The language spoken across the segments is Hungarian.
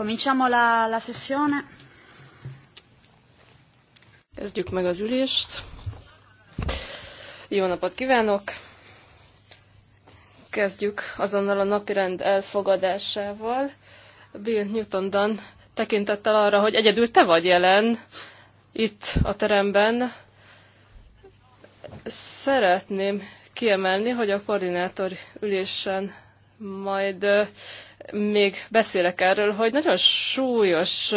Cominciamo la, la sessione. Kezdjük meg az ülést. Jó napot kívánok! Kezdjük azonnal a napirend elfogadásával. Bill Newton Dunn tekintettel arra, hogy egyedül te vagy jelen itt a teremben. Szeretném kiemelni, hogy a koordinátor ülésen majd még beszélek erről, hogy nagyon súlyos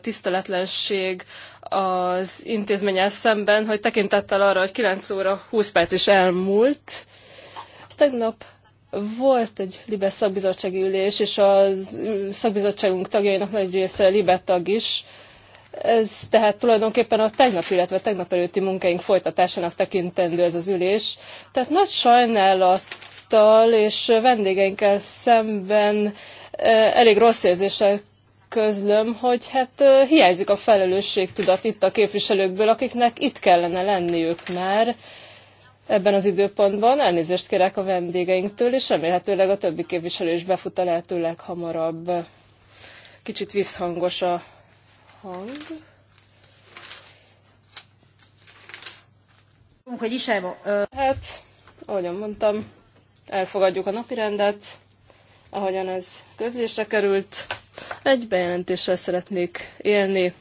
tiszteletlenség az intézmény szemben, hogy tekintettel arra, hogy 9 óra 20 perc is elmúlt. Tegnap volt egy Libe szakbizottsági ülés, és a szakbizottságunk tagjainak nagy része Libe tag is. Ez tehát tulajdonképpen a tegnap, illetve a tegnap előtti munkáink folytatásának tekintendő ez az ülés. Tehát nagy sajnálat családommal és vendégeinkkel szemben elég rossz érzéssel közlöm, hogy hát hiányzik a felelősségtudat itt a képviselőkből, akiknek itt kellene lenniük már ebben az időpontban. Elnézést kérek a vendégeinktől, és remélhetőleg a többi képviselő is befut a lehető leghamarabb. Kicsit visszhangos a hang. Hát, ahogyan mondtam, elfogadjuk a napirendet, ahogyan ez közlésre került. Egy bejelentéssel szeretnék élni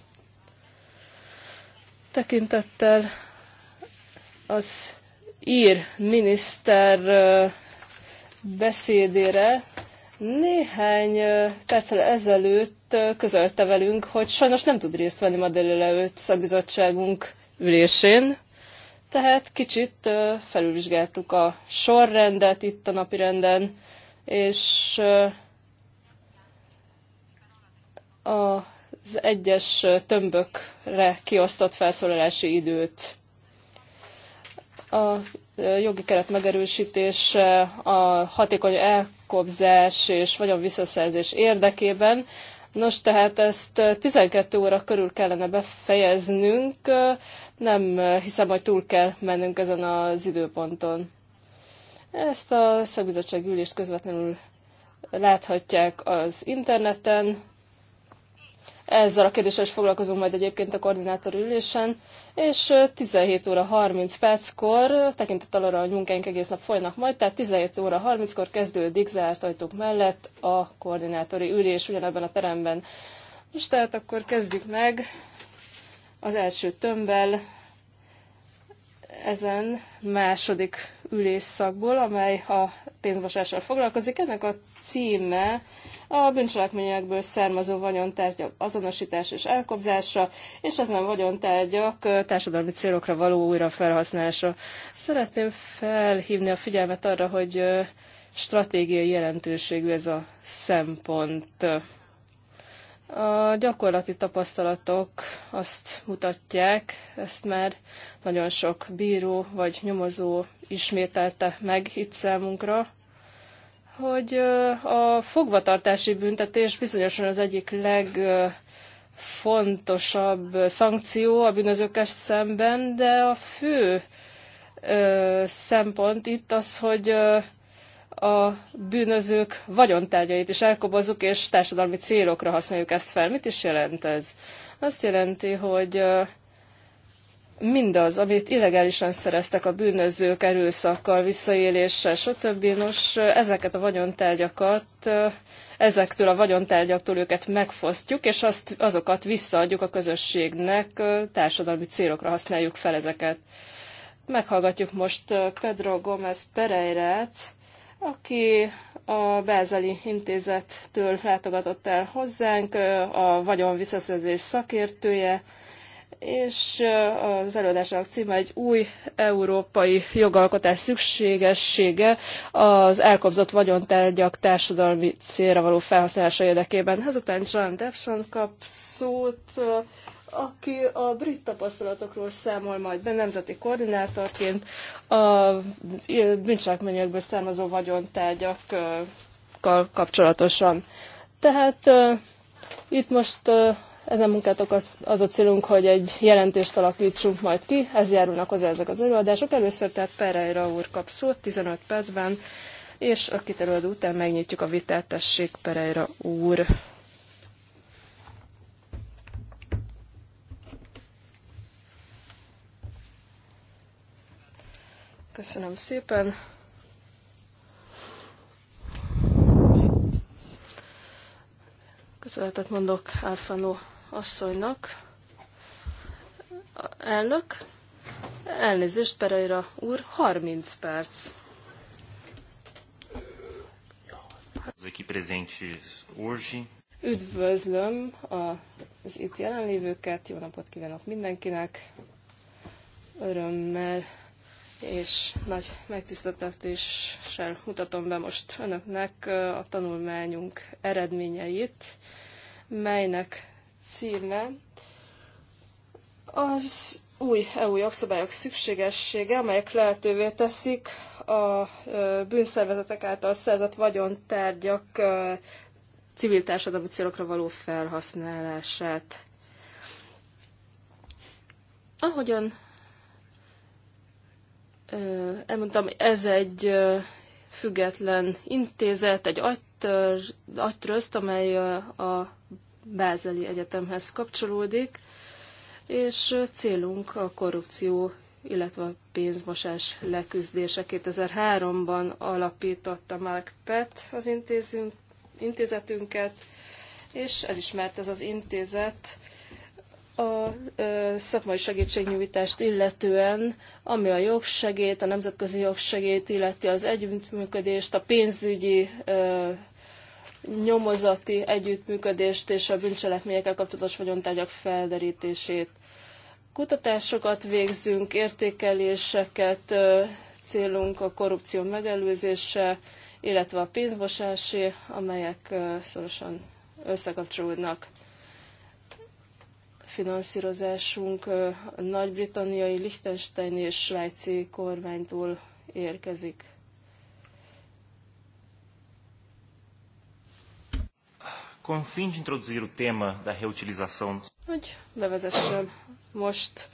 tekintettel az ír miniszter beszédére, néhány perccel ezelőtt közölte velünk, hogy sajnos nem tud részt venni ma délelőtt szakbizottságunk ülésén. Tehát kicsit felülvizsgáltuk a sorrendet itt a napirenden, és az egyes tömbökre kiosztott felszólalási időt. A jogi keret megerősítés a hatékony elkobzás és vagyon visszaszerzés érdekében Nos, tehát ezt 12 óra körül kellene befejeznünk, nem hiszem, hogy túl kell mennünk ezen az időponton. Ezt a szakbizottság ülést közvetlenül láthatják az interneten, ezzel a kérdéssel is foglalkozunk majd egyébként a koordinátor ülésen, és 17 óra 30 perckor, tekintettel arra, hogy munkáink egész nap folynak majd, tehát 17 óra 30-kor kezdődik zárt ajtók mellett a koordinátori ülés ugyanebben a teremben. Most tehát akkor kezdjük meg az első tömbbel ezen második ülésszakból, amely a pénzmosással foglalkozik. Ennek a címe a bűncselekményekből származó vagyontárgyak azonosítása és elkobzása, és az nem vagyontárgyak társadalmi célokra való újrafelhasználása. Szeretném felhívni a figyelmet arra, hogy stratégiai jelentőségű ez a szempont. A gyakorlati tapasztalatok azt mutatják, ezt már nagyon sok bíró vagy nyomozó ismételte meg itt számunkra, hogy a fogvatartási büntetés bizonyosan az egyik legfontosabb szankció a bűnözőkkel szemben, de a fő szempont itt az, hogy a bűnözők vagyontárgyait is elkobozzuk, és társadalmi célokra használjuk ezt fel. Mit is jelent ez? Azt jelenti, hogy mindaz, amit illegálisan szereztek a bűnözők erőszakkal, visszaéléssel, stb. Nos, ezeket a vagyontárgyakat, ezektől a vagyontárgyaktól őket megfosztjuk, és azt, azokat visszaadjuk a közösségnek, társadalmi célokra használjuk fel ezeket. Meghallgatjuk most Pedro Gomez Pereirát, aki a Bázeli Intézettől látogatott el hozzánk, a vagyon visszaszerzés szakértője, és az előadásának címe egy új európai jogalkotás szükségessége az elkobzott vagyontárgyak társadalmi célra való felhasználása érdekében. Ezután John Devson kap szót, aki a brit tapasztalatokról számol majd be nemzeti koordinátorként a bűncselekményekből származó vagyontárgyakkal kapcsolatosan. Tehát itt most ezen munkátokat az a célunk, hogy egy jelentést alakítsunk majd ki, ez járulnak hozzá ezek az előadások. Először tehát Pereira úr kap szót 15 percben, és a előadó után megnyitjuk a vitát, tessék Pereira úr. Köszönöm szépen. Köszönetet mondok Alfano asszonynak. Elnök, elnézést, Pereira úr, 30 perc. Üdvözlöm az itt jelenlévőket, jó napot kívánok mindenkinek. Örömmel és nagy megtiszteltetéssel mutatom be most önöknek a tanulmányunk eredményeit, melynek címe az új EU jogszabályok szükségessége, amelyek lehetővé teszik a bűnszervezetek által szerzett vagyontárgyak civil társadalmi célokra való felhasználását. Ahogyan elmondtam, ez egy független intézet, egy agytör, agytrözt, amely a Bázeli Egyetemhez kapcsolódik, és célunk a korrupció, illetve a pénzmosás leküzdése. 2003-ban alapította Mark Pett az intézünk, intézetünket, és elismert ez az intézet a ö, szakmai segítségnyújtást illetően, ami a jogsegét, a nemzetközi jogsegét illeti az együttműködést, a pénzügyi ö, nyomozati együttműködést és a bűncselekményekkel kapcsolatos vagyontárgyak felderítését. Kutatásokat végzünk, értékeléseket, célunk a korrupció megelőzése, illetve a pénzmosásé, amelyek szorosan összekapcsolódnak. Finanszírozásunk a nagy-britanniai, liechtensteini és svájci kormánytól érkezik. com o fim de introduzir o tema da reutilização. Hogy bevezessem most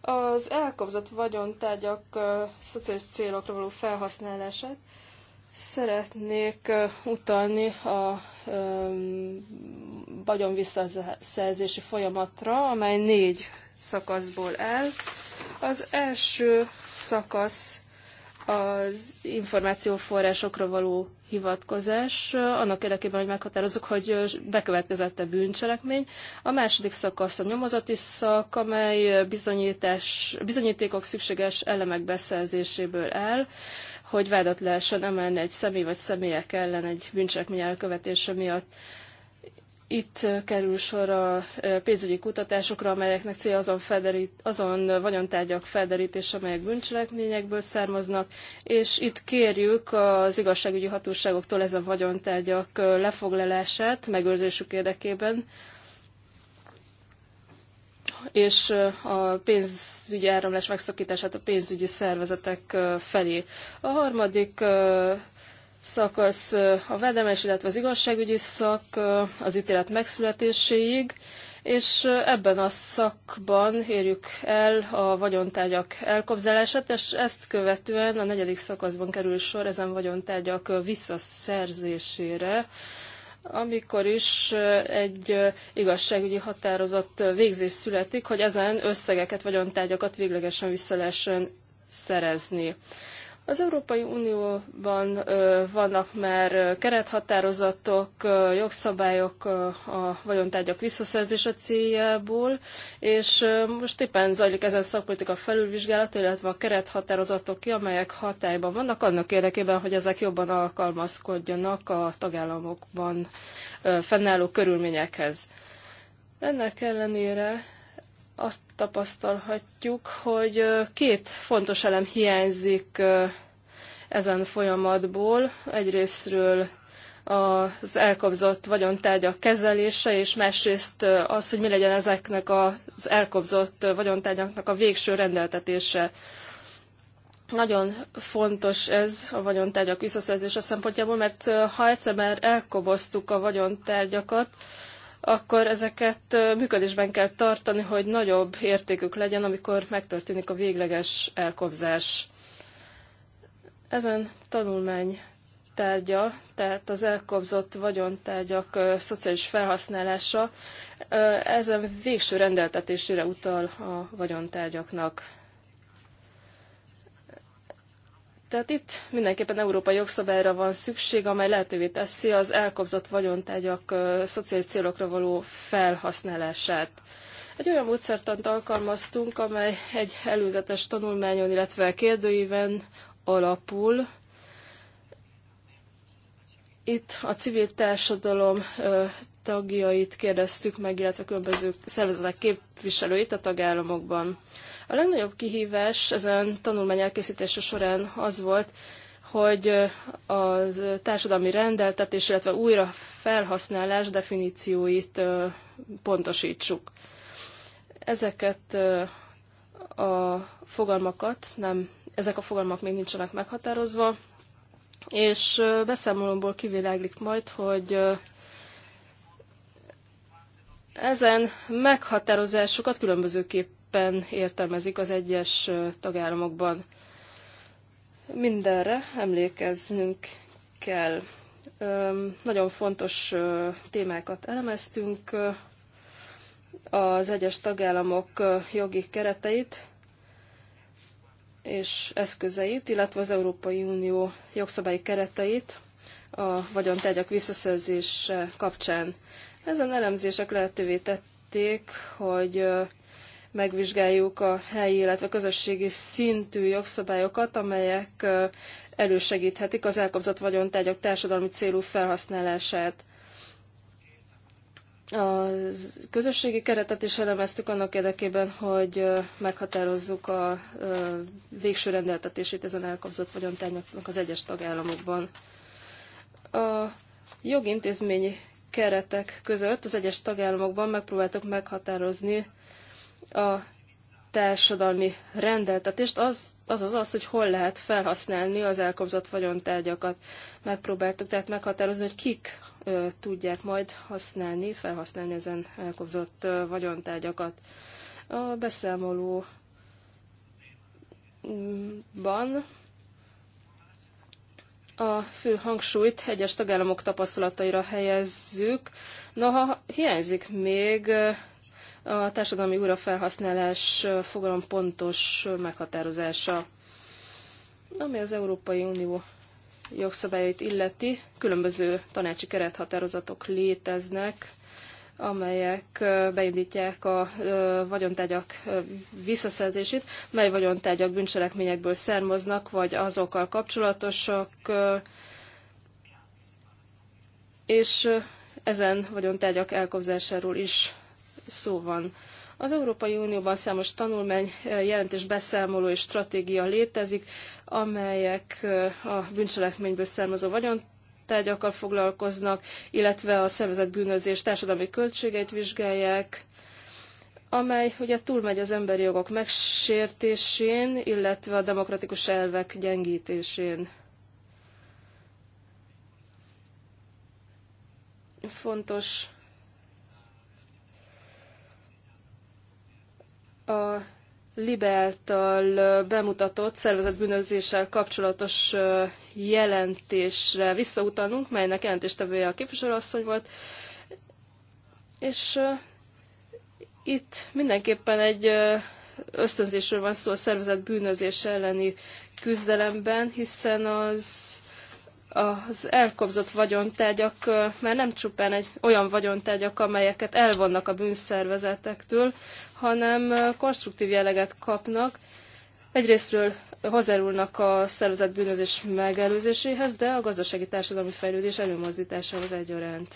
az elkobzott vagyontárgyak uh, szociális célokra való felhasználását, szeretnék uh, utalni a um, vagyon visszaszerzési folyamatra, amely négy szakaszból áll. Az első szakasz az információforrásokra való hivatkozás, annak érdekében, hogy meghatározzuk, hogy bekövetkezett-e bűncselekmény. A második szakasz a nyomozati szak, amely bizonyítás, bizonyítékok szükséges elemek beszerzéséből áll, hogy vádat lehessen emelni egy személy vagy személyek ellen egy bűncselekmény elkövetése miatt. Itt kerül sor a pénzügyi kutatásokra, amelyeknek célja azon, felderít, azon vagyontárgyak felderítése, amelyek bűncselekményekből származnak, és itt kérjük az igazságügyi hatóságoktól ezen vagyontárgyak lefoglalását megőrzésük érdekében, és a pénzügyi áramlás megszakítását a pénzügyi szervezetek felé. A harmadik szakasz a vedemes, illetve az igazságügyi szak az ítélet megszületéséig, és ebben a szakban érjük el a vagyontárgyak elkobzálását, és ezt követően a negyedik szakaszban kerül sor ezen vagyontárgyak visszaszerzésére, amikor is egy igazságügyi határozat végzés születik, hogy ezen összegeket, vagyontárgyakat véglegesen vissza lehessen szerezni. Az Európai Unióban vannak már kerethatározatok, jogszabályok a vagyontárgyak visszaszerzése céljából, és most éppen zajlik ezen szakpolitika felülvizsgálata, illetve a kerethatározatok ki, amelyek hatályban vannak, annak érdekében, hogy ezek jobban alkalmazkodjanak a tagállamokban fennálló körülményekhez. Ennek ellenére azt tapasztalhatjuk, hogy két fontos elem hiányzik ezen folyamatból. Egyrésztről az elkobzott vagyontárgyak kezelése, és másrészt az, hogy mi legyen ezeknek az elkobzott vagyontárgyaknak a végső rendeltetése. Nagyon fontos ez a vagyontárgyak visszaszerzése szempontjából, mert ha egyszer már elkoboztuk a vagyontárgyakat, akkor ezeket működésben kell tartani, hogy nagyobb értékük legyen, amikor megtörténik a végleges elkobzás. Ezen tanulmány tárgya, tehát az elkobzott vagyontárgyak szociális felhasználása, ezen végső rendeltetésére utal a vagyontárgyaknak. Tehát itt mindenképpen európai jogszabályra van szükség, amely lehetővé teszi az elkobzott vagyontárgyak szociális célokra való felhasználását. Egy olyan módszertant alkalmaztunk, amely egy előzetes tanulmányon, illetve kérdőíven alapul. Itt a civil társadalom tagjait kérdeztük meg, illetve különböző szervezetek képviselőit a tagállamokban. A legnagyobb kihívás ezen tanulmány elkészítése során az volt, hogy a társadalmi rendeltetés, illetve újra felhasználás definícióit pontosítsuk. Ezeket a fogalmakat nem, ezek a fogalmak még nincsenek meghatározva, és beszámolomból kiviláglik majd, hogy ezen meghatározásokat különbözőképp másképpen értelmezik az egyes tagállamokban. Mindenre emlékeznünk kell. Nagyon fontos témákat elemeztünk, az egyes tagállamok jogi kereteit és eszközeit, illetve az Európai Unió jogszabályi kereteit a vagyontárgyak visszaszerzése kapcsán. Ezen elemzések lehetővé tették, hogy megvizsgáljuk a helyi, illetve közösségi szintű jogszabályokat, amelyek elősegíthetik az elkobzott vagyontárgyak társadalmi célú felhasználását. A közösségi keretet is elemeztük annak érdekében, hogy meghatározzuk a végső rendeltetését ezen elkobzott vagyontárgyaknak az egyes tagállamokban. A jogintézményi keretek között az egyes tagállamokban megpróbáltuk meghatározni a társadalmi rendeltetést, az, az az, az hogy hol lehet felhasználni az elkobzott vagyontárgyakat. Megpróbáltuk tehát meghatározni, hogy kik ö, tudják majd használni, felhasználni ezen elkobzott ö, vagyontárgyakat. A beszámolóban a fő hangsúlyt egyes tagállamok tapasztalataira helyezzük. Noha hiányzik még a társadalmi újrafelhasználás fogalom pontos meghatározása, ami az Európai Unió jogszabályait illeti. Különböző tanácsi kerethatározatok léteznek, amelyek beindítják a vagyontágyak visszaszerzését, mely vagyontágyak bűncselekményekből származnak, vagy azokkal kapcsolatosak, és ezen vagyontágyak elkobzásáról is szó van. Az Európai Unióban számos tanulmány, eh, jelentés, beszámoló és stratégia létezik, amelyek eh, a bűncselekményből származó vagyon tárgyakkal foglalkoznak, illetve a szervezett bűnözés társadalmi költségeit vizsgálják, amely ugye túlmegy az emberi jogok megsértésén, illetve a demokratikus elvek gyengítésén. Fontos a Libeltal bemutatott szervezetbűnözéssel kapcsolatos jelentésre visszautalnunk, melynek jelentéstevője a képviselőasszony volt, és itt mindenképpen egy ösztönzésről van szó a szervezett bűnözés elleni küzdelemben, hiszen az az elkobzott vagyontárgyak már nem csupán egy olyan vagyontárgyak, amelyeket elvonnak a bűnszervezetektől, hanem konstruktív jelleget kapnak. Egyrésztről hozzárulnak a szervezett bűnözés megelőzéséhez, de a gazdasági társadalmi fejlődés előmozdításához egyaránt.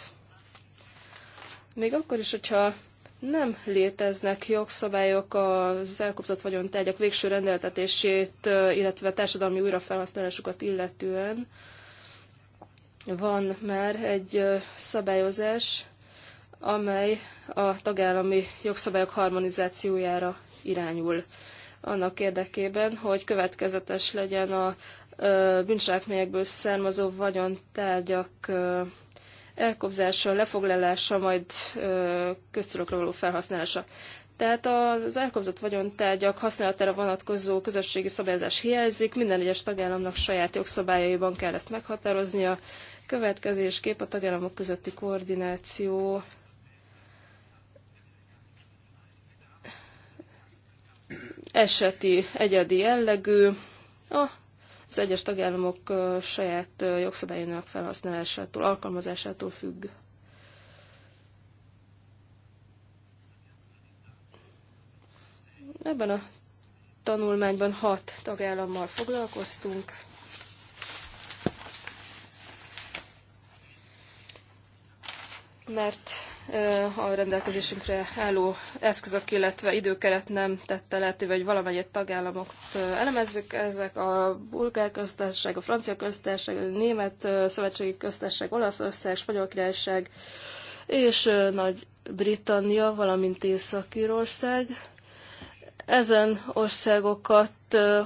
Még akkor is, hogyha nem léteznek jogszabályok az elkobzott vagyontárgyak végső rendeltetését, illetve társadalmi újrafelhasználásukat illetően, van már egy szabályozás, amely a tagállami jogszabályok harmonizációjára irányul. Annak érdekében, hogy következetes legyen a bűncselekményekből származó vagyontárgyak elkobzása, lefoglalása, majd köztudokra való felhasználása. Tehát az elkobzott vagyontárgyak használatára vonatkozó közösségi szabályozás hiányzik, minden egyes tagállamnak saját jogszabályaiban kell ezt meghatároznia, következésképp a tagállamok közötti koordináció eseti, egyedi jellegű, az egyes tagállamok saját jogszabályának felhasználásától, alkalmazásától függ. Ebben a tanulmányban hat tagállammal foglalkoztunk. Mert a rendelkezésünkre álló eszközök, illetve időkeret nem tette lehetővé, hogy valamelyik tagállamokat elemezzük. Ezek a bulgár köztársaság, a francia köztársaság, a német szövetségi köztársaság, Olaszország, Spanyol királyság és Nagy-Britannia, valamint Észak-Írország. Ezen országokat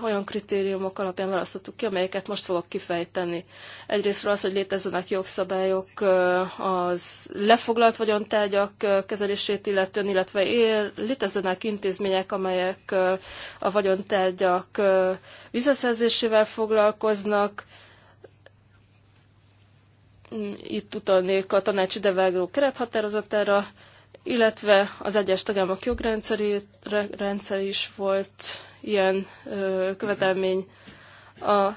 olyan kritériumok alapján választottuk ki, amelyeket most fogok kifejteni. Egyrészt az, hogy létezzenek jogszabályok az lefoglalt vagyontárgyak kezelését illetően, illetve él, létezzenek intézmények, amelyek a vagyontárgyak visszaszerzésével foglalkoznak, itt utalnék a tanácsi devágró kerethatározatára, illetve az egyes tagállamok jogrendszer is volt ilyen követelmény. A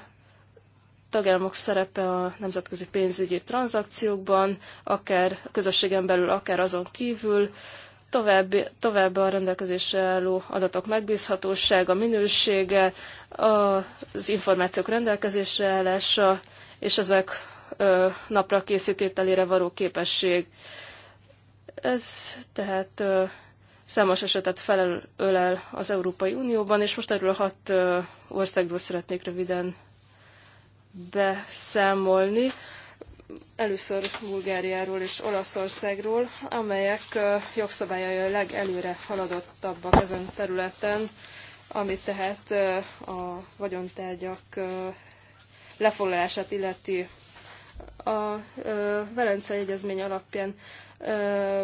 tagállamok szerepe a nemzetközi pénzügyi tranzakciókban, akár a közösségen belül, akár azon kívül, további, továbbá a rendelkezésre álló adatok megbízhatósága, minősége, az információk rendelkezésre állása és ezek napra készítételére való képesség. Ö, ez tehát számos esetet felölel az Európai Unióban, és most erről a hat országról szeretnék röviden beszámolni. Először Bulgáriáról és Olaszországról, amelyek jogszabályai a legelőre haladottabbak ezen területen, ami tehát a vagyontárgyak lefoglalását illeti a Velencei Egyezmény alapján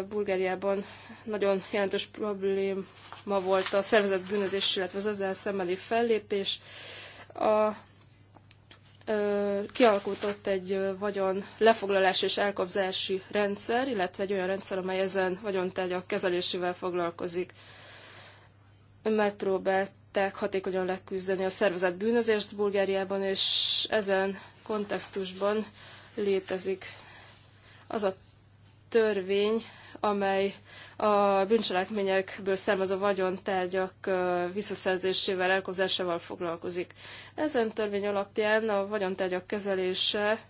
Bulgáriában nagyon jelentős probléma volt a szervezett bűnözés, illetve az ezzel szembeni fellépés. A, kialakult kialkotott egy vagyon lefoglalás és elkobzási rendszer, illetve egy olyan rendszer, amely ezen vagyontárgyak kezelésével foglalkozik. Megpróbálták hatékonyan leküzdeni a szervezett bűnözést Bulgáriában, és ezen kontextusban létezik. Az a törvény, amely a bűncselekményekből származó vagyontárgyak visszaszerzésével, elkozásával foglalkozik. Ezen törvény alapján a vagyontárgyak kezelése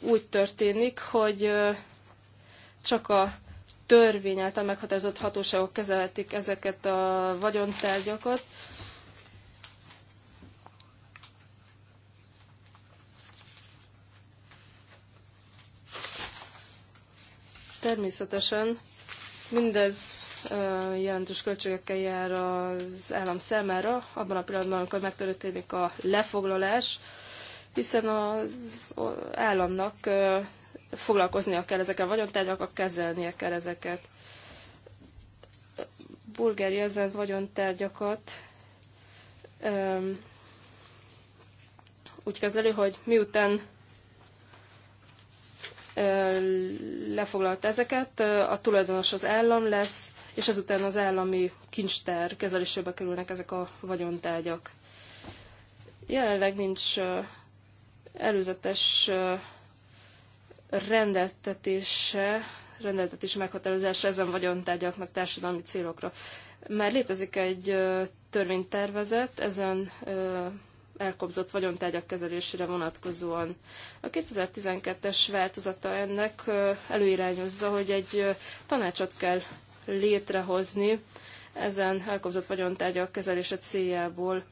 úgy történik, hogy csak a törvény által meghatározott hatóságok kezelhetik ezeket a vagyontárgyakat, Természetesen mindez jelentős költségekkel jár az állam számára, abban a pillanatban, amikor megtörténik a lefoglalás, hiszen az államnak foglalkoznia kell ezekkel a vagyontárgyakkal, kezelnie kell ezeket. Bulgária ezen vagyontárgyakat úgy kezeli, hogy miután lefoglalta ezeket, a tulajdonos az állam lesz, és ezután az állami kincstár kezelésébe kerülnek ezek a vagyontárgyak. Jelenleg nincs előzetes rendeltetése, rendeltetés meghatározása ezen vagyontárgyaknak társadalmi célokra. Már létezik egy törvénytervezet ezen elkobzott vagyontárgyak kezelésére vonatkozóan. A 2012-es változata ennek előirányozza, hogy egy tanácsot kell létrehozni ezen elkobzott vagyontárgyak kezelése céljából.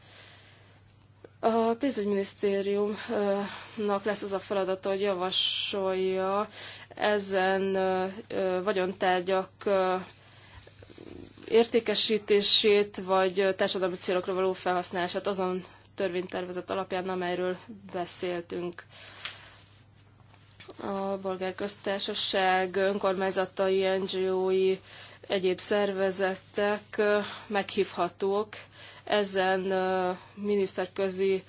A pénzügyminisztériumnak lesz az a feladata, hogy javasolja ezen vagyontárgyak értékesítését, vagy társadalmi célokra való felhasználását azon törvénytervezet alapján, amelyről beszéltünk. A Bolgár Köztársaság önkormányzatai, NGO-i, egyéb szervezetek meghívhatók ezen miniszterközi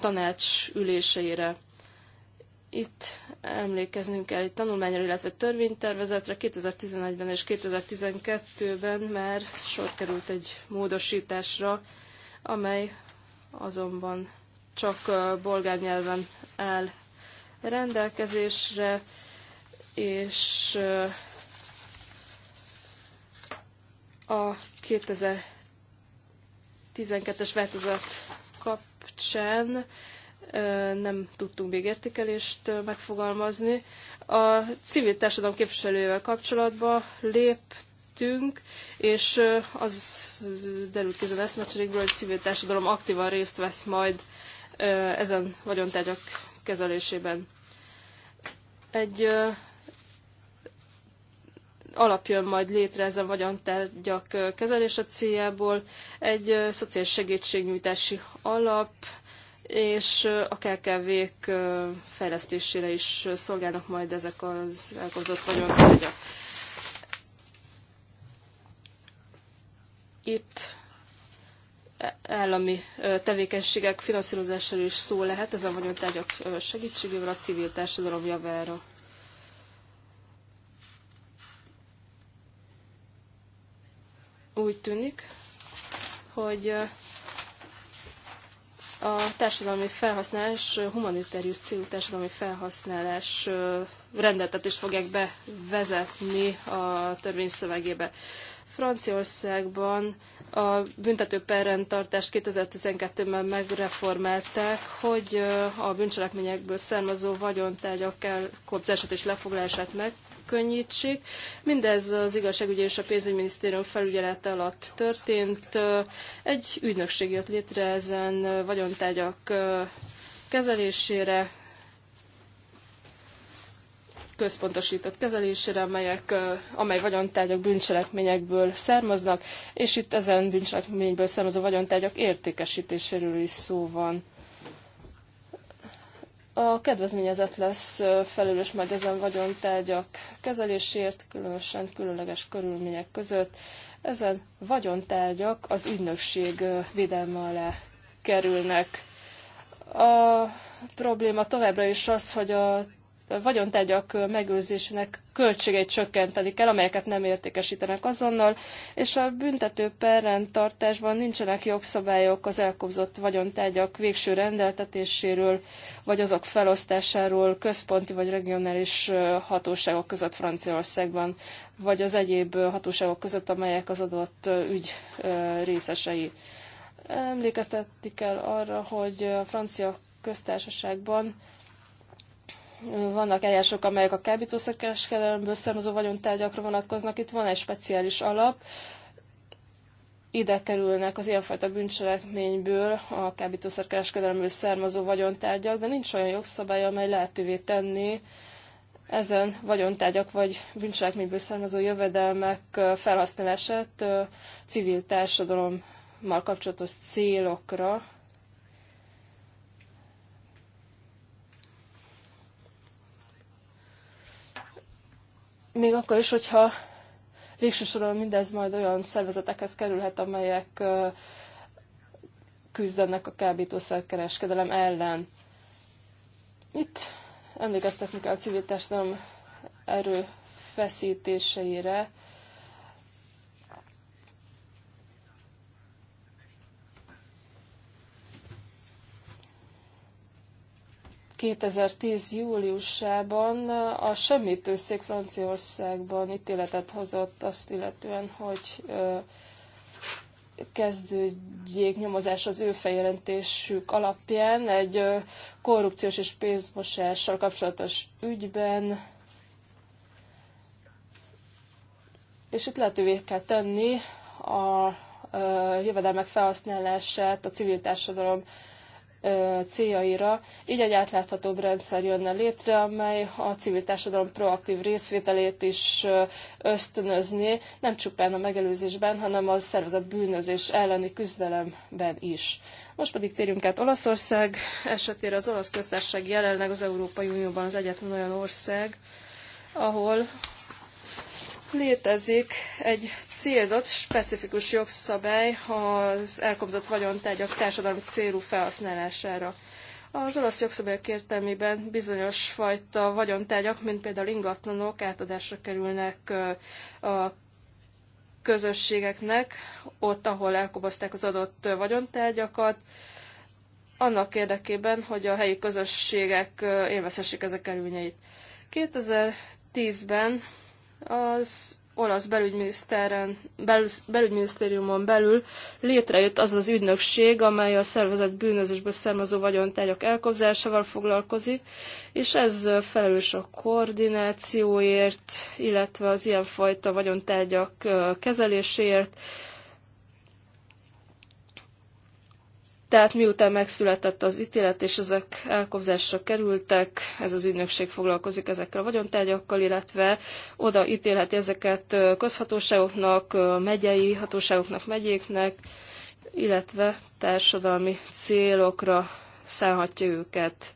tanács üléseire. Itt emlékeznünk kell egy tanulmányra, illetve törvénytervezetre. 2011-ben és 2012-ben már sor került egy módosításra, amely azonban csak bolgár nyelven áll rendelkezésre, és a 2012-es változat kapcsán nem tudtunk még értékelést megfogalmazni. A civil társadalom képviselővel kapcsolatban lép tettünk, és az derült ki az eszmecserékből, hogy civil társadalom aktívan részt vesz majd ezen vagyontárgyak kezelésében. Egy alapjön majd létre ezen vagyontárgyak kezelése céljából, egy szociális segítségnyújtási alap, és a KKV-k fejlesztésére is szolgálnak majd ezek az elkobzott vagyontárgyak. itt e- állami tevékenységek finanszírozásáról is szó lehet, ezen vagyon tárgyak segítségével a civil társadalom javára. Úgy tűnik, hogy a társadalmi felhasználás, humanitárius civil társadalmi felhasználás rendeltetést fogják bevezetni a törvényszövegébe. szövegébe. Franciaországban a büntető perrendtartást 2012-ben megreformálták, hogy a bűncselekményekből származó vagyontárgyak elkobzását és lefoglalását megkönnyítsék. Mindez az igazságügyi és a pénzügyminisztérium felügyelete alatt történt. Egy ügynökség jött létre ezen vagyontárgyak kezelésére, központosított kezelésére, amelyek, amely vagyontárgyak bűncselekményekből származnak, és itt ezen bűncselekményből származó vagyontárgyak értékesítéséről is szó van. A kedvezményezett lesz felelős majd ezen vagyontárgyak kezelésért, különösen különleges körülmények között. Ezen vagyontárgyak az ügynökség védelme alá kerülnek. A probléma továbbra is az, hogy a vagyontárgyak megőrzésének költségeit csökkenteni kell, amelyeket nem értékesítenek azonnal, és a büntető tartásban nincsenek jogszabályok az elkobzott vagyontárgyak végső rendeltetéséről, vagy azok felosztásáról központi vagy regionális hatóságok között Franciaországban, vagy az egyéb hatóságok között, amelyek az adott ügy részesei. Emlékeztetik el arra, hogy a francia köztársaságban vannak eljárások, amelyek a kábítószerkereskedelemből származó vagyontárgyakra vonatkoznak. Itt van egy speciális alap, ide kerülnek az ilyenfajta bűncselekményből a kábítószerkereskedelemből származó vagyontárgyak, de nincs olyan jogszabály, amely lehetővé tenni ezen vagyontárgyak vagy bűncselekményből származó jövedelmek felhasználását civil társadalommal kapcsolatos célokra, még akkor is, hogyha végső soron mindez majd olyan szervezetekhez kerülhet, amelyek küzdenek a kábítószerkereskedelem ellen. Itt emlékeztetni kell a civil erő erőfeszítéseire, 2010. júliusában a semmitőszék Franciaországban ítéletet hozott azt illetően, hogy kezdődjék nyomozás az ő feljelentésük alapján egy korrupciós és pénzmosással kapcsolatos ügyben, és itt lehetővé kell tenni a jövedelmek felhasználását a civil társadalom céljaira. Így egy átláthatóbb rendszer jönne létre, amely a civil társadalom proaktív részvételét is ösztönözni, nem csupán a megelőzésben, hanem a szervezett bűnözés elleni küzdelemben is. Most pedig térjünk át Olaszország esetére. Az olasz köztársaság jelenleg az Európai Unióban az egyetlen olyan ország, ahol Létezik egy célzott, specifikus jogszabály az elkobzott vagyontárgyak társadalmi célú felhasználására. Az olasz jogszabályok értelmében bizonyos fajta vagyontárgyak, mint például ingatlanok átadásra kerülnek a közösségeknek, ott, ahol elkobozták az adott vagyontárgyakat, annak érdekében, hogy a helyi közösségek élvezhessék ezek előnyeit. 2010-ben az olasz belügyminiszteren, bel, belügyminisztériumon belül létrejött az az ügynökség, amely a szervezet bűnözésből származó vagyontárgyak elkobzásával foglalkozik, és ez felelős a koordinációért, illetve az ilyenfajta vagyontárgyak kezeléséért, Tehát miután megszületett az ítélet, és ezek elkobzásra kerültek, ez az ügynökség foglalkozik ezekkel a vagyontárgyakkal, illetve oda ítélheti ezeket közhatóságoknak, megyei hatóságoknak, megyéknek, illetve társadalmi célokra szállhatja őket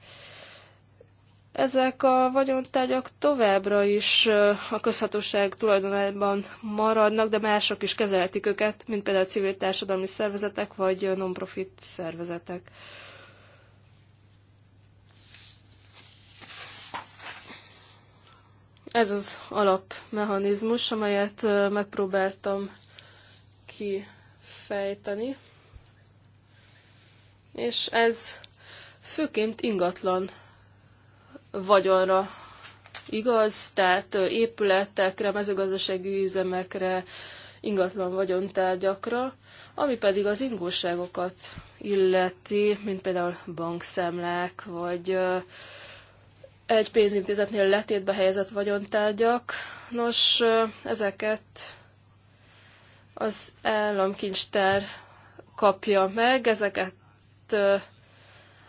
ezek a vagyontárgyak továbbra is a közhatóság tulajdonában maradnak, de mások is kezelhetik őket, mint például civil társadalmi szervezetek vagy non-profit szervezetek. Ez az alapmechanizmus, amelyet megpróbáltam kifejteni, és ez főként ingatlan vagyonra igaz, tehát épületekre, mezőgazdasági üzemekre, ingatlan vagyontárgyakra, ami pedig az ingóságokat illeti, mint például bankszemlek, vagy egy pénzintézetnél letétbe helyezett vagyontárgyak. Nos, ezeket az államkincstár kapja meg, ezeket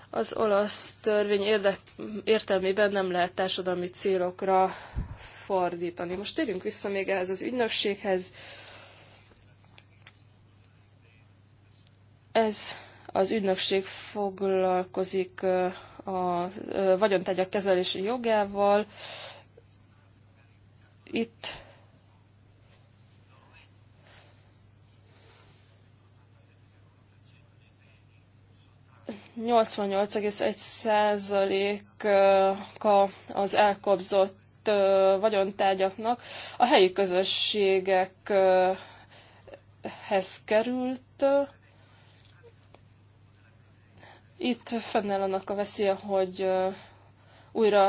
az olasz törvény érdek, értelmében nem lehet társadalmi célokra fordítani. Most térjünk vissza még ehhez az ügynökséghez. Ez az ügynökség foglalkozik a vagyontárgyak kezelési jogával. Itt 88,1%-a az elkobzott vagyontárgyaknak a helyi közösségekhez került. Itt fennáll annak a veszélye, hogy újra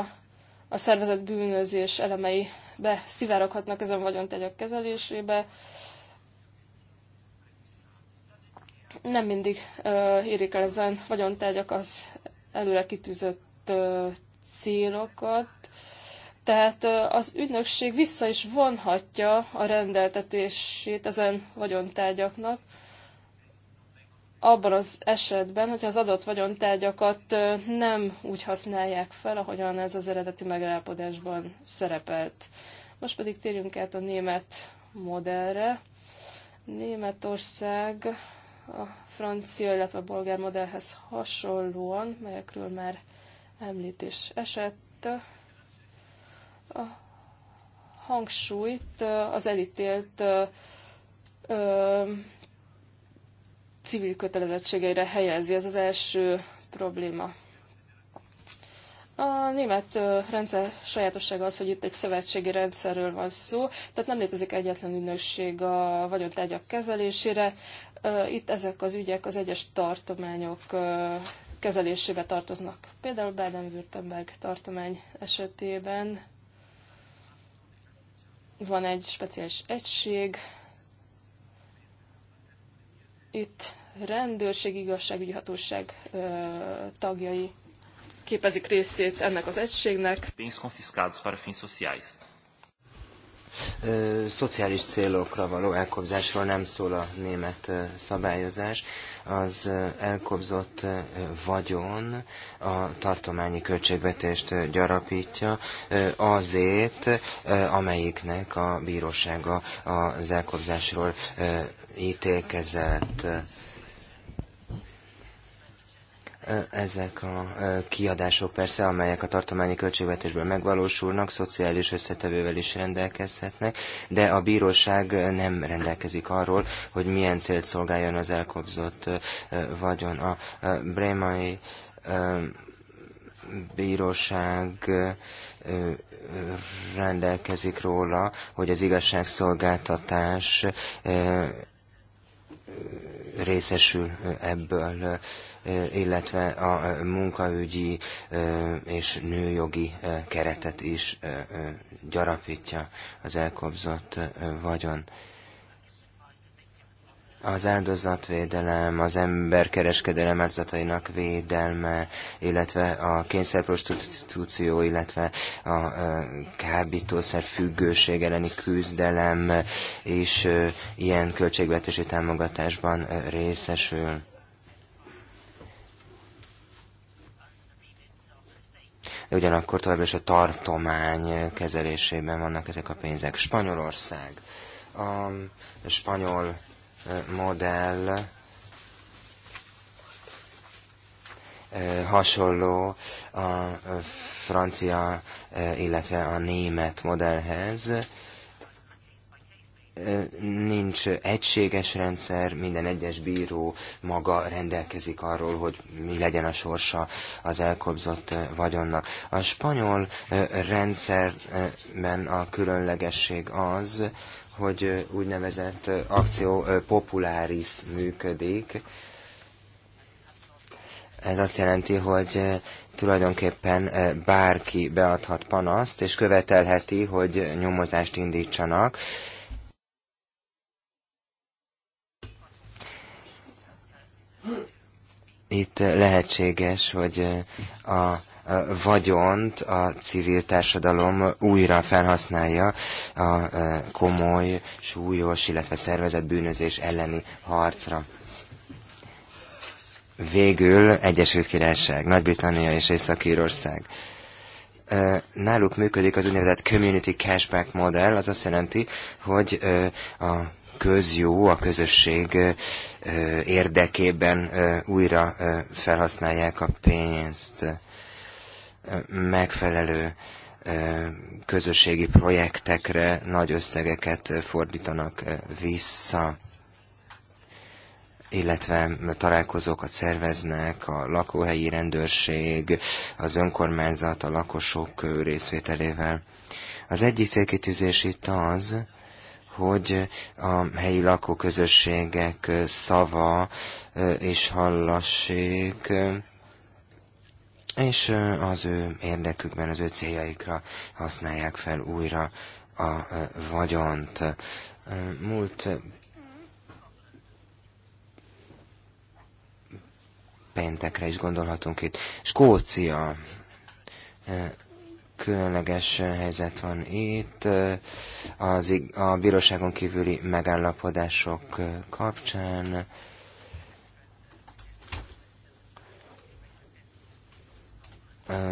a szervezet bűnözés elemei beszivároghatnak ezen vagyontárgyak kezelésébe, nem mindig uh, érik el ezen vagyontárgyak az előre kitűzött uh, célokat, tehát uh, az ügynökség vissza is vonhatja a rendeltetését ezen vagyontárgyaknak, abban az esetben, hogyha az adott vagyontárgyakat nem úgy használják fel, ahogyan ez az eredeti megállapodásban szerepelt. Most pedig térjünk át a német modellre. Németország a francia, illetve a bolgár modellhez hasonlóan, melyekről már említés esett. A hangsúlyt az elítélt ö, civil kötelezettségeire helyezi. Ez az első probléma. A német rendszer sajátossága az, hogy itt egy szövetségi rendszerről van szó, tehát nem létezik egyetlen ügynökség a vagyontárgyak kezelésére. Itt ezek az ügyek az egyes tartományok kezelésébe tartoznak. Például Baden-Württemberg tartomány esetében van egy speciális egység, itt rendőrség, igazságügyi hatóság tagjai képezik részét ennek az egységnek. Pénz confiscados para fins sociais. Szociális célokra való elkobzásról nem szól a német szabályozás. Az elkobzott vagyon a tartományi költségvetést gyarapítja azért, amelyiknek a bírósága az elkobzásról ítélkezett ezek a e, kiadások persze, amelyek a tartományi költségvetésből megvalósulnak, szociális összetevővel is rendelkezhetnek, de a bíróság nem rendelkezik arról, hogy milyen célt szolgáljon az elkobzott e, e, vagyon. A brémai bíróság rendelkezik róla, hogy az igazságszolgáltatás részesül ebből illetve a munkaügyi és nőjogi keretet is gyarapítja az elkobzott vagyon az áldozatvédelem, az emberkereskedelem áldozatainak védelme, illetve a kényszerprostitúció, illetve a kábítószer függőség elleni küzdelem is ilyen költségvetési támogatásban részesül. de ugyanakkor továbbra is a tartomány kezelésében vannak ezek a pénzek. Spanyolország. A spanyol modell hasonló a francia, illetve a német modellhez nincs egységes rendszer, minden egyes bíró maga rendelkezik arról, hogy mi legyen a sorsa az elkobzott vagyonnak. A spanyol rendszerben a különlegesség az, hogy úgynevezett akció populáris működik. Ez azt jelenti, hogy tulajdonképpen bárki beadhat panaszt, és követelheti, hogy nyomozást indítsanak itt lehetséges, hogy a vagyont a civil társadalom újra felhasználja a komoly, súlyos, illetve szervezett bűnözés elleni harcra. Végül Egyesült Királyság, Nagy-Britannia és Észak-Írország náluk működik az úgynevezett community cashback modell, az azt jelenti, hogy a közjó, a közösség érdekében újra felhasználják a pénzt. Megfelelő közösségi projektekre nagy összegeket fordítanak vissza illetve találkozókat szerveznek a lakóhelyi rendőrség, az önkormányzat, a lakosok részvételével. Az egyik célkitűzés itt az, hogy a helyi lakóközösségek szava és hallassék, és az ő érdekükben, az ő céljaikra használják fel újra a vagyont. Múlt péntekre is gondolhatunk itt. Skócia különleges helyzet van itt eh, az, a bíróságon kívüli megállapodások eh, kapcsán.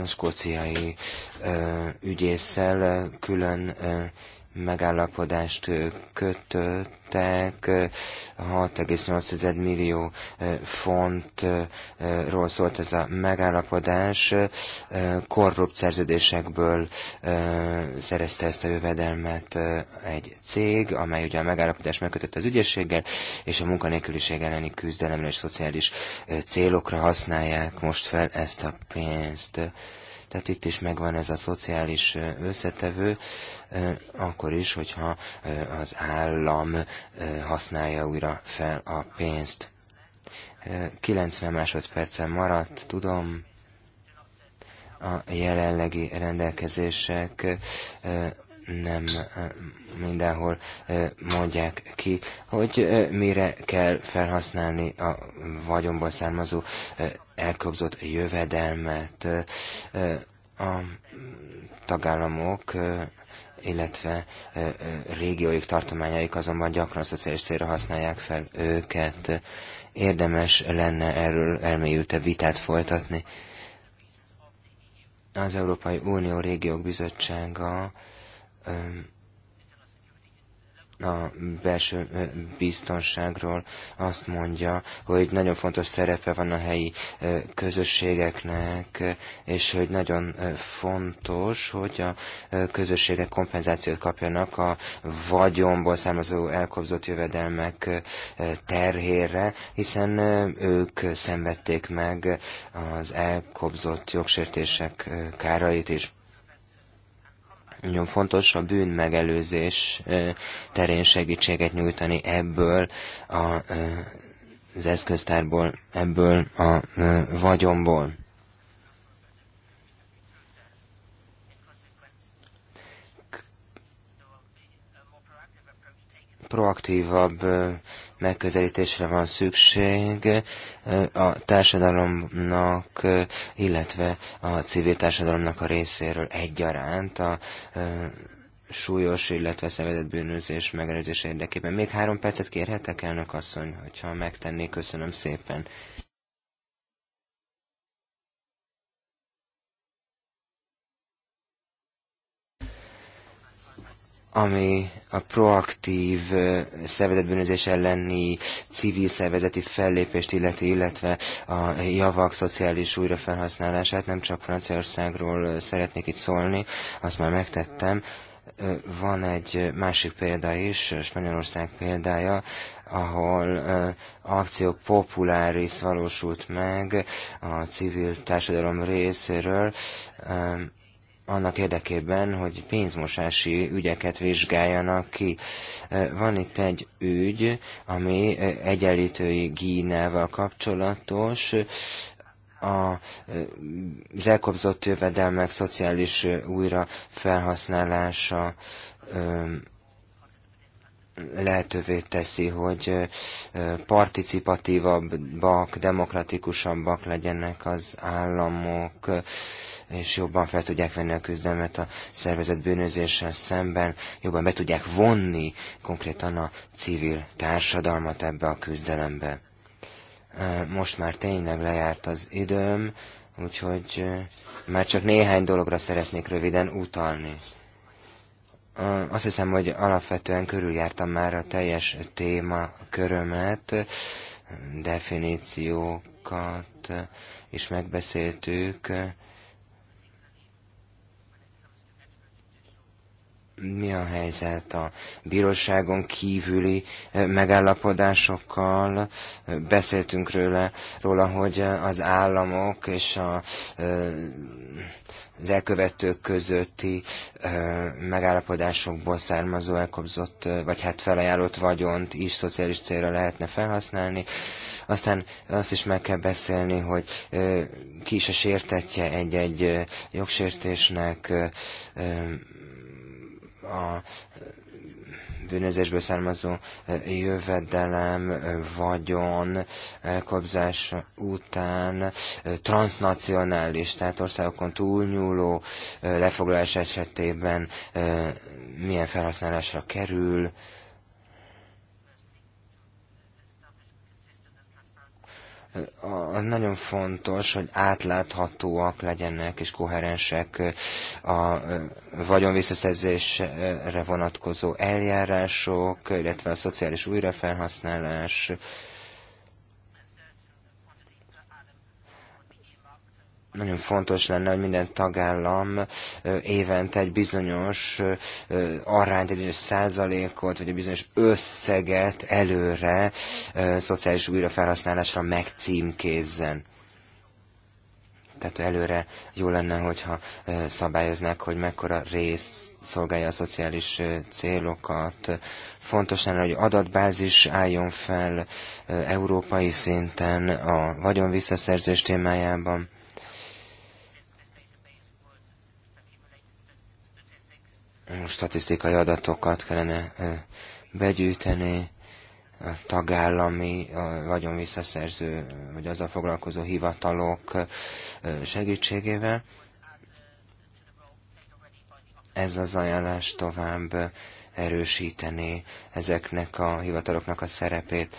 skóciai eh, ügyésszel külön megállapodást kötöttek, 6,8 millió fontról szólt ez a megállapodás, korrupt szerződésekből szerezte ezt a jövedelmet egy cég, amely ugye a megállapodást megkötött az ügyességgel, és a munkanélküliség elleni küzdelemre és szociális célokra használják most fel ezt a pénzt. Tehát itt is megvan ez a szociális összetevő, akkor is, hogyha az állam használja újra fel a pénzt. 90 másodpercen maradt, tudom, a jelenlegi rendelkezések nem mindenhol mondják ki, hogy mire kell felhasználni a vagyonból származó elkobzott jövedelmet a tagállamok, illetve régióik, tartományaik azonban gyakran szociális célra használják fel őket. Érdemes lenne erről elmélyülte vitát folytatni. Az Európai Unió Régiók Bizottsága a belső biztonságról azt mondja, hogy nagyon fontos szerepe van a helyi közösségeknek, és hogy nagyon fontos, hogy a közösségek kompenzációt kapjanak a vagyomból származó elkobzott jövedelmek terhére, hiszen ők szenvedték meg az elkobzott jogsértések kárait is. Nagyon fontos a bűn megelőzés terén segítséget nyújtani ebből a, az eszköztárból, ebből a vagyomból. proaktívabb megközelítésre van szükség a társadalomnak, illetve a civil társadalomnak a részéről egyaránt a súlyos, illetve szenvedett bűnözés megelőzése érdekében. Még három percet kérhetek, elnök asszony, hogyha megtenné, köszönöm szépen. ami a proaktív szervezetbűnözés elleni civil szervezeti fellépést illeti, illetve a javak szociális újrafelhasználását. Nem csak Franciaországról szeretnék itt szólni, azt már megtettem. Van egy másik példa is, Spanyolország példája, ahol akció populáris valósult meg a civil társadalom részéről, annak érdekében, hogy pénzmosási ügyeket vizsgáljanak ki. Van itt egy ügy, ami egyenlítői Gínával kapcsolatos, a, elkobzott jövedelmek szociális újra felhasználása lehetővé teszi, hogy participatívabbak, demokratikusabbak legyenek az államok és jobban fel tudják venni a küzdelmet a szervezet bűnözéssel szemben, jobban be tudják vonni konkrétan a civil társadalmat ebbe a küzdelembe. Most már tényleg lejárt az időm, úgyhogy már csak néhány dologra szeretnék röviden utalni. Azt hiszem, hogy alapvetően körüljártam már a teljes téma körömet, definíciókat is megbeszéltük, mi a helyzet a bíróságon kívüli megállapodásokkal. Beszéltünk róla, róla hogy az államok és a, az elkövetők közötti megállapodásokból származó elkobzott, vagy hát felajánlott vagyont is szociális célra lehetne felhasználni. Aztán azt is meg kell beszélni, hogy ki is a sértetje egy-egy jogsértésnek, a bűnözésből származó e, jövedelem, e, vagyon elkobzás után e, transnacionális, tehát országokon túlnyúló lefoglalás esetében milyen felhasználásra kerül, a, nagyon fontos, hogy átláthatóak legyenek és koherensek a vagyon visszaszerzésre vonatkozó eljárások, illetve a szociális újrafelhasználás, nagyon fontos lenne, hogy minden tagállam évente egy bizonyos arányt, egy bizonyos százalékot, vagy egy bizonyos összeget előre szociális újrafelhasználásra megcímkézzen. Tehát előre jó lenne, hogyha szabályoznák, hogy mekkora rész szolgálja a szociális célokat. Fontos lenne, hogy adatbázis álljon fel európai szinten a vagyon visszaszerzés témájában statisztikai adatokat kellene begyűjteni, a tagállami vagyon visszaszerző, vagy azzal foglalkozó hivatalok segítségével. Ez az ajánlás tovább erősíteni ezeknek a hivataloknak a szerepét.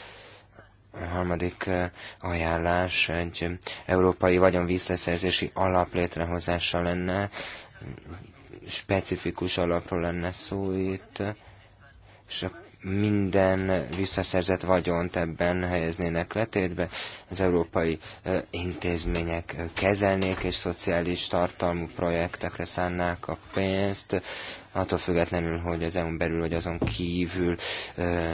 A harmadik ajánlás egy európai vagyon visszaszerzési alap létrehozása lenne, specifikus alapról lenne szó itt, és minden visszaszerzett vagyont ebben helyeznének letétbe, az európai intézmények kezelnék, és szociális tartalmú projektekre szánnák a pénzt, attól függetlenül, hogy az EU-n belül, vagy azon kívül ö,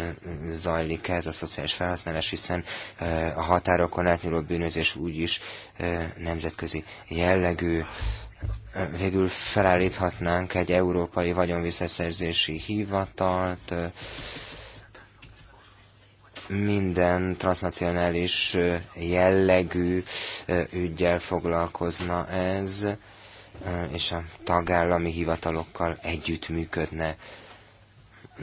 zajlik ez a szociális felhasználás, hiszen ö, a határokon átnyúló bűnözés úgyis ö, nemzetközi jellegű végül felállíthatnánk egy európai vagyonvisszaszerzési hivatalt, minden transnacionális jellegű ügyel foglalkozna ez, és a tagállami hivatalokkal együttműködne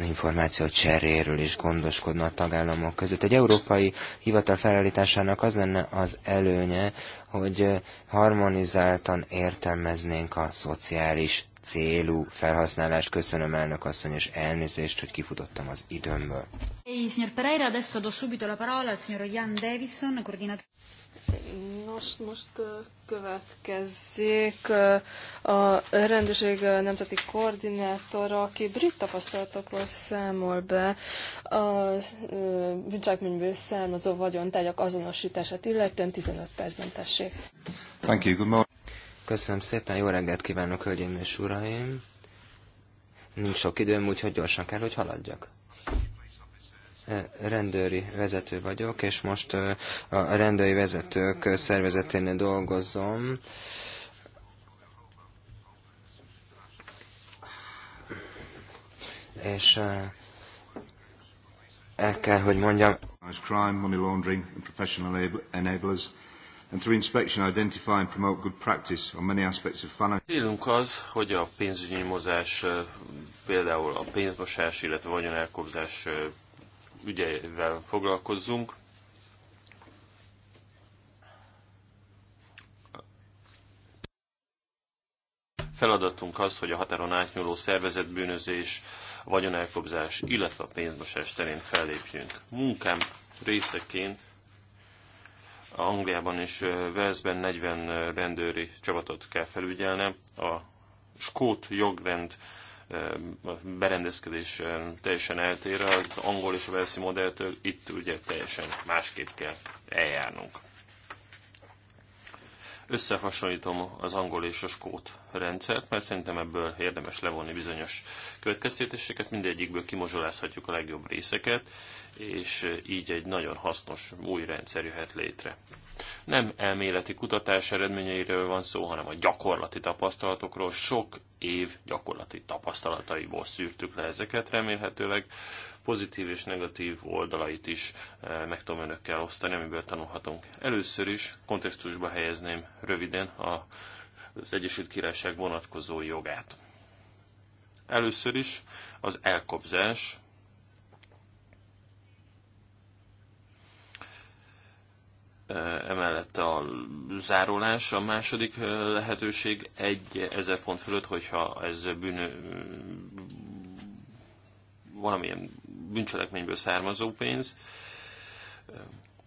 információ cseréről is gondoskodna a tagállamok között. Egy európai hivatal felállításának az lenne az előnye, hogy harmonizáltan értelmeznénk a szociális célú felhasználást. Köszönöm elnök asszony, és elnézést, hogy kifutottam az időmből. Hey, Pereira, adesso do subito la parola al signor Jan Davison, Nos, most következzék a rendőrség nemzeti koordinátora, aki brit tapasztalatokról számol be a bűncselekményből származó vagyontárgyak azonosítását, illetően 15 percben tessék. Thank you, good morning. Köszönöm szépen, jó reggelt kívánok, hölgyeim és uraim! Nincs sok időm, úgyhogy gyorsan kell, hogy haladjak rendőri vezető vagyok, és most a rendőri vezetők szervezeténél dolgozom. És el kell, hogy mondjam. Crime, money laundering and professional enablers and through inspection identify and promote good practice on many aspects of finance. Célunk az, hogy a pénzügyi mozás, például a pénzmosás, illetve vagyonelkobzás ügyeivel foglalkozzunk. Feladatunk az, hogy a határon átnyúló szervezetbűnözés, vagyonelkobzás, illetve a pénzmosás terén fellépjünk. Munkám részeként Angliában és Velszben 40 rendőri csapatot kell felügyelnem. A skót jogrend berendezkedés teljesen eltér az angol és a velszi modelltől, itt ugye teljesen másképp kell eljárnunk. Összehasonlítom az angol és a skót rendszert, mert szerintem ebből érdemes levonni bizonyos következtetéseket, mindegyikből kimozsolázhatjuk a legjobb részeket, és így egy nagyon hasznos új rendszer jöhet létre. Nem elméleti kutatás eredményeiről van szó, hanem a gyakorlati tapasztalatokról. Sok év gyakorlati tapasztalataiból szűrtük le ezeket, remélhetőleg pozitív és negatív oldalait is eh, meg tudom önökkel osztani, amiből tanulhatunk. Először is kontextusba helyezném röviden a, az Egyesült Királyság vonatkozó jogát. Először is az elkobzás, Eh, emellett a zárólás. A második eh, lehetőség egy ezer font fölött, hogyha ez bűnő mm, valamilyen bűncselekményből származó pénz. Eh,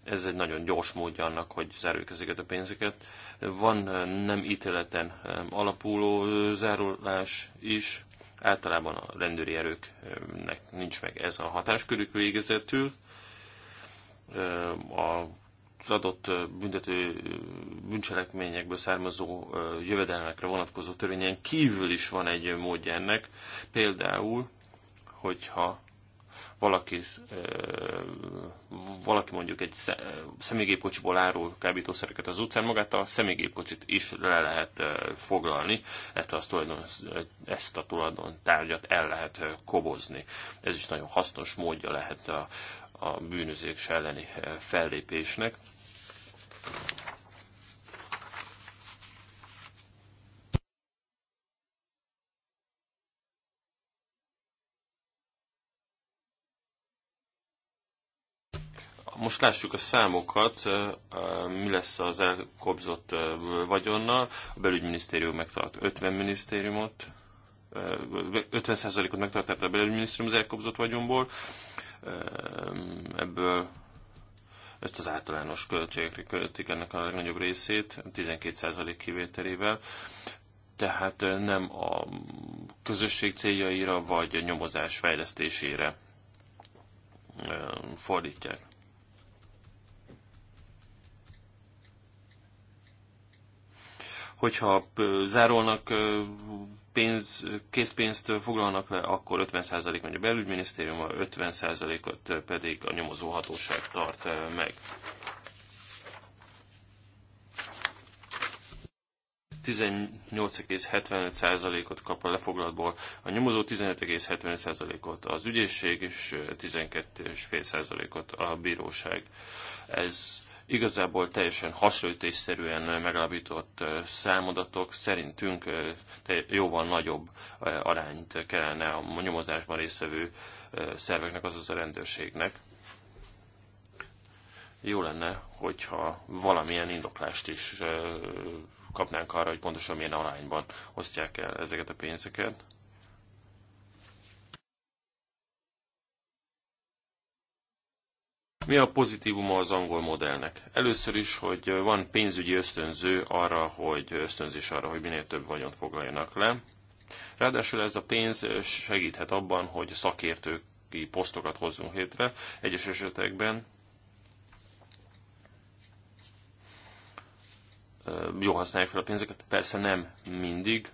ez egy nagyon gyors módja annak, hogy zárjuk ezeket a pénzeket. Van nem ítéleten alapuló zárulás is, általában a rendőri erőknek nincs meg ez a hatáskörük végezetül. A adott büntető bűncselekményekből származó jövedelmekre vonatkozó törvényen kívül is van egy módja ennek. Például, hogyha valaki, valaki mondjuk egy személygépkocsiból árul kábítószereket az utcán, magát a személygépkocsit is le lehet foglalni, ezt, az tulajdon, ezt a tulajdon tárgyat el lehet kobozni. Ez is nagyon hasznos módja lehet a, a bűnözők elleni eh, fellépésnek. Most lássuk a számokat, eh, eh, mi lesz az elkobzott vagyonnal. A belügyminisztérium megtart 50 minisztériumot, 50%-ot megtartott a belügyminisztérium az elkobzott vagyonból ebből ezt az általános költségekre költik ennek a legnagyobb részét, 12% kivételével tehát nem a közösség céljaira vagy a nyomozás fejlesztésére fordítják. Hogyha zárolnak pénz, készpénztől foglalnak le, akkor 50% megy a belügyminisztérium, a 50%-ot pedig a nyomozóhatóság tart eh, meg. 18,75%-ot kap a lefoglaltból, a nyomozó 15,75%-ot az ügyészség, eh, és 12,5%-ot a bíróság. Ez Igazából teljesen hasonlítésszerűen megalapított számadatok szerintünk jóval nagyobb arányt kellene a nyomozásban résztvevő szerveknek, azaz a rendőrségnek. Jó lenne, hogyha valamilyen indoklást is kapnánk arra, hogy pontosan milyen arányban osztják el ezeket a pénzeket. Mi a pozitívuma az angol modellnek? Először is, hogy van pénzügyi ösztönző arra, hogy ösztönzés arra, hogy minél több vagyont foglaljanak le. Ráadásul ez a pénz segíthet abban, hogy szakértői posztokat hozzunk hétre. Egyes esetekben jó használják fel a pénzeket, persze nem mindig,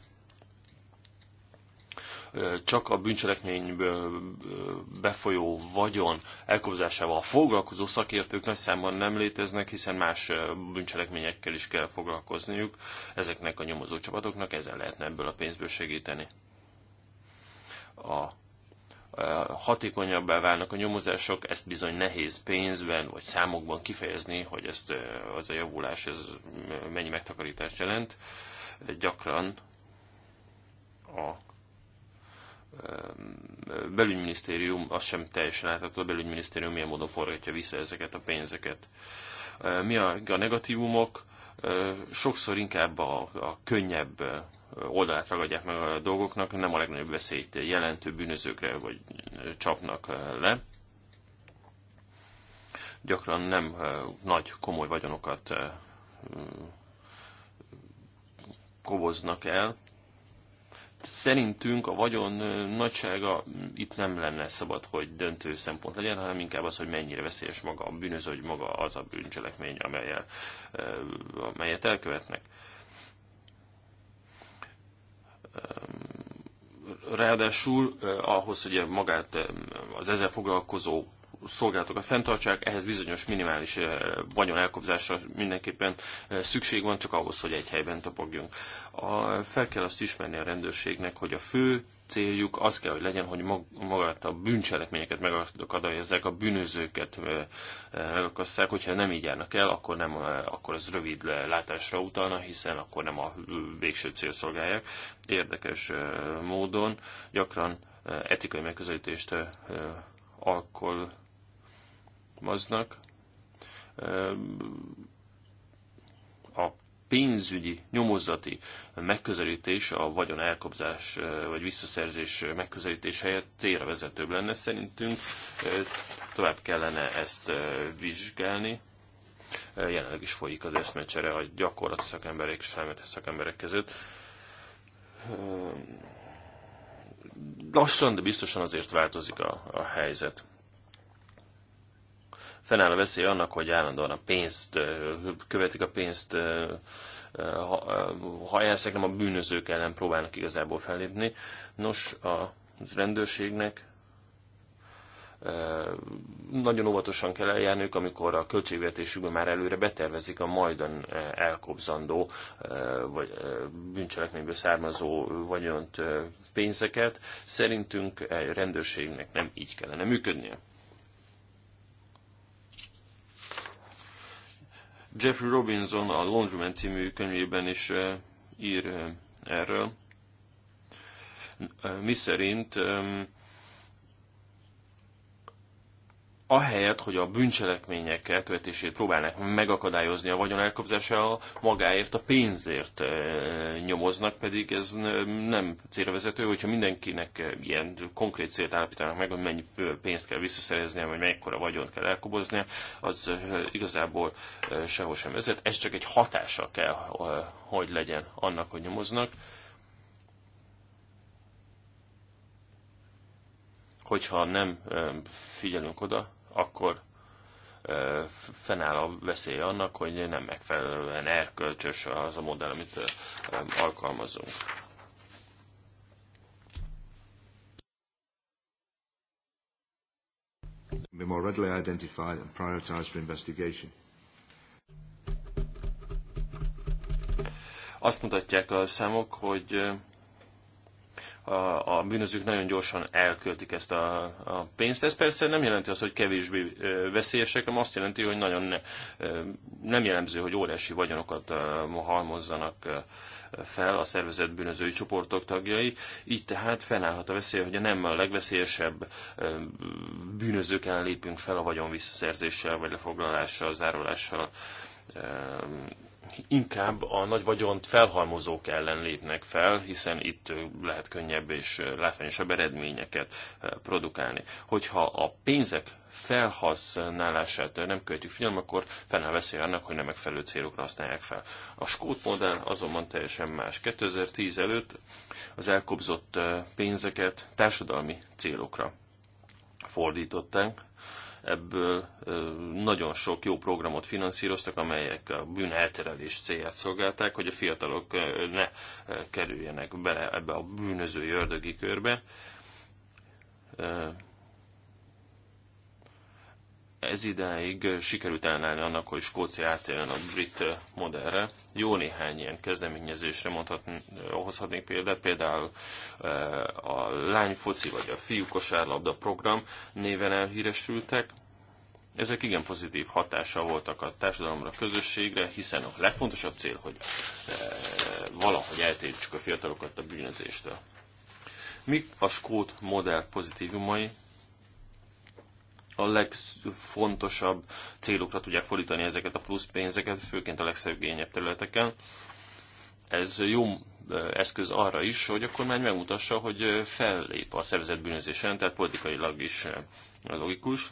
csak a bűncselekményből befolyó vagyon elkobzásával foglalkozó szakértők nagy számban nem léteznek, hiszen más bűncselekményekkel is kell foglalkozniuk ezeknek a nyomozó csapatoknak, ezen lehetne ebből a pénzből segíteni. A hatékonyabbá válnak a nyomozások, ezt bizony nehéz pénzben vagy számokban kifejezni, hogy ezt az a javulás ez mennyi megtakarítást jelent. Gyakran a belügyminisztérium, az sem teljesen látható, a belügyminisztérium milyen módon forgatja vissza ezeket a pénzeket. Mi a, a negatívumok? Sokszor inkább a, a könnyebb oldalát ragadják meg a dolgoknak, nem a legnagyobb veszélyt jelentő bűnözőkre vagy csapnak le. Gyakran nem nagy, komoly vagyonokat koboznak el, Szerintünk a vagyon nagysága mm, itt nem lenne szabad, hogy döntő szempont legyen, hanem inkább az, hogy mennyire veszélyes maga a bűnöző, hogy maga az a bűncselekmény, amelyel, amelyet elkövetnek. Ráadásul ahhoz, hogy magát az ezzel foglalkozó szolgálatokat fenntartsák, ehhez bizonyos minimális eh, vagyon elkobzásra mindenképpen eh, szükség van, csak ahhoz, hogy egy helyben topogjunk. A, fel kell azt ismerni a rendőrségnek, hogy a fő céljuk az kell, hogy legyen, hogy magát a bűncselekményeket megakadályozzák, a bűnözőket eh, megakasszák, hogyha nem így járnak el, akkor, nem, akkor ez rövid látásra utalna, hiszen akkor nem a végső cél szolgálják. Érdekes módon gyakran etikai megközelítést alkol alkalmaznak. A pénzügyi, nyomozati megközelítés, a vagyon elkobzás vagy visszaszerzés megközelítés helyett célra vezetőbb lenne szerintünk. Tovább kellene ezt vizsgálni. Jelenleg is folyik az eszmecsere a gyakorlati szakemberek és elméleti szakemberek között. Lassan, de biztosan azért változik a, a helyzet fennáll a veszély annak, hogy állandóan a pénzt, követik a pénzt ha hajászek, nem a bűnözők ellen próbálnak igazából fellépni. Nos, a rendőrségnek nagyon óvatosan kell eljárniuk, amikor a költségvetésükben már előre betervezik a majdan elkobzandó vagy bűncselekményből származó vagyont pénzeket. Szerintünk a rendőrségnek nem így kellene működnie. Jeffrey Robinson a Laundryman című könyvében is ír erről, szerint ahelyett, hogy a bűncselekmények elkövetését próbálnak megakadályozni a vagyon elkobzása, magáért a pénzért eh, nyomoznak, pedig ez nem célvezető, hogyha mindenkinek eh, ilyen konkrét célt állapítanak meg, hogy mennyi pénzt kell visszaszereznie, vagy mekkora vagyont kell elkoboznia, az eh, igazából sehol sem vezet. Ez csak egy hatása kell, hogy legyen annak, hogy nyomoznak. hogyha nem figyelünk oda, akkor fennáll a veszély annak, hogy nem megfelelően erkölcsös az a modell, amit alkalmazunk. be more readily identified and prioritized for investigation. Azt mutatják a számok, hogy a, bűnözők nagyon gyorsan elköltik ezt a, a pénzt. Ez persze nem jelenti azt, hogy kevésbé veszélyesek, hanem azt jelenti, hogy nagyon ne, nem jellemző, hogy óriási vagyonokat halmozzanak fel a szervezett bűnözői csoportok tagjai, így tehát fennállhat a veszély, hogy a nem a legveszélyesebb bűnözők ellen lépünk fel a vagyon visszaszerzéssel, vagy lefoglalással, zárulással inkább a nagy vagyont felhalmozók ellen lépnek fel, hiszen itt lehet könnyebb és látványosabb eredményeket produkálni. Hogyha a pénzek felhasználását nem költjük figyelme, akkor fennáll veszély annak, hogy nem megfelelő célokra használják fel. A skót modell azonban teljesen más. 2010 előtt az elkobzott pénzeket társadalmi célokra fordították, ebből nagyon sok jó programot finanszíroztak, amelyek a bűn elterelés célját szolgálták, hogy a fiatalok ne kerüljenek bele ebbe a bűnöző ördögi körbe ez idáig sikerült ellenállni annak, hogy Skócia átérjen a brit modellre. Jó néhány ilyen kezdeményezésre hozhatnék példát, például a lányfoci vagy a fiúkosárlabda program néven elhíresültek. Ezek igen pozitív hatása voltak a társadalomra, a közösségre, hiszen a legfontosabb cél, hogy valahogy eltérítsük a fiatalokat a bűnözéstől. Mik a skót modell pozitívumai? a legfontosabb célokra tudják fordítani ezeket a plusz pénzeket, főként a legszegényebb területeken. Ez jó eszköz arra is, hogy a kormány megmutassa, hogy fellép a szervezet bűnözésen, tehát politikailag is logikus.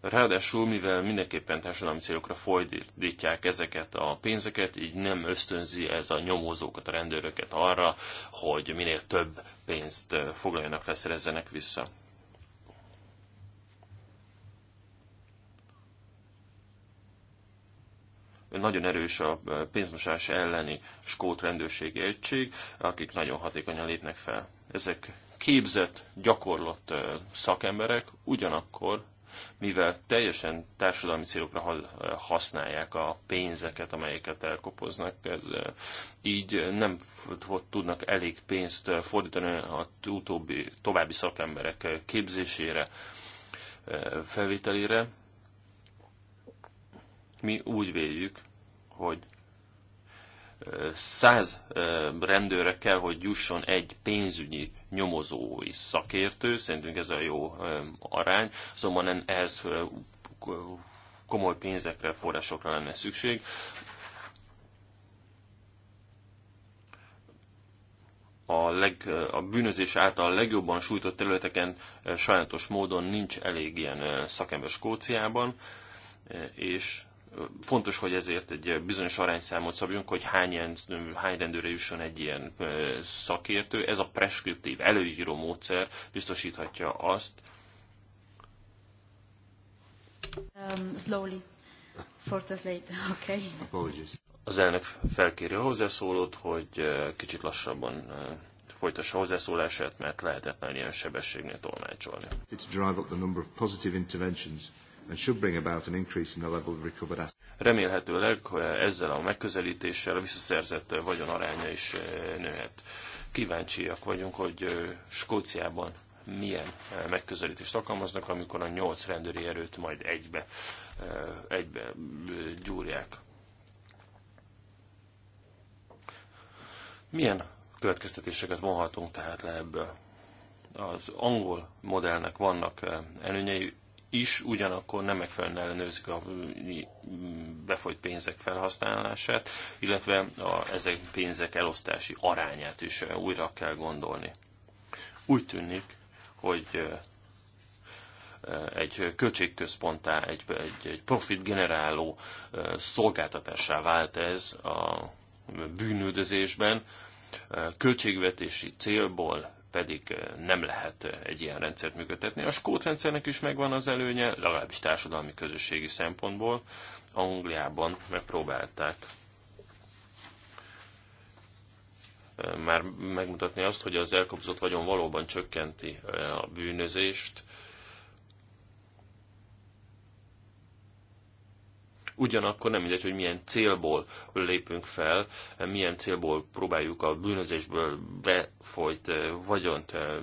Ráadásul, mivel mindenképpen társadalmi célokra fordítják ezeket a pénzeket, így nem ösztönzi ez a nyomozókat, a rendőröket arra, hogy minél több pénzt foglaljanak le, szerezzenek vissza. nagyon erős a pénzmosás elleni skót rendőrségi egység, akik nagyon hatékonyan lépnek fel. Ezek képzett, gyakorlott szakemberek, ugyanakkor mivel teljesen társadalmi célokra használják a pénzeket, amelyeket elkopoznak, ez, így nem tudnak elég pénzt fordítani a utóbbi, további szakemberek képzésére, felvételére, mi úgy véljük, hogy száz rendőre kell, hogy jusson egy pénzügyi nyomozói szakértő, szerintünk ez a jó arány, szóval ehhez komoly pénzekre, forrásokra lenne szükség. A, leg, a bűnözés által legjobban sújtott területeken sajnos módon nincs elég ilyen szakember Skóciában, és fontos, hogy ezért egy bizonyos arányszámot szabjunk, hogy hány, ilyen, hány rendőre jusson egy ilyen szakértő. Ez a preskriptív előíró módszer biztosíthatja azt, Um, slowly. Four later, okay. Az elnök felkéri a hozzászólót, hogy kicsit lassabban folytassa a hozzászólását, mert lehetetlen ilyen sebességnél tolmácsolni. It's drive up the number of positive interventions and should bring about an increase in the level of recovered assets. Remélhetőleg ezzel a megközelítéssel a visszaszerzett vagyon aránya is eh, nőhet. Kíváncsiak vagyunk, hogy eh, Skóciában milyen eh, megközelítést alkalmaznak, amikor a nyolc rendőri erőt majd egybe, egybe gyúrják. Milyen következtetéseket vonhatunk tehát le ebből? Az angol modellnek vannak előnyei, is ugyanakkor nem megfelelően ellenőrzik a mm, befolyt pénzek felhasználását, illetve a, ezek pénzek elosztási arányát is eh, újra kell gondolni. Úgy tűnik, hogy eh, eh, egy költségközponttá, egy, egy, egy profit generáló szolgáltatássá vált ez a bűnüldözésben, költségvetési célból pedig eh, nem lehet eh, egy ilyen rendszert működtetni. A skót rendszernek is megvan az előnye, legalábbis társadalmi közösségi szempontból. Angliában megpróbálták eh, már megmutatni azt, hogy az elkobzott vagyon valóban csökkenti a bűnözést, Ugyanakkor nem mindegy, hogy milyen célból lépünk fel, milyen célból próbáljuk a bűnözésből befolyt eh, vagyont eh,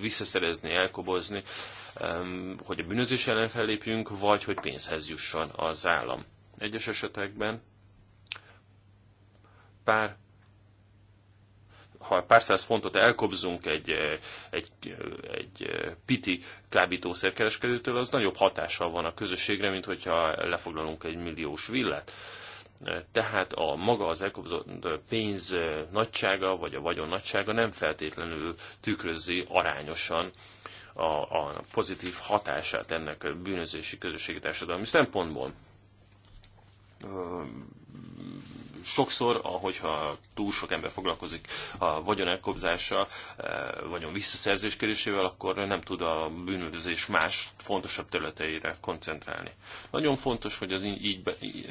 visszaszerezni, elkobozni, hogy a bűnözés ellen fellépjünk, vagy hogy pénzhez jusson az állam. Egyes esetekben pár ha pár száz fontot elkobzunk egy, egy, egy piti kábítószerkereskedőtől, az nagyobb hatással van a közösségre, mint hogyha lefoglalunk egy milliós villát. Tehát a maga az elkobzott pénz nagysága, vagy a vagyon nagysága nem feltétlenül tükrözi arányosan a, a pozitív hatását ennek a bűnözési közösségi társadalmi szempontból sokszor, ahogyha túl sok ember foglalkozik a vagyon elkobzással, e, vagyon visszaszerzés kérésével, akkor nem tud a bűnöldözés más fontosabb területeire koncentrálni. Nagyon fontos, hogy az így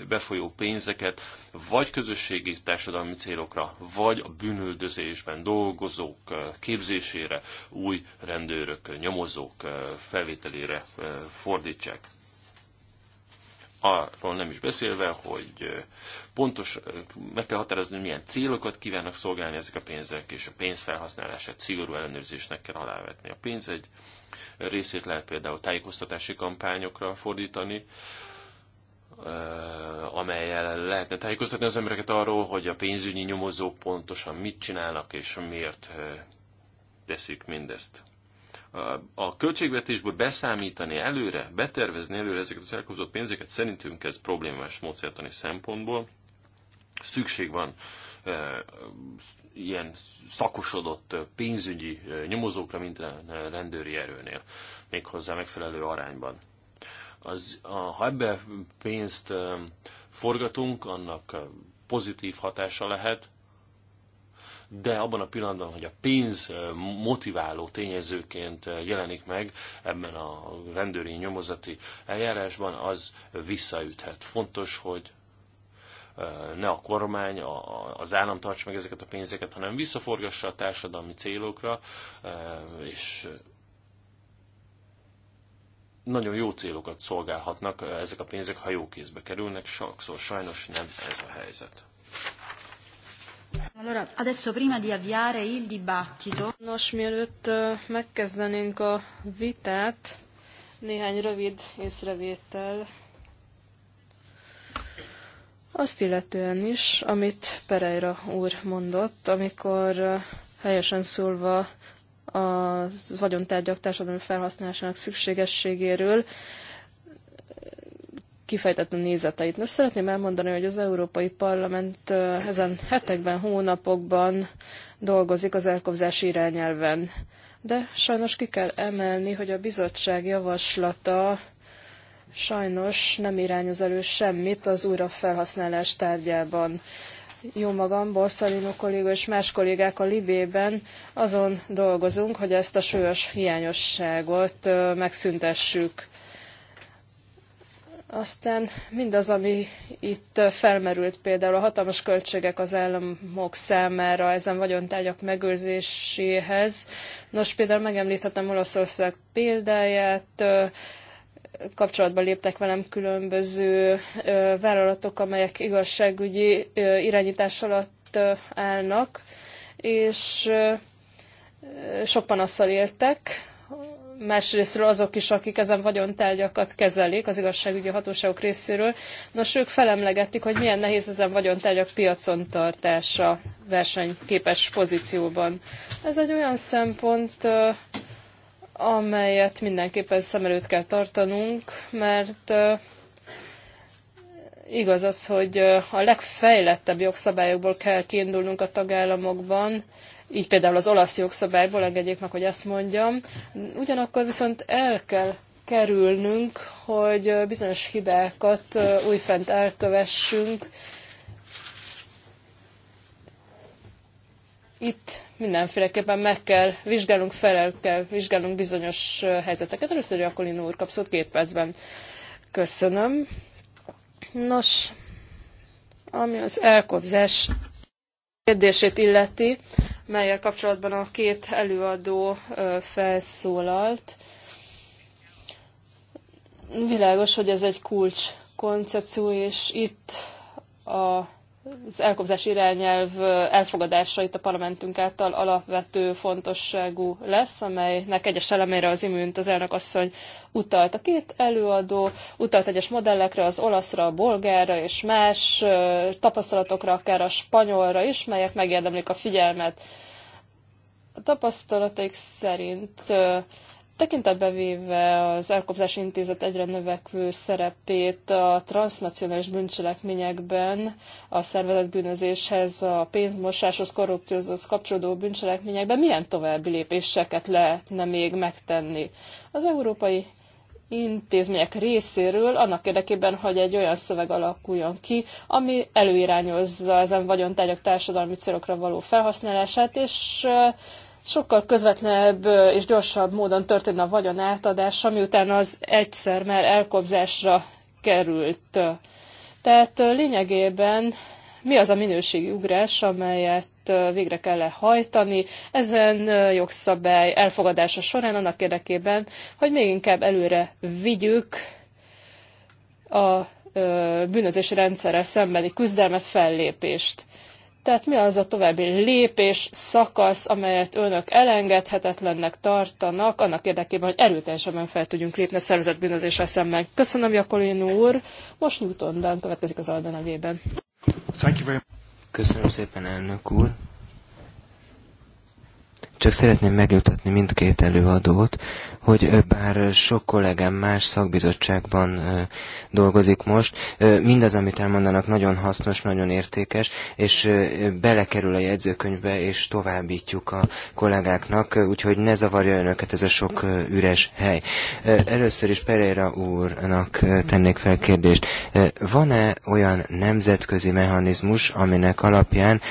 befolyó pénzeket vagy közösségi társadalmi célokra, vagy a bűnöldözésben dolgozók e, képzésére, új rendőrök, nyomozók e, felvételére fordítsák arról nem is beszélve, hogy pontos, meg kell határozni, milyen célokat kívánnak szolgálni ezek a pénzek, és a pénz felhasználását szigorú ellenőrzésnek kell alávetni. A pénz egy részét lehet például tájékoztatási kampányokra fordítani, amelyel lehetne tájékoztatni az embereket arról, hogy a pénzügyi nyomozók pontosan mit csinálnak és miért teszik mindezt a költségvetésből beszámítani előre, betervezni előre ezeket az elkobzott pénzeket szerintünk ez problémás módszertani szempontból. Szükség van e, ilyen szakosodott pénzügyi e, nyomozókra minden e, rendőri erőnél, méghozzá megfelelő arányban. Az, ha ebbe pénzt forgatunk, annak pozitív hatása lehet, de abban a pillanatban, hogy a pénz motiváló tényezőként jelenik meg ebben a rendőri nyomozati eljárásban, az visszaüthet. Fontos, hogy ne a kormány, az állam tartsa meg ezeket a pénzeket, hanem visszaforgassa a társadalmi célokra, és nagyon jó célokat szolgálhatnak ezek a pénzek, ha jó kézbe kerülnek, sokszor szóval sajnos nem ez a helyzet. Nos, mielőtt megkezdenénk a vitát, néhány rövid észrevétel azt illetően is, amit Pereira úr mondott, amikor helyesen szólva a vagyontárgyak társadalmi felhasználásának szükségességéről, kifejtette nézeteit. Nos, szeretném elmondani, hogy az Európai Parlament ezen hetekben, hónapokban dolgozik az elkobzás irányelven. De sajnos ki kell emelni, hogy a bizottság javaslata sajnos nem irányoz elő semmit az újrafelhasználás tárgyában. Jó magam, Borszalino kolléga és más kollégák a Libében azon dolgozunk, hogy ezt a súlyos hiányosságot megszüntessük. Aztán mindaz, ami itt felmerült, például a hatalmas költségek az államok számára ezen vagyontárgyak megőrzéséhez. Nos, például megemlíthetem Olaszország példáját, kapcsolatba léptek velem különböző vállalatok, amelyek igazságügyi irányítás alatt állnak, és sok panasszal éltek, másrésztről azok is, akik ezen vagyontárgyakat kezelik az igazságügyi hatóságok részéről. Nos, ők felemlegetik, hogy milyen nehéz ezen vagyontárgyak piacon tartása versenyképes pozícióban. Ez egy olyan szempont, amelyet mindenképpen szem előtt kell tartanunk, mert igaz az, hogy a legfejlettebb jogszabályokból kell kiindulnunk a tagállamokban, így például az olasz jogszabályból, engedjék meg, hogy ezt mondjam. Ugyanakkor viszont el kell kerülnünk, hogy bizonyos hibákat újfent elkövessünk. Itt mindenféleképpen meg kell vizsgálnunk, felel kell vizsgálnunk bizonyos helyzeteket. Először Jakolin úr kap szót két percben. Köszönöm. Nos, ami az elkobzás kérdését illeti, melyel kapcsolatban a két előadó felszólalt. Világos, hogy ez egy kulcs koncepció, és itt a az elkobzás irányelv elfogadása itt a parlamentünk által alapvető fontosságú lesz, amelynek egyes elemére az imént az elnök asszony utalt. A két előadó utalt egyes modellekre, az olaszra, a bolgárra és más tapasztalatokra, akár a spanyolra is, melyek megérdemlik a figyelmet. A tapasztalataik szerint Tekintetbe véve az elkobzási intézet egyre növekvő szerepét a transnacionális bűncselekményekben, a szervezetbűnözéshez, bűnözéshez, a pénzmosáshoz, korrupcióhoz kapcsolódó bűncselekményekben milyen további lépéseket lehetne még megtenni? Az európai intézmények részéről annak érdekében, hogy egy olyan szöveg alakuljon ki, ami előirányozza ezen vagyontárgyak társadalmi célokra való felhasználását, és sokkal közvetlenebb és gyorsabb módon történne a vagyon átadása, miután az egyszer már elkobzásra került. Tehát lényegében mi az a minőségi ugrás, amelyet végre kell -e hajtani ezen jogszabály elfogadása során annak érdekében, hogy még inkább előre vigyük a bűnözési rendszerrel szembeni küzdelmet, fellépést. Tehát mi az a további lépés, szakasz, amelyet önök elengedhetetlennek tartanak, annak érdekében, hogy erőteljesebben fel tudjunk lépni a szervezetbűnözéssel szemben. Köszönöm, Jakolin úr. Most Newton következik az Alda nevében. Köszönöm szépen, elnök úr. Csak szeretném megnyugtatni mindkét előadót, hogy bár sok kollégám más szakbizottságban dolgozik most, mindaz, amit elmondanak, nagyon hasznos, nagyon értékes, és belekerül a jegyzőkönyvbe, és továbbítjuk a kollégáknak, úgyhogy ne zavarja önöket ez a sok üres hely. Először is Pereira úrnak tennék fel kérdést. Van-e olyan nemzetközi mechanizmus, aminek alapján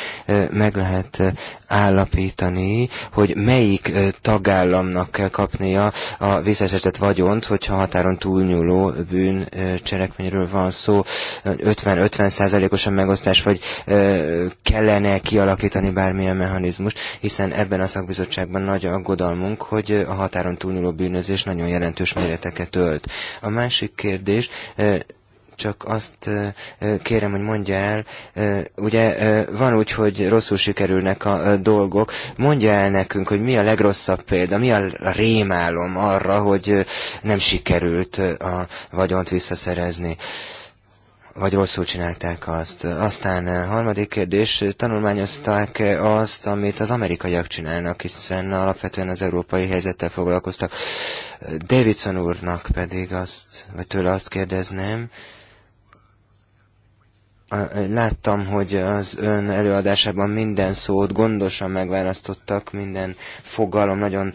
meg lehet állapítani, hogy melyik tagállamnak kell kapnia a visszaszerzett vagyont, hogyha határon túlnyúló bűn cselekményről van szó, 50-50 százalékos a megosztás, vagy kellene kialakítani bármilyen mechanizmust, hiszen ebben a szakbizottságban nagy aggodalmunk, hogy a határon túlnyúló bűnözés nagyon jelentős méreteket ölt. A másik kérdés, csak azt kérem, hogy mondja el, ugye van úgy, hogy rosszul sikerülnek a dolgok, mondja el nekünk, hogy mi a legrosszabb példa, mi a rémálom arra, hogy nem sikerült a vagyont visszaszerezni vagy rosszul csinálták azt. Aztán harmadik kérdés, tanulmányozták azt, amit az amerikaiak csinálnak, hiszen alapvetően az európai helyzettel foglalkoztak. Davidson úrnak pedig azt, vagy tőle azt kérdezném, láttam, hogy az ön előadásában minden szót gondosan megválasztottak, minden fogalom nagyon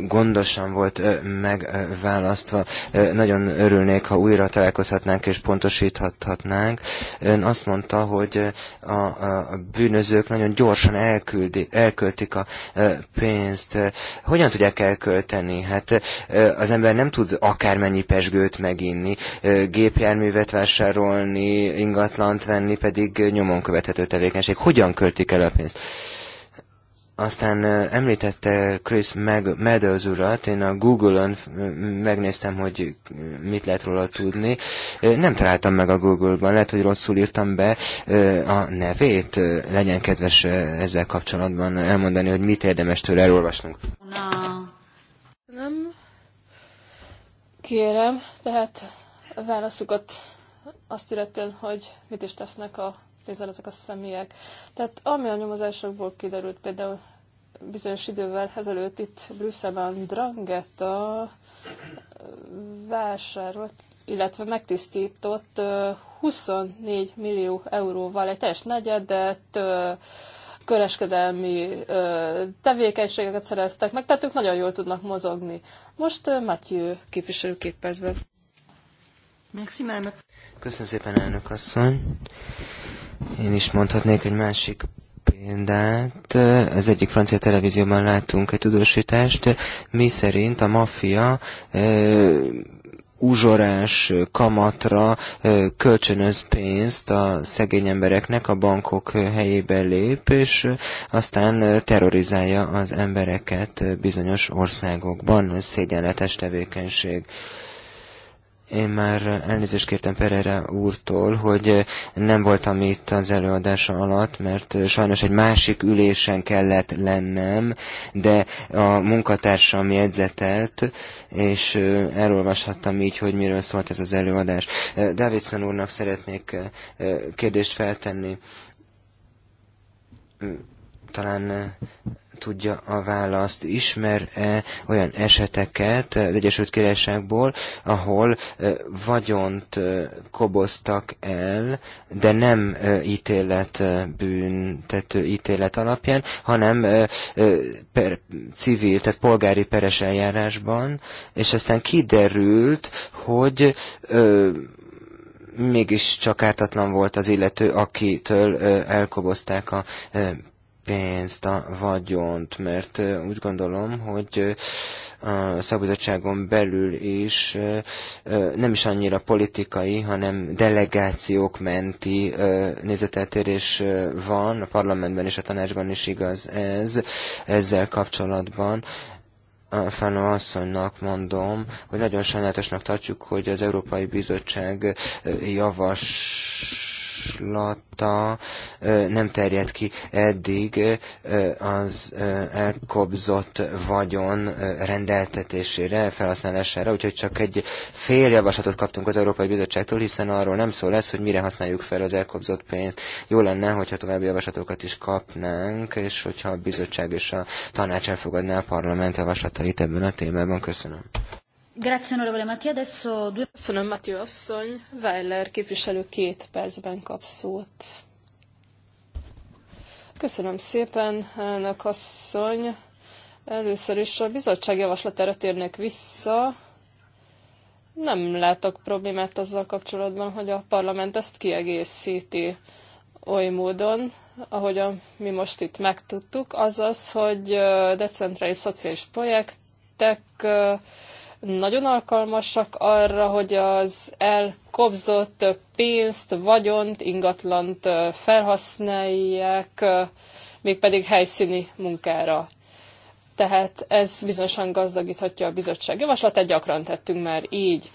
gondosan volt megválasztva. Nagyon örülnék, ha újra találkozhatnánk és pontosíthatnánk. Ön azt mondta, hogy a, bűnözők nagyon gyorsan elküldi, elköltik a pénzt. Hogyan tudják elkölteni? Hát az ember nem tud akármennyi pesgőt meginni, gépjárművet vásárolni, ingatlant venni pedig nyomon követhető tevékenység. Hogyan költik el a pénzt? Aztán említette Chris Meadows urat, én a Google-on megnéztem, hogy mit lehet róla tudni. Nem találtam meg a Google-ban, lehet, hogy rosszul írtam be a nevét. Legyen kedves ezzel kapcsolatban elmondani, hogy mit érdemes tőle elolvasnunk. Nem. Kérem, tehát válaszokat azt illetően, hogy mit is tesznek a pénzzel ezek a személyek. Tehát ami a nyomozásokból kiderült, például bizonyos idővel ezelőtt itt Brüsszelben Drangetta vásárolt, illetve megtisztított 24 millió euróval egy teljes negyedet, kereskedelmi tevékenységeket szereztek meg, tehát ők nagyon jól tudnak mozogni. Most Matthew képviselő két percben. Köszönöm szépen, elnök asszony. Én is mondhatnék egy másik példát. Az egyik francia televízióban láttunk egy tudósítást, mi szerint a maffia uzsorás kamatra kölcsönöz pénzt a szegény embereknek, a bankok helyébe lép, és aztán terrorizálja az embereket bizonyos országokban. Ez szégyenletes tevékenység. Én már elnézést kértem Pereira úrtól, hogy nem voltam itt az előadása alatt, mert sajnos egy másik ülésen kellett lennem, de a munkatársam jegyzetelt, és elolvashattam így, hogy miről szólt ez az előadás. Davidson úrnak szeretnék kérdést feltenni. Talán tudja a választ, ismer-e olyan eseteket az Egyesült Királyságból, ahol vagyont koboztak el, de nem ítélet büntető ítélet alapján, hanem per, civil, tehát polgári peres eljárásban, és aztán kiderült, hogy mégis csak ártatlan volt az illető, akitől elkobozták a pénzt, a vagyont, mert úgy gondolom, hogy a szakbizottságon belül is nem is annyira politikai, hanem delegációk menti nézeteltérés van, a parlamentben és a tanácsban is igaz ez, ezzel kapcsolatban. Fánó asszonynak mondom, hogy nagyon sajnálatosnak tartjuk, hogy az Európai Bizottság javas javaslata nem terjed ki eddig az elkobzott vagyon rendeltetésére, felhasználására, úgyhogy csak egy fél javaslatot kaptunk az Európai Bizottságtól, hiszen arról nem szól lesz, hogy mire használjuk fel az elkobzott pénzt. Jó lenne, hogyha további javaslatokat is kapnánk, és hogyha a bizottság és a tanács elfogadná a parlament javaslatait ebben a témában. Köszönöm. Grazie, onorevole Mattia. Adesso due... Köszönöm, Mattia asszony. Weiler képviselő két percben kap szót. Köszönöm szépen, elnök asszony. Először is a bizottság javaslatára térnek vissza. Nem látok problémát azzal kapcsolatban, hogy a parlament ezt kiegészíti oly módon, ahogy a, mi most itt megtudtuk, azaz, hogy decentrális szociális projektek nagyon alkalmasak arra, hogy az elkobzott pénzt, vagyont, ingatlant felhasználják, mégpedig helyszíni munkára. Tehát ez bizonyosan gazdagíthatja a bizottság javaslatát, gyakran tettünk már így.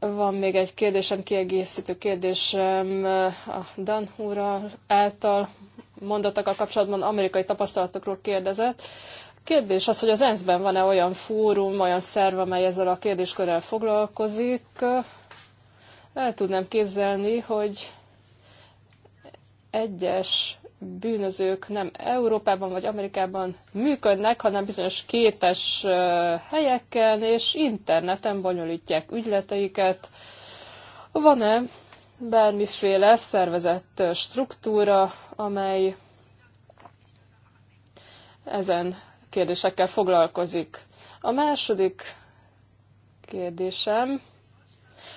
Van még egy kérdésem, kiegészítő kérdésem a Dan úr által a kapcsolatban amerikai tapasztalatokról kérdezett. Kérdés az, hogy az ENSZ-ben van-e olyan fórum, olyan szerv, amely ezzel a kérdéskörrel foglalkozik. El tudnám képzelni, hogy egyes bűnözők nem Európában vagy Amerikában működnek, hanem bizonyos kétes helyeken és interneten bonyolítják ügyleteiket. Van-e bármiféle szervezett struktúra, amely ezen kérdésekkel foglalkozik. A második kérdésem.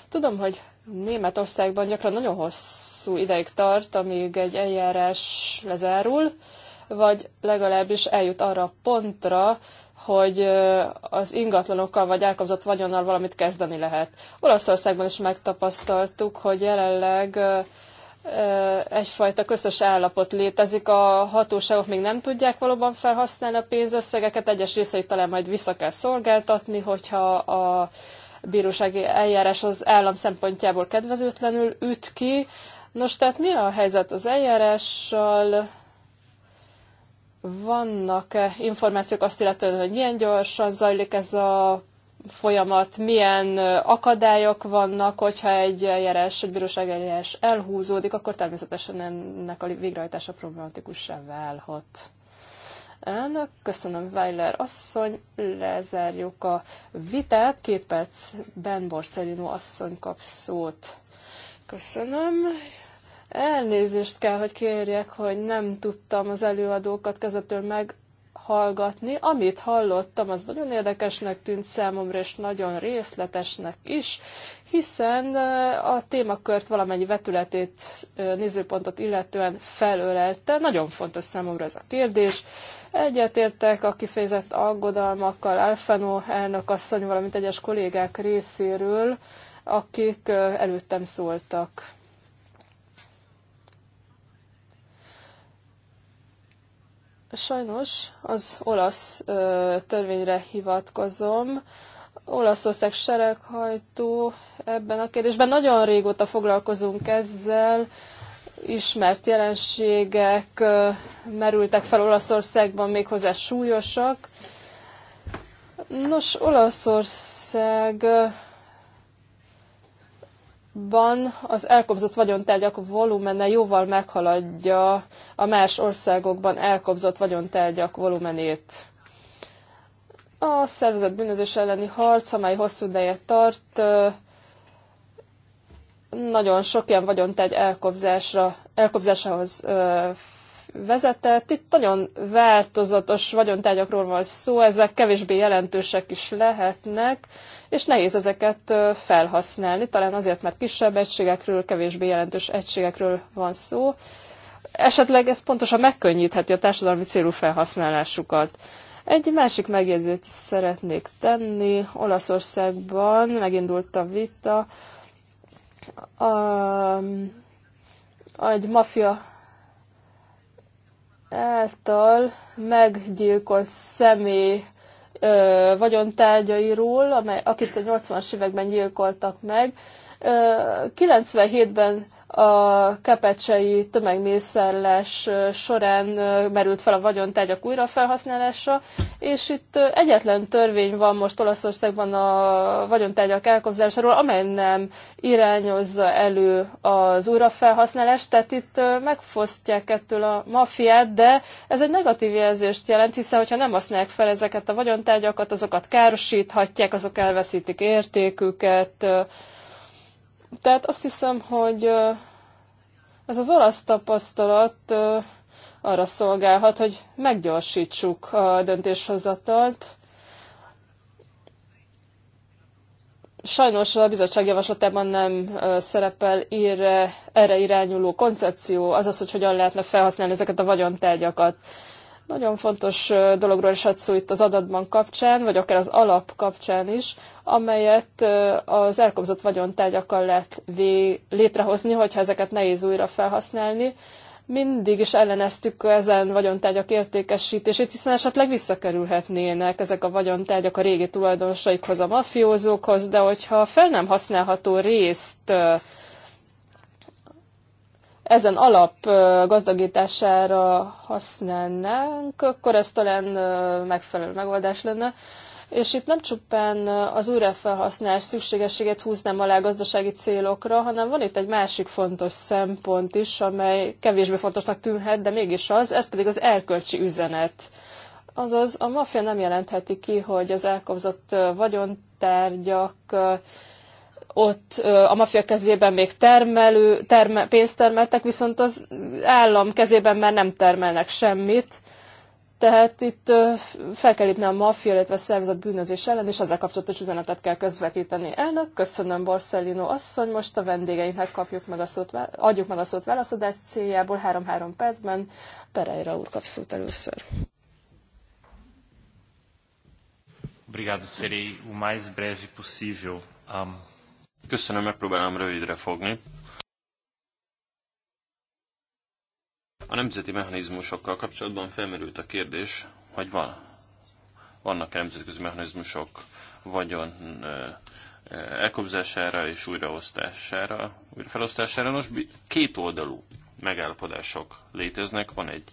Tudom, hogy Németországban gyakran nagyon hosszú ideig tart, amíg egy eljárás lezárul, vagy legalábbis eljut arra a pontra, hogy az ingatlanokkal vagy elkapzott vagyonnal valamit kezdeni lehet. Olaszországban is megtapasztaltuk, hogy jelenleg egyfajta közös állapot létezik. A hatóságok még nem tudják valóban felhasználni a pénzösszegeket, egyes részeit talán majd vissza kell szolgáltatni, hogyha a bírósági eljárás az állam szempontjából kedvezőtlenül üt ki. Nos, tehát mi a helyzet az eljárással? Vannak -e információk azt illetően, hogy milyen gyorsan zajlik ez a folyamat, milyen akadályok vannak, hogyha egy eljárás, egy bíróság eljárás elhúzódik, akkor természetesen ennek a végrehajtása problematikussá válhat. Elnök, köszönöm Weiler asszony, lezárjuk a vitát, két perc Ben Borszerino asszony kap szót. Köszönöm. Elnézést kell, hogy kérjek, hogy nem tudtam az előadókat kezdetől meg hallgatni. Amit hallottam, az nagyon érdekesnek tűnt számomra, és nagyon részletesnek is, hiszen a témakört valamennyi vetületét, nézőpontot illetően felölelte. Nagyon fontos számomra ez a kérdés. Egyetértek a kifejezett aggodalmakkal Alfano elnök asszony, valamint egyes kollégák részéről, akik előttem szóltak. Sajnos az olasz ö, törvényre hivatkozom. Olaszország sereghajtó ebben a kérdésben. Nagyon régóta foglalkozunk ezzel. Ismert jelenségek ö, merültek fel Olaszországban, méghozzá súlyosak. Nos, Olaszország Ban az elkobzott vagyontárgyak volumene jóval meghaladja a más országokban elkobzott vagyontárgyak volumenét. A szervezet bűnözés elleni harc, amely hosszú ideje tart, nagyon sok ilyen vagyontárgy elkobzásra, elkobzásához vezetett. Itt nagyon változatos vagyontárgyakról van szó, ezek kevésbé jelentősek is lehetnek, és nehéz ezeket felhasználni, talán azért, mert kisebb egységekről, kevésbé jelentős egységekről van szó. Esetleg ez pontosan megkönnyítheti a társadalmi célú felhasználásukat. Egy másik megjegyzést szeretnék tenni. Olaszországban megindult a vita. A, a egy mafia által meggyilkolt személy ö, vagyontárgyairól, amely, akit a 80-as években gyilkoltak meg. 97-ben a kepecsei tömegmészállás során merült fel a vagyontárgyak újrafelhasználása, és itt egyetlen törvény van most Olaszországban a vagyontárgyak elkobzásáról, amely nem irányozza elő az újrafelhasználást, tehát itt megfosztják ettől a mafiát, de ez egy negatív jelzést jelent, hiszen hogyha nem használják fel ezeket a vagyontárgyakat, azokat károsíthatják, azok elveszítik értéküket, tehát azt hiszem, hogy ez az olasz tapasztalat arra szolgálhat, hogy meggyorsítsuk a döntéshozatalt. Sajnos a bizottság javaslatában nem szerepel erre, erre irányuló koncepció, azaz, hogy hogyan lehetne felhasználni ezeket a vagyontárgyakat. Nagyon fontos dologról is adsz itt az adatban kapcsán, vagy akár az alap kapcsán is, amelyet az elkobzott vagyontárgyakkal lehet létrehozni, hogyha ezeket nehéz újra felhasználni. Mindig is elleneztük ezen vagyontárgyak értékesítését, hiszen esetleg visszakerülhetnének ezek a vagyontárgyak a régi tulajdonosaikhoz, a mafiózókhoz, de hogyha fel nem használható részt ezen alap gazdagítására használnánk, akkor ez talán megfelelő megoldás lenne. És itt nem csupán az újrafelhasználás szükségességét húznám alá gazdasági célokra, hanem van itt egy másik fontos szempont is, amely kevésbé fontosnak tűnhet, de mégis az, ez pedig az erkölcsi üzenet. Azaz a maffia nem jelentheti ki, hogy az elkobzott vagyontárgyak ott a mafia kezében még termelő, terme, pénzt termeltek, viszont az állam kezében már nem termelnek semmit. Tehát itt fel kell lépni a maffia, illetve a szervezet bűnözés ellen, és ezzel kapcsolatos üzenetet kell közvetíteni. Elnök, köszönöm Borsellino asszony, most a vendégeinknek kapjuk meg a szót, adjuk meg a szót válaszadás céljából 3-3 percben. Pereira úr kap szót először. Obrigado, serei o mais breve possível. Um, Köszönöm, megpróbálom rövidre fogni. A nemzeti mechanizmusokkal kapcsolatban felmerült a kérdés, hogy van, vannak -e nemzetközi mechanizmusok vagyon elkobzására és újraosztására, újrafelosztására. Nos, két oldalú megállapodások léteznek. Van egy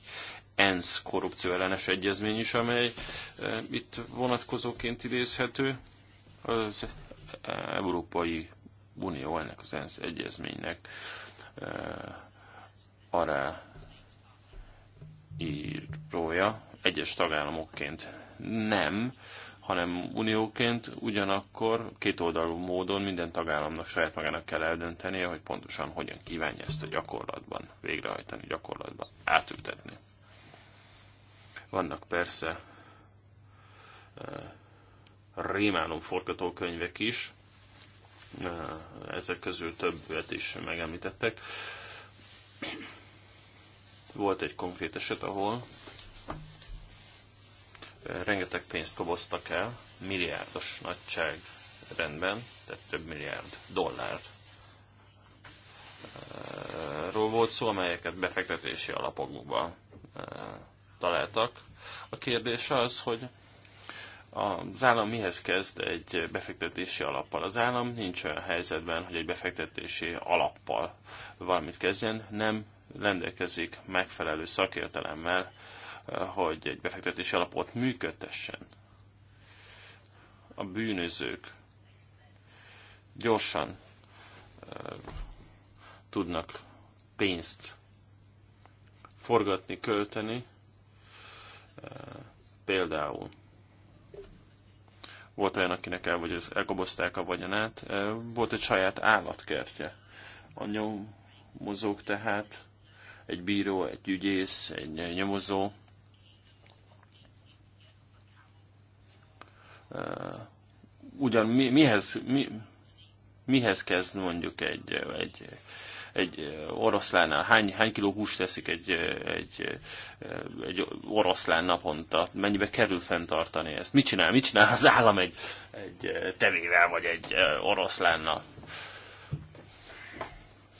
ENSZ korrupció ellenes egyezmény is, amely itt vonatkozóként idézhető. Az Európai Unió ennek az ENSZ egyezménynek ará írója, egyes tagállamokként nem, hanem unióként ugyanakkor kétoldalú módon minden tagállamnak saját magának kell eldöntenie, hogy pontosan hogyan kívánja ezt a gyakorlatban végrehajtani, gyakorlatban átültetni. Vannak persze rémálom forgatókönyvek is, Eh, ezek közül többet is megemlítettek. Volt egy konkrét eset, ahol eh, rengeteg pénzt koboztak el, milliárdos rendben, tehát több milliárd dollár ról volt szó, amelyeket befektetési alapokba eh, találtak. A kérdés az, hogy az állam mihez kezd egy befektetési alappal? Az állam nincs olyan helyzetben, hogy egy befektetési alappal valamit kezdjen, nem rendelkezik megfelelő szakértelemmel, eh, hogy egy befektetési alapot működtessen. A bűnözők gyorsan eh, tudnak pénzt forgatni, költeni, eh, például volt olyan, akinek el, vagy elkobozták a vagyonát. Volt egy saját állatkertje. A nyomozók tehát, egy bíró, egy ügyész, egy nyomozó, ugyan mi, mihez, mi, mihez kezd mondjuk egy, egy egy oroszlánnál, hány, hány kiló húst teszik egy, egy, egy oroszlán naponta, mennyibe kerül fenntartani ezt, mit csinál, mit csinál az állam egy, egy tevével, vagy egy oroszlánnal.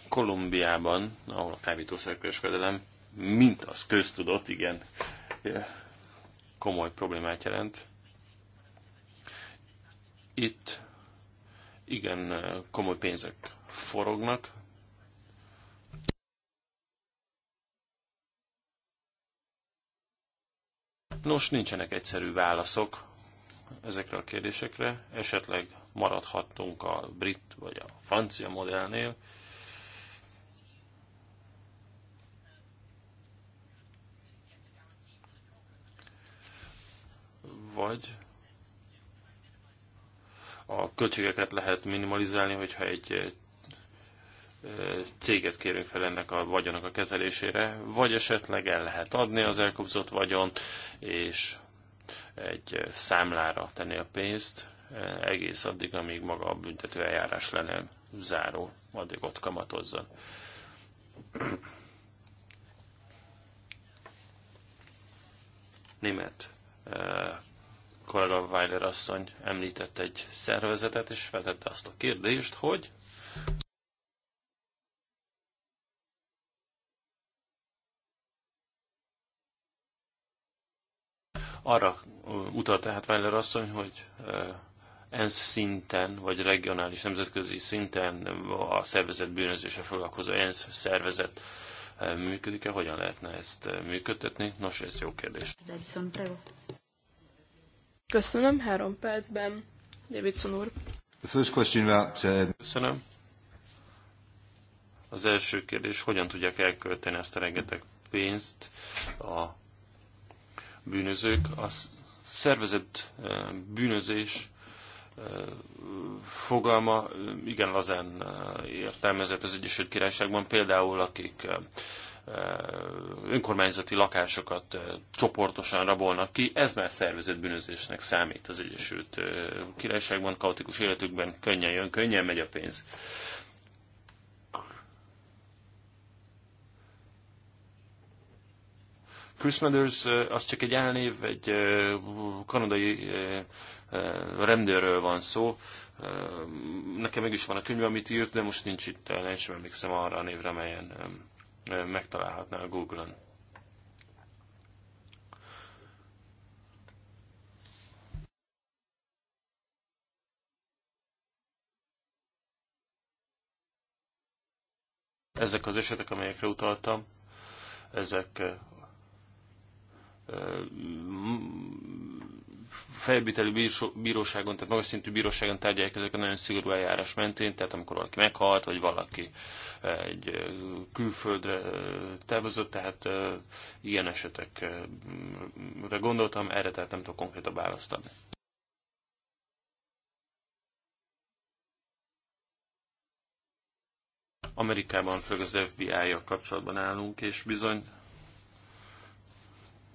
Kolumbiában, ahol a kábítószerkereskedelem, mint az köztudott, igen, komoly problémát jelent. Itt igen komoly pénzek forognak, Nos, nincsenek egyszerű válaszok ezekre a kérdésekre. Esetleg maradhattunk a brit vagy a francia modellnél. Vagy a költségeket lehet minimalizálni, hogyha egy céget kérünk fel ennek a vagyonok a kezelésére, vagy esetleg el lehet adni az elkobzott vagyont, és egy számlára tenni a pénzt, egész addig, amíg maga a büntető eljárás lenne záró, addig ott kamatozzon. Német eh, kollega Weiler asszony említett egy szervezetet, és feltette azt a kérdést, hogy Arra utal tehát Weiler asszony, hogy ENSZ szinten, vagy regionális nemzetközi szinten a szervezet bűnözése foglalkozó ENSZ szervezet működik-e, hogyan lehetne ezt működtetni? Nos, ez jó kérdés. Köszönöm, három percben. Davidson úr. The first question about, uh, Köszönöm. Az első kérdés, hogyan tudják elkölteni ezt a rengeteg pénzt a bűnözők. A szervezett bűnözés fogalma igen lazán értelmezett az Egyesült Királyságban. Például akik önkormányzati lakásokat csoportosan rabolnak ki, ez már szervezett bűnözésnek számít az Egyesült Királyságban, kaotikus életükben könnyen jön, könnyen megy a pénz. Chris Mathers az csak egy elnév, egy kanadai rendőrről van szó. Nekem mégis van a könyv, amit írt, de most nincs itt, nem sem emlékszem arra a névre, melyen megtalálhatná a Google-on. Ezek az esetek, amelyekre utaltam, ezek felbíteli bíróságon, tehát magas szintű bíróságon tárgyalják ezek a nagyon szigorú eljárás mentén, tehát amikor valaki meghalt, vagy valaki egy külföldre távozott, tehát ilyen esetekre gondoltam, erre tehát nem tudok konkrétabb választ adni. Amerikában, főleg az FBI-jal kapcsolatban állunk, és bizony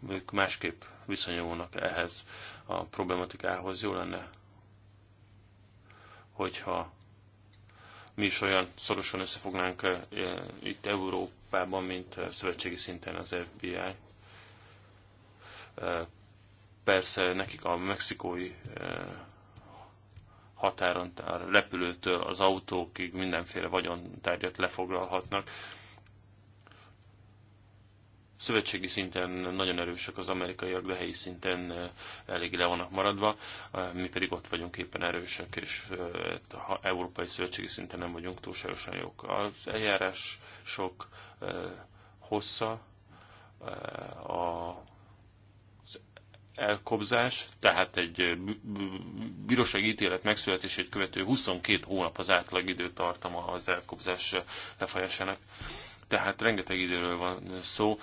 ők másképp viszonyulnak ehhez a problematikához. Jó lenne, hogyha mi is olyan szorosan összefognánk eh, itt Európában, mint eh, szövetségi szinten az FBI. Eh, persze nekik a mexikói határon repülőtől az autókig mindenféle vagyontárgyat lefoglalhatnak szövetségi szinten nagyon erősek az amerikaiak, de helyi szinten eh, elég le vannak maradva, eh, mi pedig ott vagyunk éppen erősek, és eh, ha európai szövetségi szinten nem vagyunk túlságosan jók. Az eljárás sok hossza, a elkobzás, tehát egy bírósági ítélet megszületését követő 22 hónap az átlag időtartama az elkobzás lefolyásának tehát rengeteg időről van szó,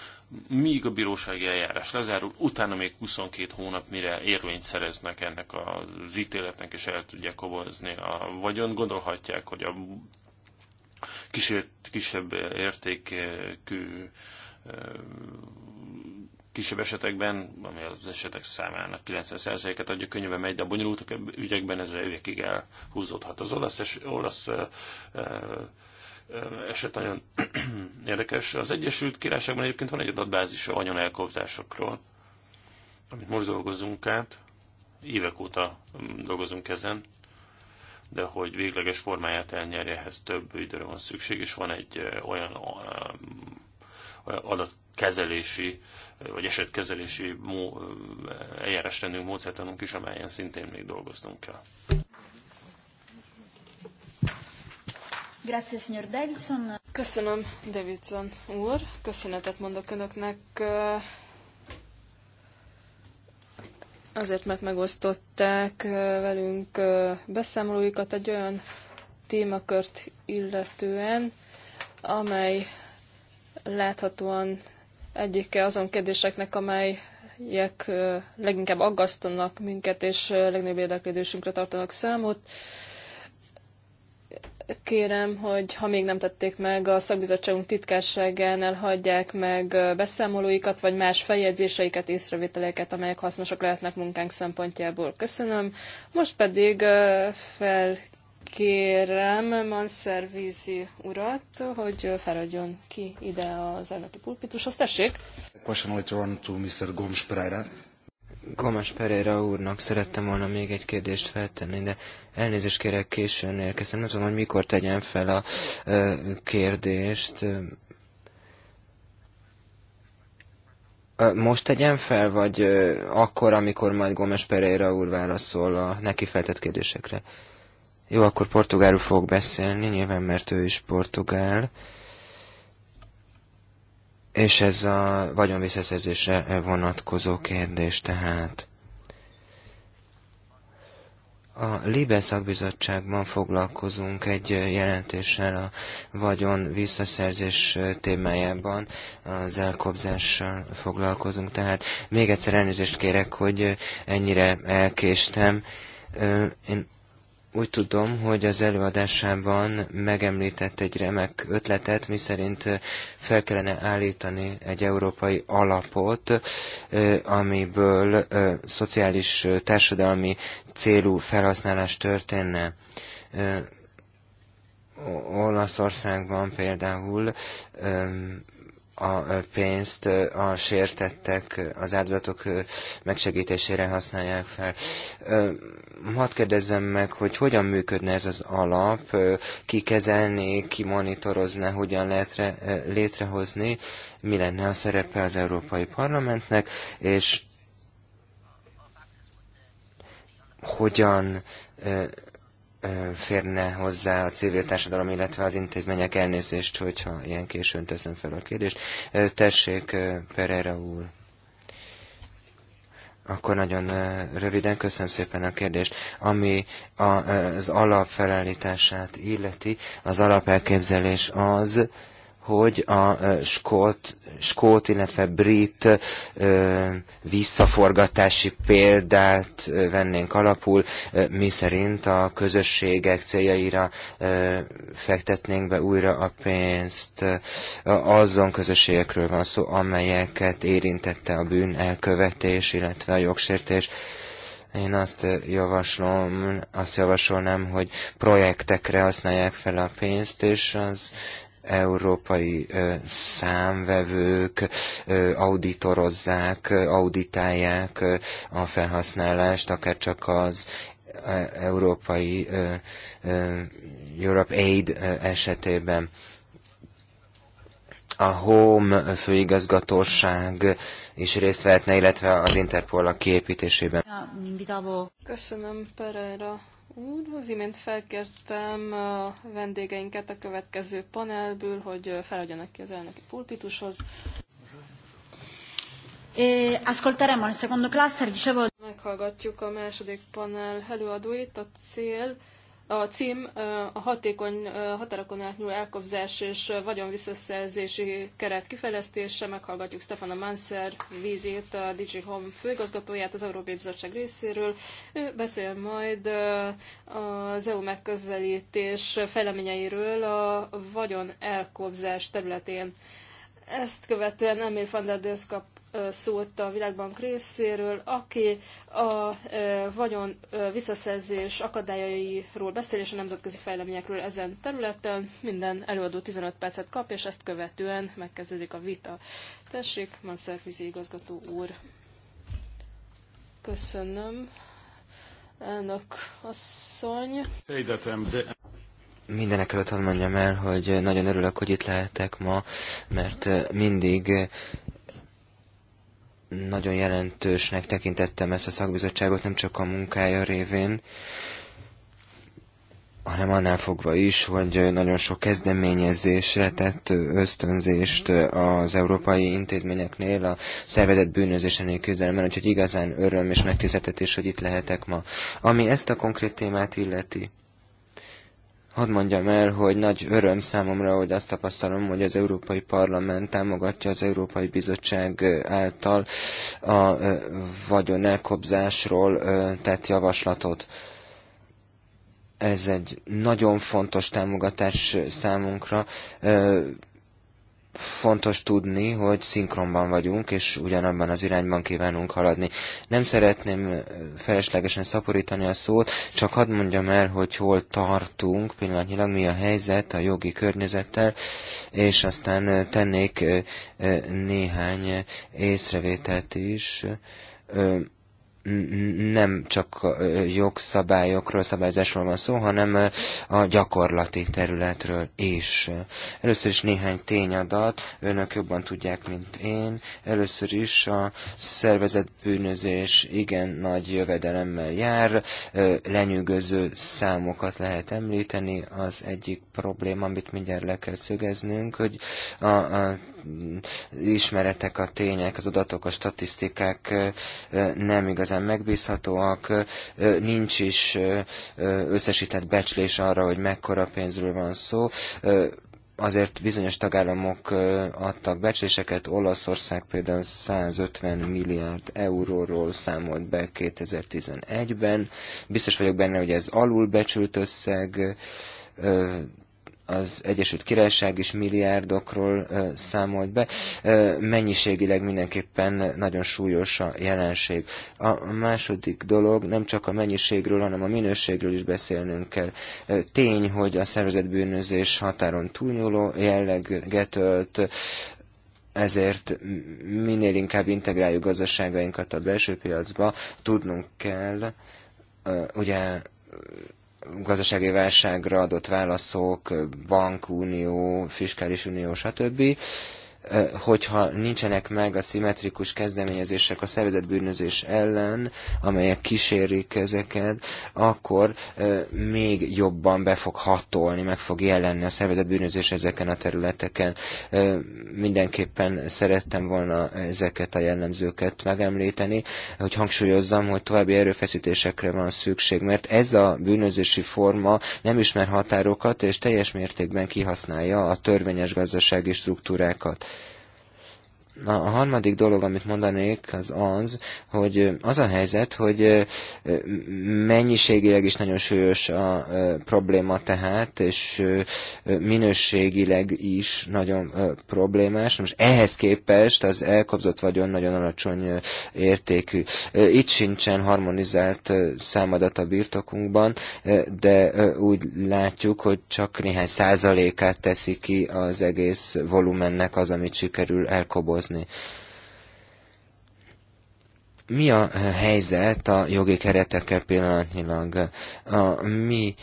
míg a bírósági eljárás lezárul, utána még 22 hónap, mire érvényt szereznek ennek az ítéletnek, és el tudják kobozni a vagyon. Gondolhatják, hogy a kisért, kisebb értékű kisebb esetekben, ami az esetek számának 90%-et adja, könnyebben megy, de a bonyolultak ügyekben ez évekig elhúzódhat. Az olasz, olasz eset nagyon érdekes. Az Egyesült Királyságban egyébként van egy adatbázis a anyanelkobzásokról, amit most dolgozunk át. Évek óta mm, dolgozunk ezen, de hogy végleges formáját elnyerje, ehhez több időre van szükség, és van egy olyan adatkezelési, vagy esetkezelési eljárásrendünk, módszertanunk is, amelyen szintén még dolgoznunk kell. Grazie, signor Davidson. Köszönöm, Davidson úr. Köszönetet mondok önöknek azért, mert megosztották velünk beszámolóikat egy olyan témakört illetően, amely láthatóan egyike azon kérdéseknek, amelyek leginkább aggasztanak minket, és legnagyobb érdeklődésünkre tartanak számot. Kérem, hogy ha még nem tették meg, a szakbizottságunk titkárságánál hagyják meg beszámolóikat, vagy más feljegyzéseiket, észrevételeket, amelyek hasznosak lehetnek munkánk szempontjából. Köszönöm. Most pedig felkérem Manszervízi urat, hogy feladjon ki ide az elnöki pulpitushoz. Tessék! A question later on to Mr. Gomes Pereira. Gomes Pereira úrnak szerettem volna még egy kérdést feltenni, de elnézést kérek, későn érkeztem. Nem tudom, hogy mikor tegyen fel a ö, kérdést. Most tegyen fel, vagy akkor, amikor majd Gomes Pereira úr válaszol a neki feltett kérdésekre? Jó, akkor portugálul fogok beszélni, nyilván, mert ő is portugál. Ö, és ez a vagyonvisszaszerzésre vonatkozó kérdés tehát. A Libe szakbizottságban foglalkozunk egy jelentéssel a vagyon visszaszerzés témájában, az elkobzással foglalkozunk, tehát még egyszer elnézést kérek, hogy ennyire elkéstem. Én úgy tudom, hogy az előadásában megemlített egy remek ötletet, miszerint fel kellene állítani egy európai alapot, amiből szociális társadalmi célú felhasználás történne. Olaszországban például a pénzt a sértettek, az áldozatok megsegítésére használják fel hadd kérdezzem meg, hogy hogyan működne ez az alap, ki kezelné, ki monitorozna, hogyan lehetre, létrehozni, mi lenne a szerepe az Európai Parlamentnek, és hogyan férne hozzá a civil társadalom, illetve az intézmények elnézést, hogyha ilyen későn teszem fel a kérdést. Tessék, Pereira úr. Akkor nagyon röviden köszönöm szépen a kérdést. Ami az alapfelállítását illeti, az alapelképzelés az, hogy a skót, skót illetve brit ö, visszaforgatási példát vennénk alapul, mi szerint a közösségek céljaira ö, fektetnénk be újra a pénzt. Azon közösségekről van szó, amelyeket érintette a bűn elkövetés, illetve a jogsértés. Én azt javaslom, azt javasolnám, hogy projektekre használják fel a pénzt, és az európai számvevők auditorozzák, auditálják a felhasználást, akár csak az európai Europe Aid esetében. A Home főigazgatóság is részt vehetne, illetve az Interpol a kiépítésében. Köszönöm Pereira úr. Az imént felkértem a vendégeinket a következő panelből, hogy feladjanak ki az elnöki pulpitushoz. E, ascolteremo il secondo cluster, dicevo... Meghallgatjuk a második panel előadóit. A cél a cím a hatékony határokon átnyúló elkobzás és vagyonvisszaszerzési keret kifejlesztése. Meghallgatjuk Stefana Manszer vízét, a DG Home főigazgatóját az Európai Bizottság részéről. Ő beszél majd az EU megközelítés fejleményeiről a vagyon elkobzás területén. Ezt követően Emil van der Dösz kap szólt a Világbank részéről, aki a vagyon visszaszerzés akadályairól beszél, és a nemzetközi fejleményekről ezen területen. Minden előadó 15 percet kap, és ezt követően megkezdődik a vita. Tessék, Manszerfizi igazgató úr. Köszönöm. Elnök asszony. Egyetem, de... Mindenek előtt mondjam el, hogy nagyon örülök, hogy itt lehetek ma, mert mindig nagyon jelentősnek tekintettem ezt a szakbizottságot, nem csak a munkája révén, hanem annál fogva is, hogy nagyon sok kezdeményezésre tett ösztönzést az európai intézményeknél a szervezett bűnözésenél küzdelemben, úgyhogy igazán öröm és megtiszteltetés, hogy itt lehetek ma. Ami ezt a konkrét témát illeti, Hadd mondjam el, hogy nagy öröm számomra, hogy azt tapasztalom, hogy az Európai Parlament támogatja az Európai Bizottság által a vagyon elkobzásról tett javaslatot. Ez egy nagyon fontos támogatás számunkra fontos tudni, hogy szinkronban vagyunk, és ugyanabban az irányban kívánunk haladni. Nem szeretném feleslegesen szaporítani a szót, csak hadd mondjam el, hogy hol tartunk pillanatnyilag, mi a helyzet a jogi környezettel, és aztán tennék néhány észrevételt is nem csak jogszabályokról, szabályzásról van szó, hanem a gyakorlati területről is. Először is néhány tényadat, önök jobban tudják, mint én. Először is a szervezett bűnözés igen nagy jövedelemmel jár, lenyűgöző számokat lehet említeni. Az egyik probléma, amit mindjárt le kell szögeznünk, hogy a, a ismeretek, a tények, az adatok, a statisztikák nem igazán megbízhatóak, nincs is összesített becslés arra, hogy mekkora pénzről van szó azért bizonyos tagállamok adtak becsléseket, Olaszország például 150 milliárd euróról számolt be 2011-ben. Biztos vagyok benne, hogy ez alulbecsült összeg, az Egyesült Királyság is milliárdokról számolt be. Mennyiségileg mindenképpen nagyon súlyos a jelenség. A második dolog, nem csak a mennyiségről, hanem a minőségről is beszélnünk kell. Tény, hogy a szervezetbűnözés határon túlnyúló jelleget ölt, ezért minél inkább integráljuk gazdaságainkat a belső piacba, tudnunk kell, ugye gazdasági válságra adott válaszok, bankunió, fiskális unió, stb hogyha nincsenek meg a szimmetrikus kezdeményezések a szervezetbűnözés ellen, amelyek kísérik ezeket, akkor még jobban be fog hatolni, meg fog jelenni a szervezetbűnözés ezeken a területeken. Mindenképpen szerettem volna ezeket a jellemzőket megemlíteni, hogy hangsúlyozzam, hogy további erőfeszítésekre van szükség, mert ez a bűnözési forma nem ismer határokat, és teljes mértékben kihasználja a törvényes gazdasági struktúrákat a harmadik dolog, amit mondanék, az az, hogy az a helyzet, hogy mennyiségileg is nagyon súlyos a probléma tehát, és minőségileg is nagyon problémás. Most ehhez képest az elkobzott vagyon nagyon alacsony értékű. Itt sincsen harmonizált számadat a birtokunkban, de úgy látjuk, hogy csak néhány százalékát teszi ki az egész volumennek az, amit sikerül elkobozni létrehozni. Mi a eh, helyzet a jogi keretekkel pillanatnyilag? A mi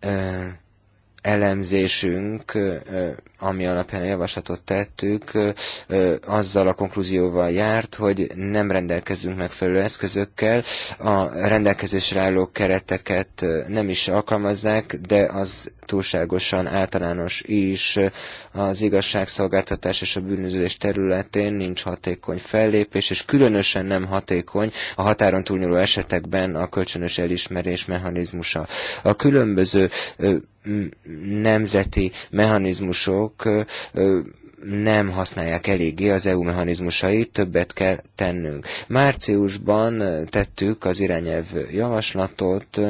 ö, eh, elemzésünk ö, eh, ami alapján a javaslatot tettük, azzal a konklúzióval járt, hogy nem rendelkezünk megfelelő eszközökkel, a rendelkezésre álló kereteket nem is alkalmazzák, de az túlságosan általános is az igazságszolgáltatás és a bűnözés területén nincs hatékony fellépés, és különösen nem hatékony a határon túlnyúló esetekben a kölcsönös elismerés mechanizmusa. A különböző nemzeti mechanizmusok azok nem használják eléggé az EU mechanizmusait, többet kell tennünk. Márciusban tettük az irányelv javaslatot,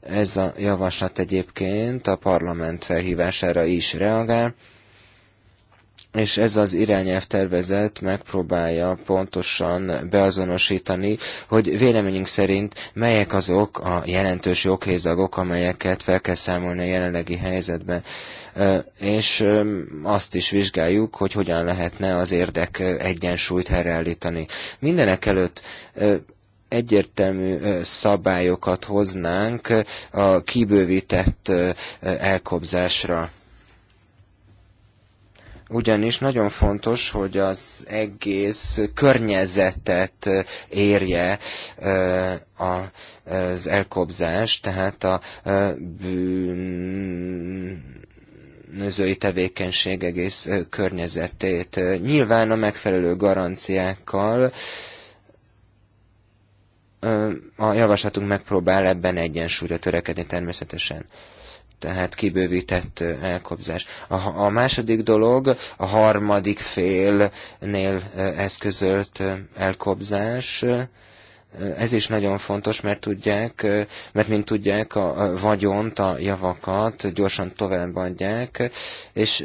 ez a javaslat egyébként a parlament felhívására is reagál, és ez az irányelv tervezet megpróbálja pontosan beazonosítani, hogy véleményünk szerint melyek azok a jelentős joghézagok, amelyeket fel kell számolni a jelenlegi helyzetben. És azt is vizsgáljuk, hogy hogyan lehetne az érdek egyensúlyt helyreállítani. Mindenek előtt egyértelmű szabályokat hoznánk a kibővített elkobzásra ugyanis nagyon fontos, hogy az egész környezetet érje az elkobzás, tehát a bűnözői tevékenység egész környezetét. Nyilván a megfelelő garanciákkal a javaslatunk megpróbál ebben egyensúlyra törekedni természetesen tehát kibővített elkobzás. A, a második dolog a harmadik félnél eszközölt elkobzás, ez is nagyon fontos, mert tudják, mert mint tudják, a vagyont, a javakat gyorsan továbbadják, és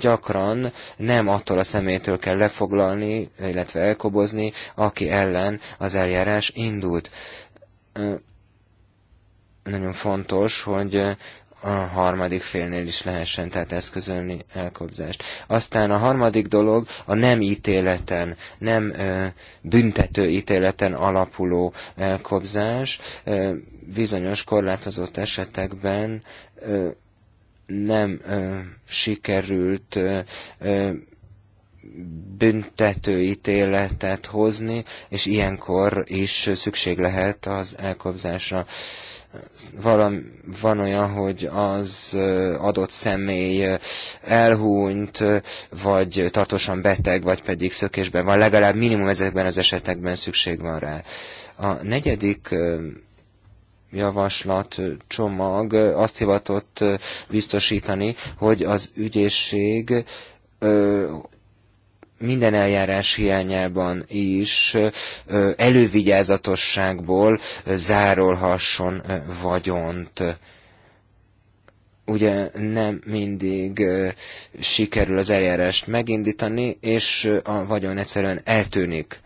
gyakran nem attól a szemétől kell lefoglalni, illetve elkobozni, aki ellen az eljárás indult. Nagyon fontos, hogy a harmadik félnél is lehessen tehát eszközölni elkobzást. Aztán a harmadik dolog a nem ítéleten, nem ö, büntető ítéleten alapuló elkobzás. Ö, bizonyos korlátozott esetekben ö, nem ö, sikerült ö, ö, hozni, és ilyenkor is szükség lehet az elkobzásra. Ö, valam, van olyan, hogy az adott személy elhúnyt, vagy tartósan beteg, vagy pedig szökésben van. Legalább minimum ezekben az esetekben szükség van rá. A negyedik javaslat csomag azt hivatott biztosítani, hogy az ügyészség minden eljárás hiányában is elővigyázatosságból zárolhasson vagyont. Ugye nem mindig sikerül az eljárást megindítani, és a vagyon egyszerűen eltűnik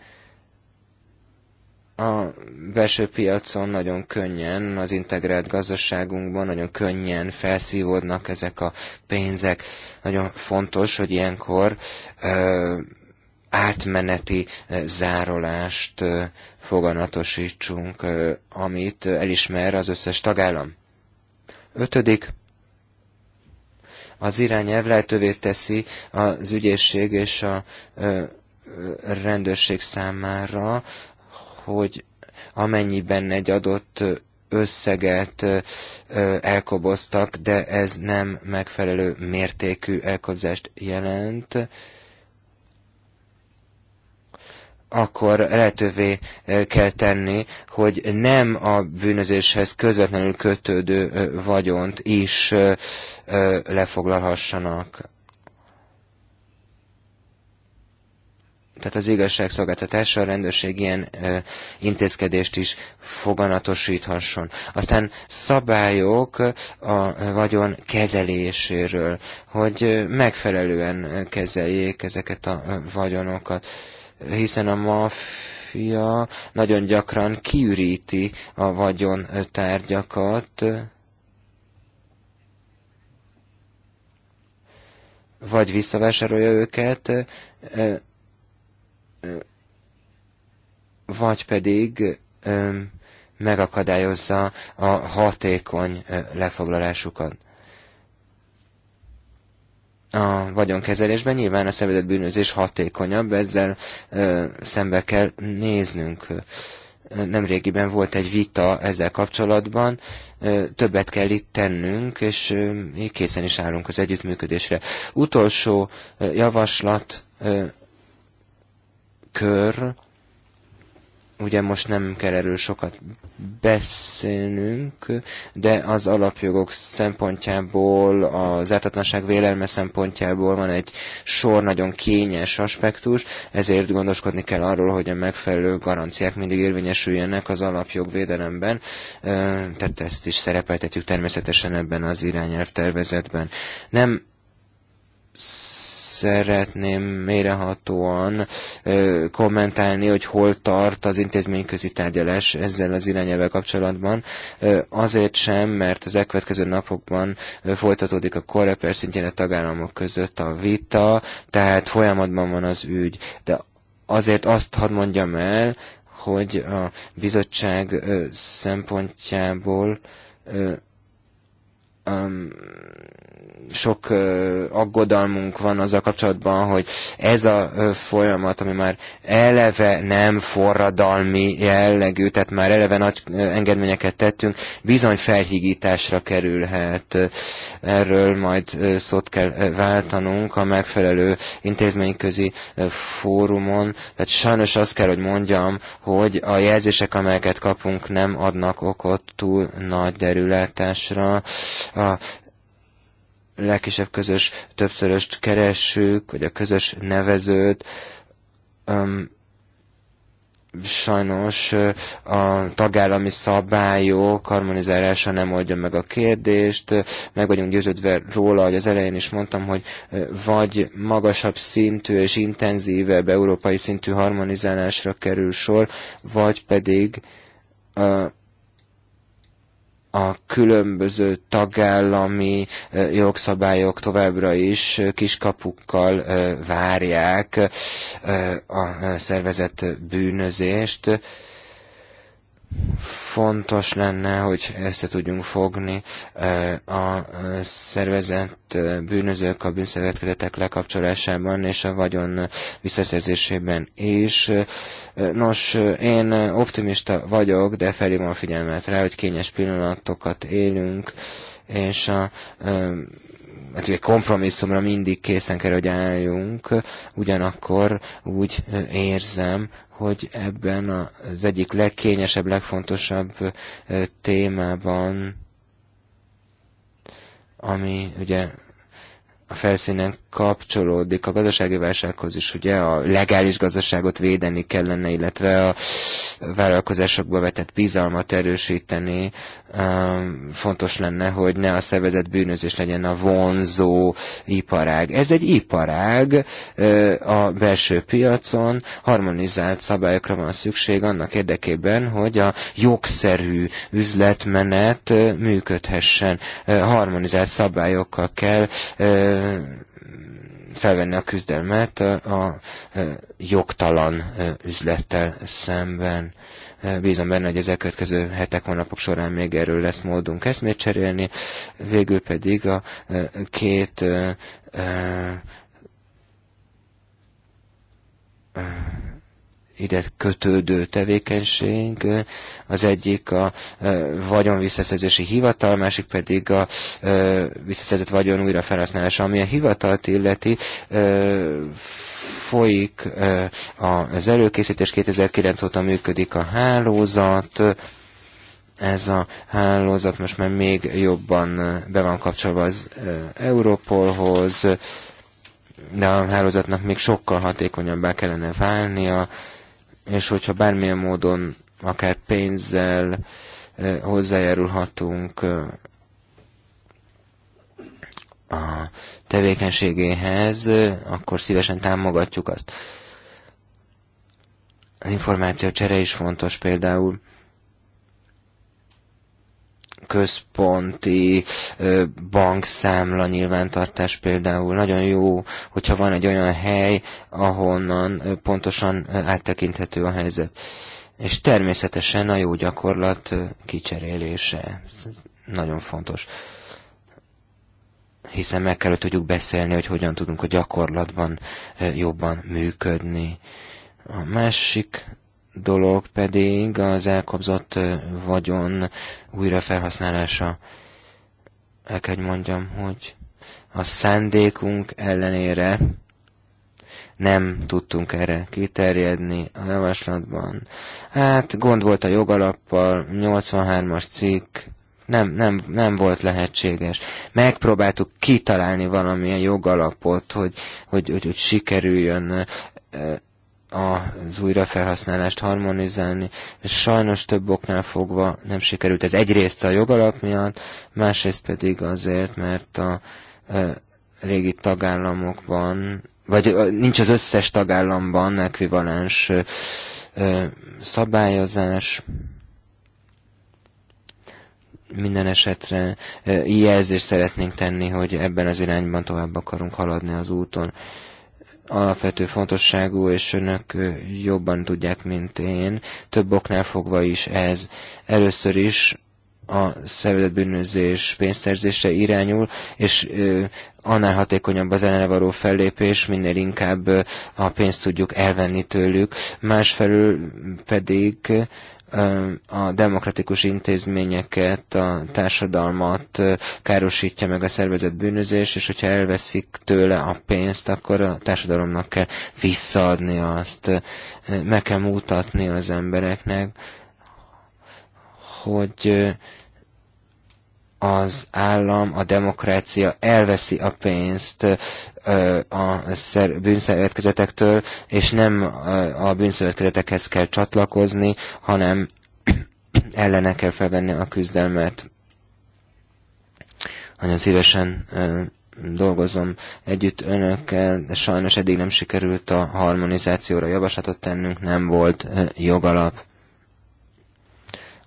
a belső piacon nagyon könnyen, az integrált gazdaságunkban nagyon könnyen felszívódnak ezek a pénzek. Nagyon fontos, hogy ilyenkor ö, átmeneti zárolást ö, foganatosítsunk, ö, amit elismer az összes tagállam. Ötödik. Az irányelv lehetővé teszi az ügyészség és a ö, rendőrség számára hogy amennyiben egy adott összeget elkoboztak, de ez nem megfelelő mértékű elkobzást jelent, akkor lehetővé kell tenni, hogy nem a bűnözéshez közvetlenül kötődő vagyont is lefoglalhassanak. tehát az igazságszolgáltatása a rendőrség ilyen ö, intézkedést is foganatosíthasson. Aztán szabályok a vagyon kezeléséről, hogy megfelelően kezeljék ezeket a vagyonokat, hiszen a maffia nagyon gyakran kiüríti a vagyon tárgyakat, vagy visszavásárolja őket, vagy pedig megakadályozza a hatékony lefoglalásukat. A vagyonkezelésben nyilván a szenvedett bűnözés hatékonyabb, ezzel ö, szembe kell néznünk. Nemrégiben volt egy vita ezzel kapcsolatban, ö, többet kell itt tennünk, és ö, készen is állunk az együttműködésre. Utolsó ö, javaslat ö, kör. Ugye most nem kell erről sokat beszélnünk, de az alapjogok szempontjából, az ártatlanság vélelme szempontjából van egy sor nagyon kényes aspektus, ezért gondoskodni kell arról, hogy a megfelelő garanciák mindig érvényesüljenek az védelemben, tehát ezt is szerepeltetjük természetesen ebben az irányelv tervezetben. Nem szeretném mérehatóan ö, kommentálni, hogy hol tart az intézményközi tárgyalás ezzel az irányelvel kapcsolatban. Ö, azért sem, mert az elkövetkező napokban ö, folytatódik a koreper szintjén a tagállamok között a vita, tehát folyamatban van az ügy. De azért azt hadd mondjam el, hogy a bizottság ö, szempontjából ö, sok aggodalmunk van azzal kapcsolatban, hogy ez a folyamat, ami már eleve nem forradalmi jellegű, tehát már eleve nagy engedményeket tettünk, bizony felhigításra kerülhet. Erről majd szót kell váltanunk a megfelelő intézményközi fórumon. Tehát sajnos azt kell, hogy mondjam, hogy a jelzések, amelyeket kapunk, nem adnak okot túl nagy derülátásra. A legkisebb közös többszöröst keressük, vagy a közös nevezőt. Um, sajnos a tagállami szabályok harmonizálása nem oldja meg a kérdést. Meg vagyunk győződve róla, hogy az elején is mondtam, hogy vagy magasabb szintű és intenzívebb európai szintű harmonizálásra kerül sor, vagy pedig a különböző tagállami jogszabályok továbbra is kiskapukkal várják a szervezett bűnözést, fontos lenne, hogy össze tudjunk fogni a szervezett bűnözők a bűnszervezetek lekapcsolásában és a vagyon visszaszerzésében is. Nos, én optimista vagyok, de felhívom a figyelmet rá, hogy kényes pillanatokat élünk, és a mert hát ugye kompromisszumra mindig készen kell, hogy álljunk, ugyanakkor úgy érzem, hogy ebben az egyik legkényesebb, legfontosabb témában, ami ugye a felszínen kapcsolódik a gazdasági válsághoz is, ugye a legális gazdaságot védeni kellene, illetve a vállalkozásokba vetett bizalmat erősíteni. Fontos lenne, hogy ne a szervezet bűnözés legyen a vonzó iparág. Ez egy iparág a belső piacon, harmonizált szabályokra van szükség annak érdekében, hogy a jogszerű üzletmenet működhessen. Harmonizált szabályokkal kell felvenni a küzdelmet a jogtalan üzlettel szemben. Bízom benne, hogy az elkövetkező hetek, hónapok során még erről lesz módunk eszmét cserélni. Végül pedig a két ide kötődő tevékenység, az egyik a vagyonvisszaszerzési hivatal, másik pedig a visszaszedett vagyon újrafelhasználása, ami a hivatalt illeti folyik az előkészítés, 2009 óta működik a hálózat, ez a hálózat most már még jobban be van kapcsolva az Europolhoz, de a hálózatnak még sokkal hatékonyabbá kellene válnia, és hogyha bármilyen módon, akár pénzzel hozzájárulhatunk a tevékenységéhez, akkor szívesen támogatjuk azt. Az információ csere is fontos például központi bankszámla nyilvántartás például. Nagyon jó, hogyha van egy olyan hely, ahonnan pontosan áttekinthető a helyzet. És természetesen a jó gyakorlat kicserélése. Ez nagyon fontos hiszen meg kell, hogy tudjuk beszélni, hogy hogyan tudunk a gyakorlatban jobban működni. A másik dolog pedig az elkobzott vagyon újrafelhasználása. El kell, hogy mondjam, hogy a szándékunk ellenére nem tudtunk erre kiterjedni a javaslatban. Hát gond volt a jogalappal, 83-as cikk, nem, nem, nem volt lehetséges. Megpróbáltuk kitalálni valamilyen jogalapot, hogy, hogy, hogy, hogy sikerüljön az újrafelhasználást harmonizálni. Ez sajnos több oknál fogva nem sikerült. Ez egyrészt a jogalap miatt, másrészt pedig azért, mert a régi tagállamokban, vagy nincs az összes tagállamban ekvivalens szabályozás, minden esetre jelzést szeretnénk tenni, hogy ebben az irányban tovább akarunk haladni az úton alapvető fontosságú, és önök jobban tudják, mint én. Több oknál fogva is ez. Először is a szervezetbűnözés pénzszerzése irányul, és annál hatékonyabb az ellene való fellépés, minél inkább a pénzt tudjuk elvenni tőlük. Másfelől pedig a demokratikus intézményeket, a társadalmat károsítja meg a szervezett bűnözés, és hogyha elveszik tőle a pénzt, akkor a társadalomnak kell visszaadni azt, meg kell mutatni az embereknek, hogy az állam, a demokrácia elveszi a pénzt a bűnszervezetektől, és nem a bűnszövetkezetekhez kell csatlakozni, hanem ellene kell felvenni a küzdelmet. Nagyon szívesen dolgozom együtt önökkel, de sajnos eddig nem sikerült a harmonizációra javaslatot tennünk, nem volt jogalap.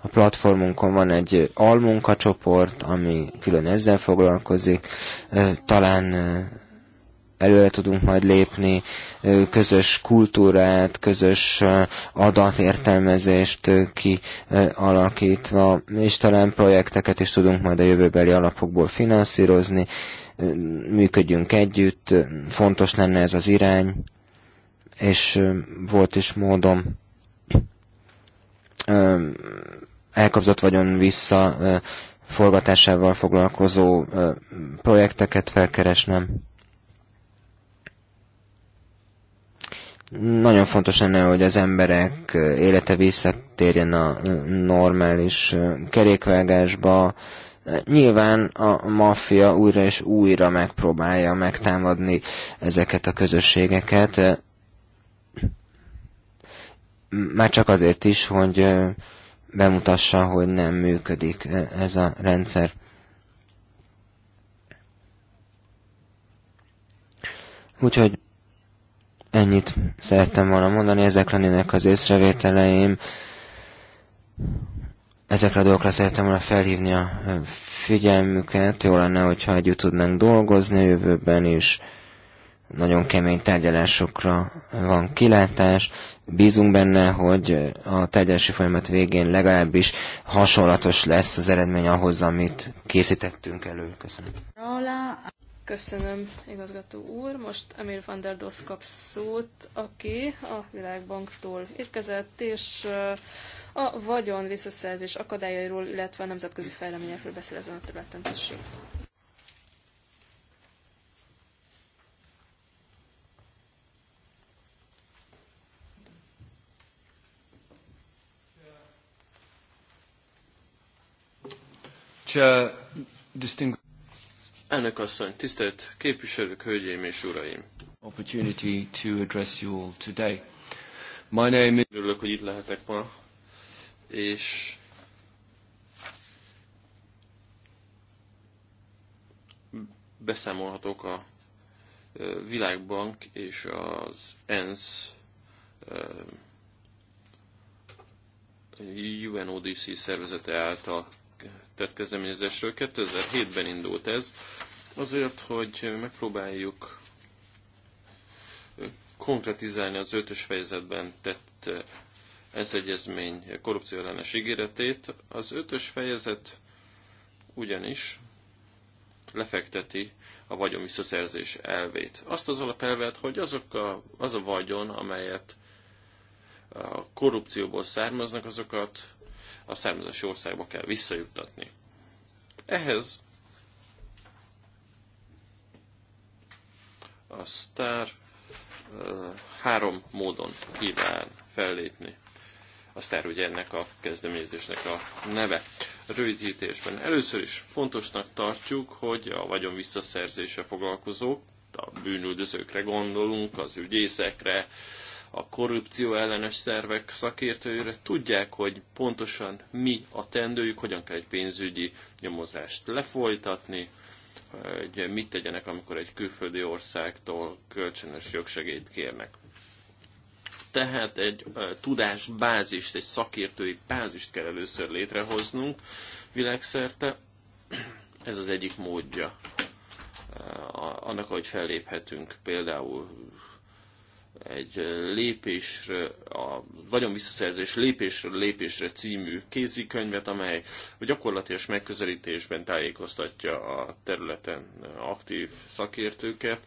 A platformunkon van egy almunkacsoport, ami külön ezzel foglalkozik. Talán előre tudunk majd lépni, közös kultúrát, közös adatértelmezést kialakítva, és talán projekteket is tudunk majd a jövőbeli alapokból finanszírozni, működjünk együtt, fontos lenne ez az irány, és volt is módom elkobzott vagyon vissza forgatásával foglalkozó projekteket felkeresnem. Nagyon fontos lenne, hogy az emberek élete visszatérjen a normális kerékvágásba. Nyilván a maffia újra és újra megpróbálja megtámadni ezeket a közösségeket, már csak azért is, hogy bemutassa, hogy nem működik e, ez a rendszer. Úgyhogy ennyit szerettem volna mondani, ezek lennének az észrevételeim. Ezekre a dolgokra szerettem volna felhívni a figyelmüket. Jó lenne, hogyha együtt tudnánk dolgozni a jövőben is. Nagyon kemény tárgyalásokra van kilátás. Bízunk benne, hogy a tárgyalási folyamat végén legalábbis hasonlatos lesz az eredmény ahhoz, amit készítettünk elő. Köszönöm. Köszönöm, igazgató úr. Most Emil van der Dosz kap szót, aki a Világbanktól érkezett, és a vagyon visszaszerzés akadályairól, illetve a nemzetközi fejleményekről beszél ezen a területen. Tessék. Elnök asszony, tisztelt képviselők, hölgyeim és uraim! Opportunity to address you all today. My name is... Örülök, hogy itt lehetek ma, és beszámolhatok a Világbank és az ENSZ UNODC szervezete által tett kezdeményezésről. 2007-ben indult ez, azért, hogy megpróbáljuk konkretizálni az ötös fejezetben tett eh, ez egyezmény korrupció ellenes ígéretét. Az ötös fejezet ugyanis lefekteti a vagyon visszaszerzés elvét. Azt az alapelvet, hogy azok a, az a vagyon, amelyet a korrupcióból származnak, azokat a származási országba kell visszajuttatni. Ehhez a sztár három módon kíván fellépni. A sztár ugye ennek a kezdeményezésnek a neve. rövidítésben először is fontosnak tartjuk, hogy a vagyon visszaszerzése foglalkozók, a bűnüldözőkre gondolunk, az ügyészekre, a korrupció ellenes szervek szakértőire tudják, hogy pontosan mi a tendőjük, hogyan kell egy pénzügyi nyomozást lefolytatni, hogy mit tegyenek, amikor egy külföldi országtól kölcsönös jogsegélyt kérnek. Tehát egy tudásbázist, egy szakértői bázist kell először létrehoznunk világszerte. Ez az egyik módja annak, ahogy felléphetünk például egy lépésre, a visszaszerzés lépésről lépésre című kézikönyvet, amely a gyakorlatilag megközelítésben tájékoztatja a területen aktív szakértőket,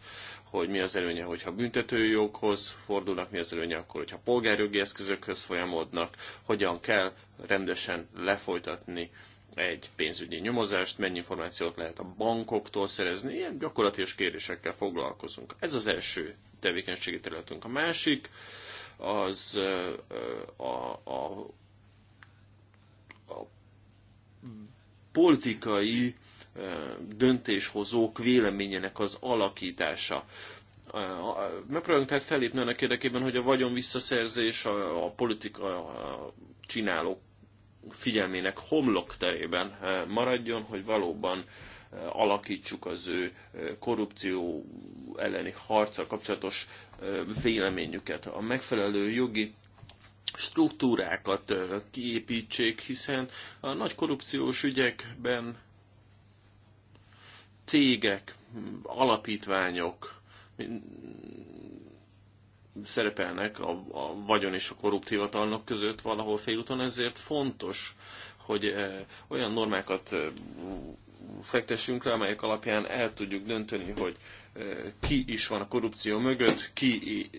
hogy mi az előnye, hogyha büntetőjoghoz fordulnak, mi az előnye akkor, hogyha polgárjogi eszközökhöz folyamodnak, hogyan kell rendesen lefolytatni egy pénzügyi nyomozást, mennyi információt lehet a bankoktól szerezni, ilyen gyakorlatilag kérdésekkel foglalkozunk. Ez az első tevékenységi területünk. A másik az a, a, a politikai döntéshozók véleményének az alakítása. Megpróbálunk tehát felépni annak érdekében, hogy a vagyon visszaszerzés a, a politika a csinálók figyelmének homlok terében eh, maradjon, hogy valóban eh, alakítsuk az ő eh, korrupció elleni harca kapcsolatos véleményüket. A megfelelő jogi struktúrákat kiépítsék, hiszen a nagy korrupciós ügyekben cégek, alapítványok, szerepelnek a, a vagyon és a korrupt között valahol félúton, ezért fontos, hogy eh, olyan normákat eh, fektessünk le, amelyek alapján el tudjuk dönteni, hogy eh, ki is van a korrupció mögött, ki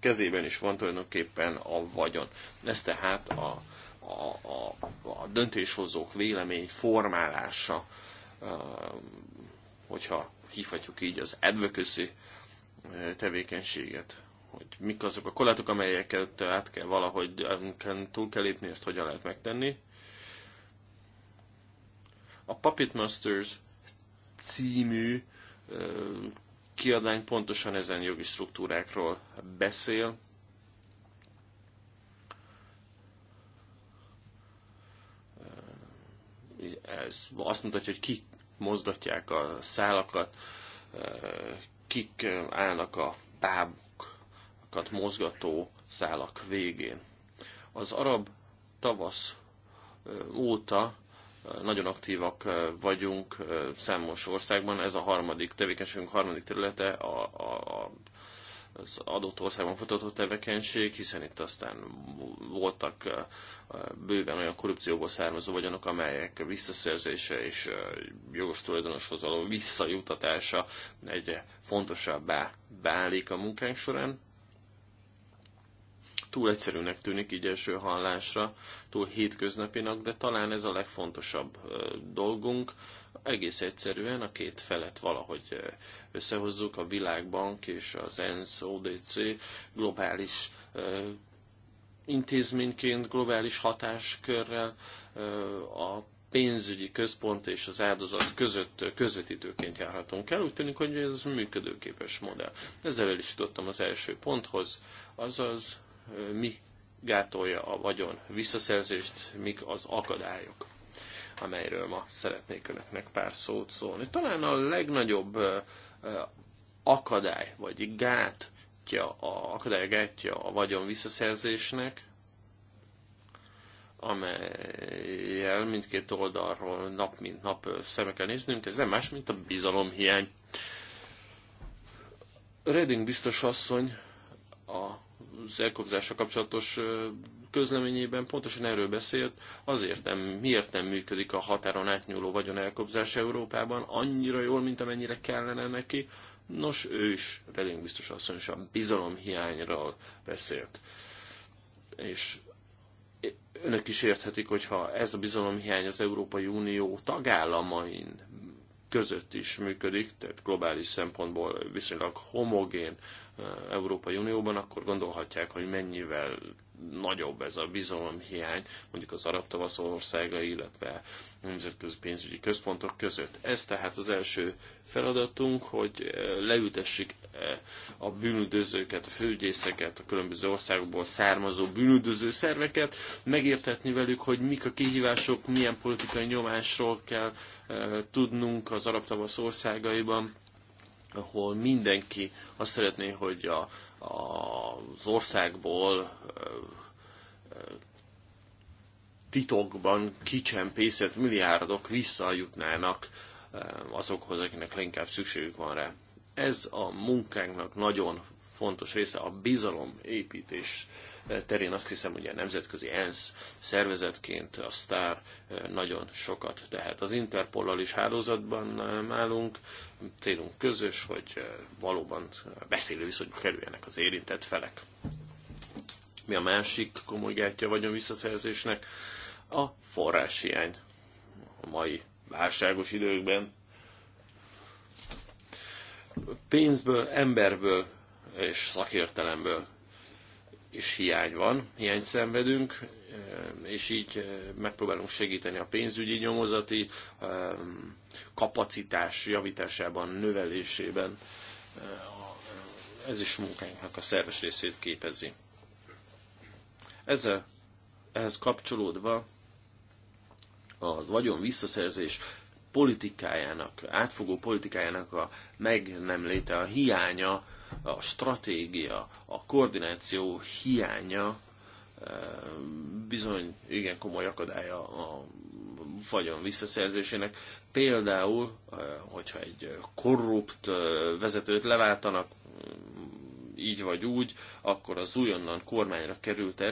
kezében is van tulajdonképpen a vagyon. Ez tehát a, a, a, a döntéshozók vélemény formálása, hogyha hívhatjuk így az advocacy tevékenységet hogy mik azok a korlátok, amelyeket át kell valahogy túl kell lépni, ezt hogyan lehet megtenni. A Puppet Masters című kiadvány pontosan ezen jogi struktúrákról beszél. Ez azt mutatja, hogy kik mozgatják a szálakat, kik állnak a báb országokat mozgató szálak végén. Az arab tavasz óta nagyon aktívak vagyunk számos országban. Ez a harmadik tevékenységünk harmadik területe a, a, az adott országban futató tevékenység, hiszen itt aztán voltak bőven olyan korrupcióból származó vagyonok, amelyek visszaszerzése és jogos tulajdonoshoz való visszajutatása egyre fontosabbá válik a munkánk során túl egyszerűnek tűnik így első hallásra, túl hétköznapinak, de talán ez a legfontosabb dolgunk. Egész egyszerűen a két felet valahogy összehozzuk, a Világbank és az ENSZ ODC globális intézményként, globális hatáskörrel a pénzügyi központ és az áldozat között közvetítőként járhatunk el. Úgy tűnik, hogy ez működőképes modell. Ezzel el is jutottam az első ponthoz, azaz mi gátolja a vagyon visszaszerzést, mik az akadályok, amelyről ma szeretnék önöknek pár szót szólni. Talán a legnagyobb akadály, vagy gátja, a, akadály gátja a vagyon visszaszerzésnek, amelyel mindkét oldalról nap mint nap szembe kell néznünk, ez nem más, mint a bizalomhiány. Reding biztos asszony az elkobzással kapcsolatos közleményében pontosan erről beszélt, azért nem, miért nem működik a határon átnyúló vagyon elkobzás Európában annyira jól, mint amennyire kellene neki. Nos, ő is, Reding biztos asszony is a bizalomhiányról beszélt. És önök is érthetik, hogyha ez a bizalomhiány az Európai Unió tagállamain között is működik, tehát globális szempontból viszonylag homogén Európai Unióban, akkor gondolhatják, hogy mennyivel nagyobb ez a bizalomhiány mondjuk az arab tavasz országai, illetve nemzetközi pénzügyi központok között. Ez tehát az első feladatunk, hogy eh, leültessük eh, a bűnüldözőket, a főügyészeket, a különböző országokból származó bűnüldöző szerveket, megértetni velük, hogy mik a kihívások, milyen politikai nyomásról kell eh, tudnunk az arab tavasz országaiban, ahol mindenki azt szeretné, hogy a, a, az országból titokban kicsempészett milliárdok visszajutnának azokhoz, akinek leginkább szükségük van rá. Ez a munkánknak nagyon fontos része a bizalomépítés terén azt hiszem, hogy a nemzetközi ENSZ szervezetként a STAR eh, nagyon sokat tehet. Az Interpollal is hálózatban eh, állunk, célunk közös, hogy eh, valóban beszélő viszonyba kerüljenek az érintett felek. Mi a másik komoly gátja vagyon visszaszerzésnek? A forráshiány. A mai válságos időkben pénzből, emberből és szakértelemből és hiány van, hiány szenvedünk, eh, és így eh, megpróbálunk segíteni a pénzügyi nyomozati eh, kapacitás javításában, növelésében. Ez is munkánknak a szerves részét képezi. Ezzel, ehhez kapcsolódva a vagyon visszaszerzés politikájának, átfogó politikájának a meg nem léte, a hiánya a stratégia, a koordináció hiánya eh, bizony igen komoly akadálya a vagyon visszaszerzésének. Például, eh, hogyha egy korrupt eh, vezetőt leváltanak, mm, így vagy úgy, akkor az újonnan kormányra került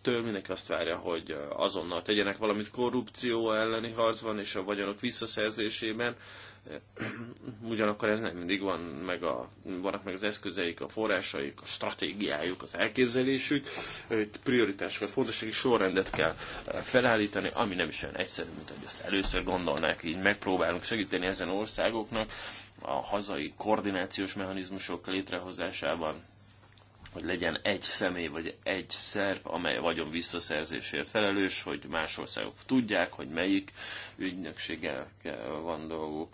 től mindenki azt várja, hogy azonnal tegyenek valamit korrupció elleni harcban és a vagyonok visszaszerzésében. Ugyanakkor ez nem mindig van meg a, vannak meg az eszközeik, a forrásaik, a stratégiájuk, az elképzelésük. Itt prioritásokat, fontossági sorrendet kell eh, felállítani, ami nem is olyan egyszerű, mint hogy ezt először gondolnák, így megpróbálunk segíteni ezen országoknak a hazai koordinációs mechanizmusok létrehozásában, hogy legyen egy személy vagy egy szerv, amely vagyon visszaszerzésért felelős, hogy más országok tudják, hogy melyik ügynökséggel van dolguk.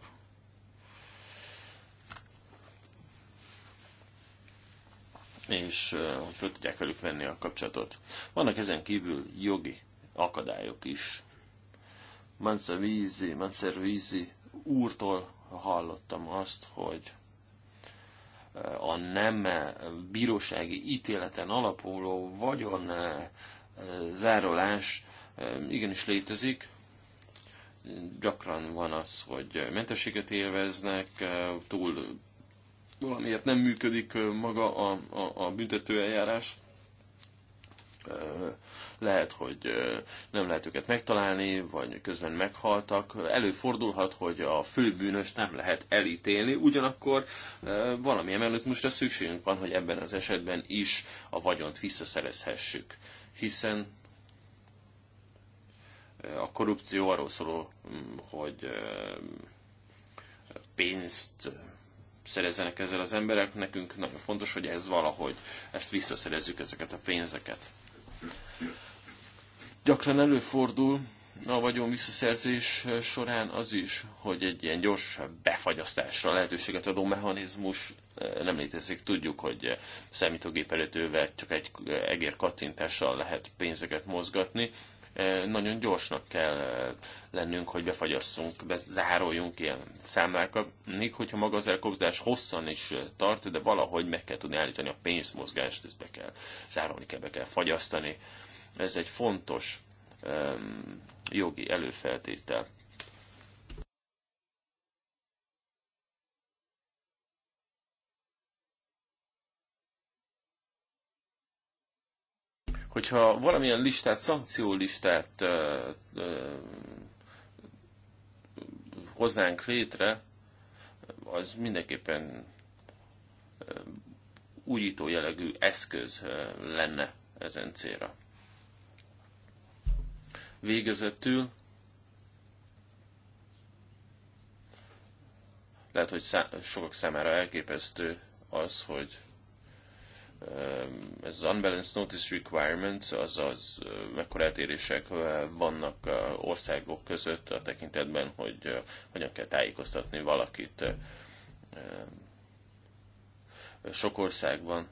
és hogy föl tudják velük venni a kapcsolatot. Vannak ezen kívül jogi akadályok is. Manservizi, Manservizi úrtól hallottam azt, hogy a nem bírósági ítéleten alapuló vagyon zárolás igenis létezik. Gyakran van az, hogy mentességet élveznek, túl valamiért nem működik maga a, a, a büntetőeljárás, lehet, hogy nem lehet őket megtalálni, vagy közben meghaltak. Előfordulhat, hogy a főbűnös nem lehet elítélni, ugyanakkor valamilyen mechanizmusra szükségünk van, hogy ebben az esetben is a vagyont visszaszerezhessük, hiszen a korrupció arról szól, mm, hogy pénzt szerezzenek ezzel az emberek. Nekünk nagyon fontos, hogy ez valahogy, ezt visszaszerezzük ezeket a pénzeket. Gyakran előfordul a vagyon visszaszerzés során az is, hogy egy ilyen gyors befagyasztásra lehetőséget adó mechanizmus eh, nem létezik. Tudjuk, hogy számítógép előtt csak egy egér kattintással lehet pénzeket mozgatni nagyon gyorsnak kell lennünk, hogy befagyasszunk, bezároljunk ilyen számlákat, még hogyha maga az elkobzás hosszan is tart, de valahogy meg kell tudni állítani a pénzmozgást, ezt be kell zárolni, kell, be kell fagyasztani. Ez egy fontos jogi előfeltétel. hogyha valamilyen listát, szankciólistát ö, ö, hoznánk létre, az mindenképpen újító jellegű eszköz lenne ezen célra. Végezetül lehet, hogy szá- sokak számára elképesztő az, hogy Um, ez az unbalanced notice requirements, azaz uh, mekkora eltérések uh, vannak uh, országok között a tekintetben, hogy hogyan kell tájékoztatni valakit. Um, sok országban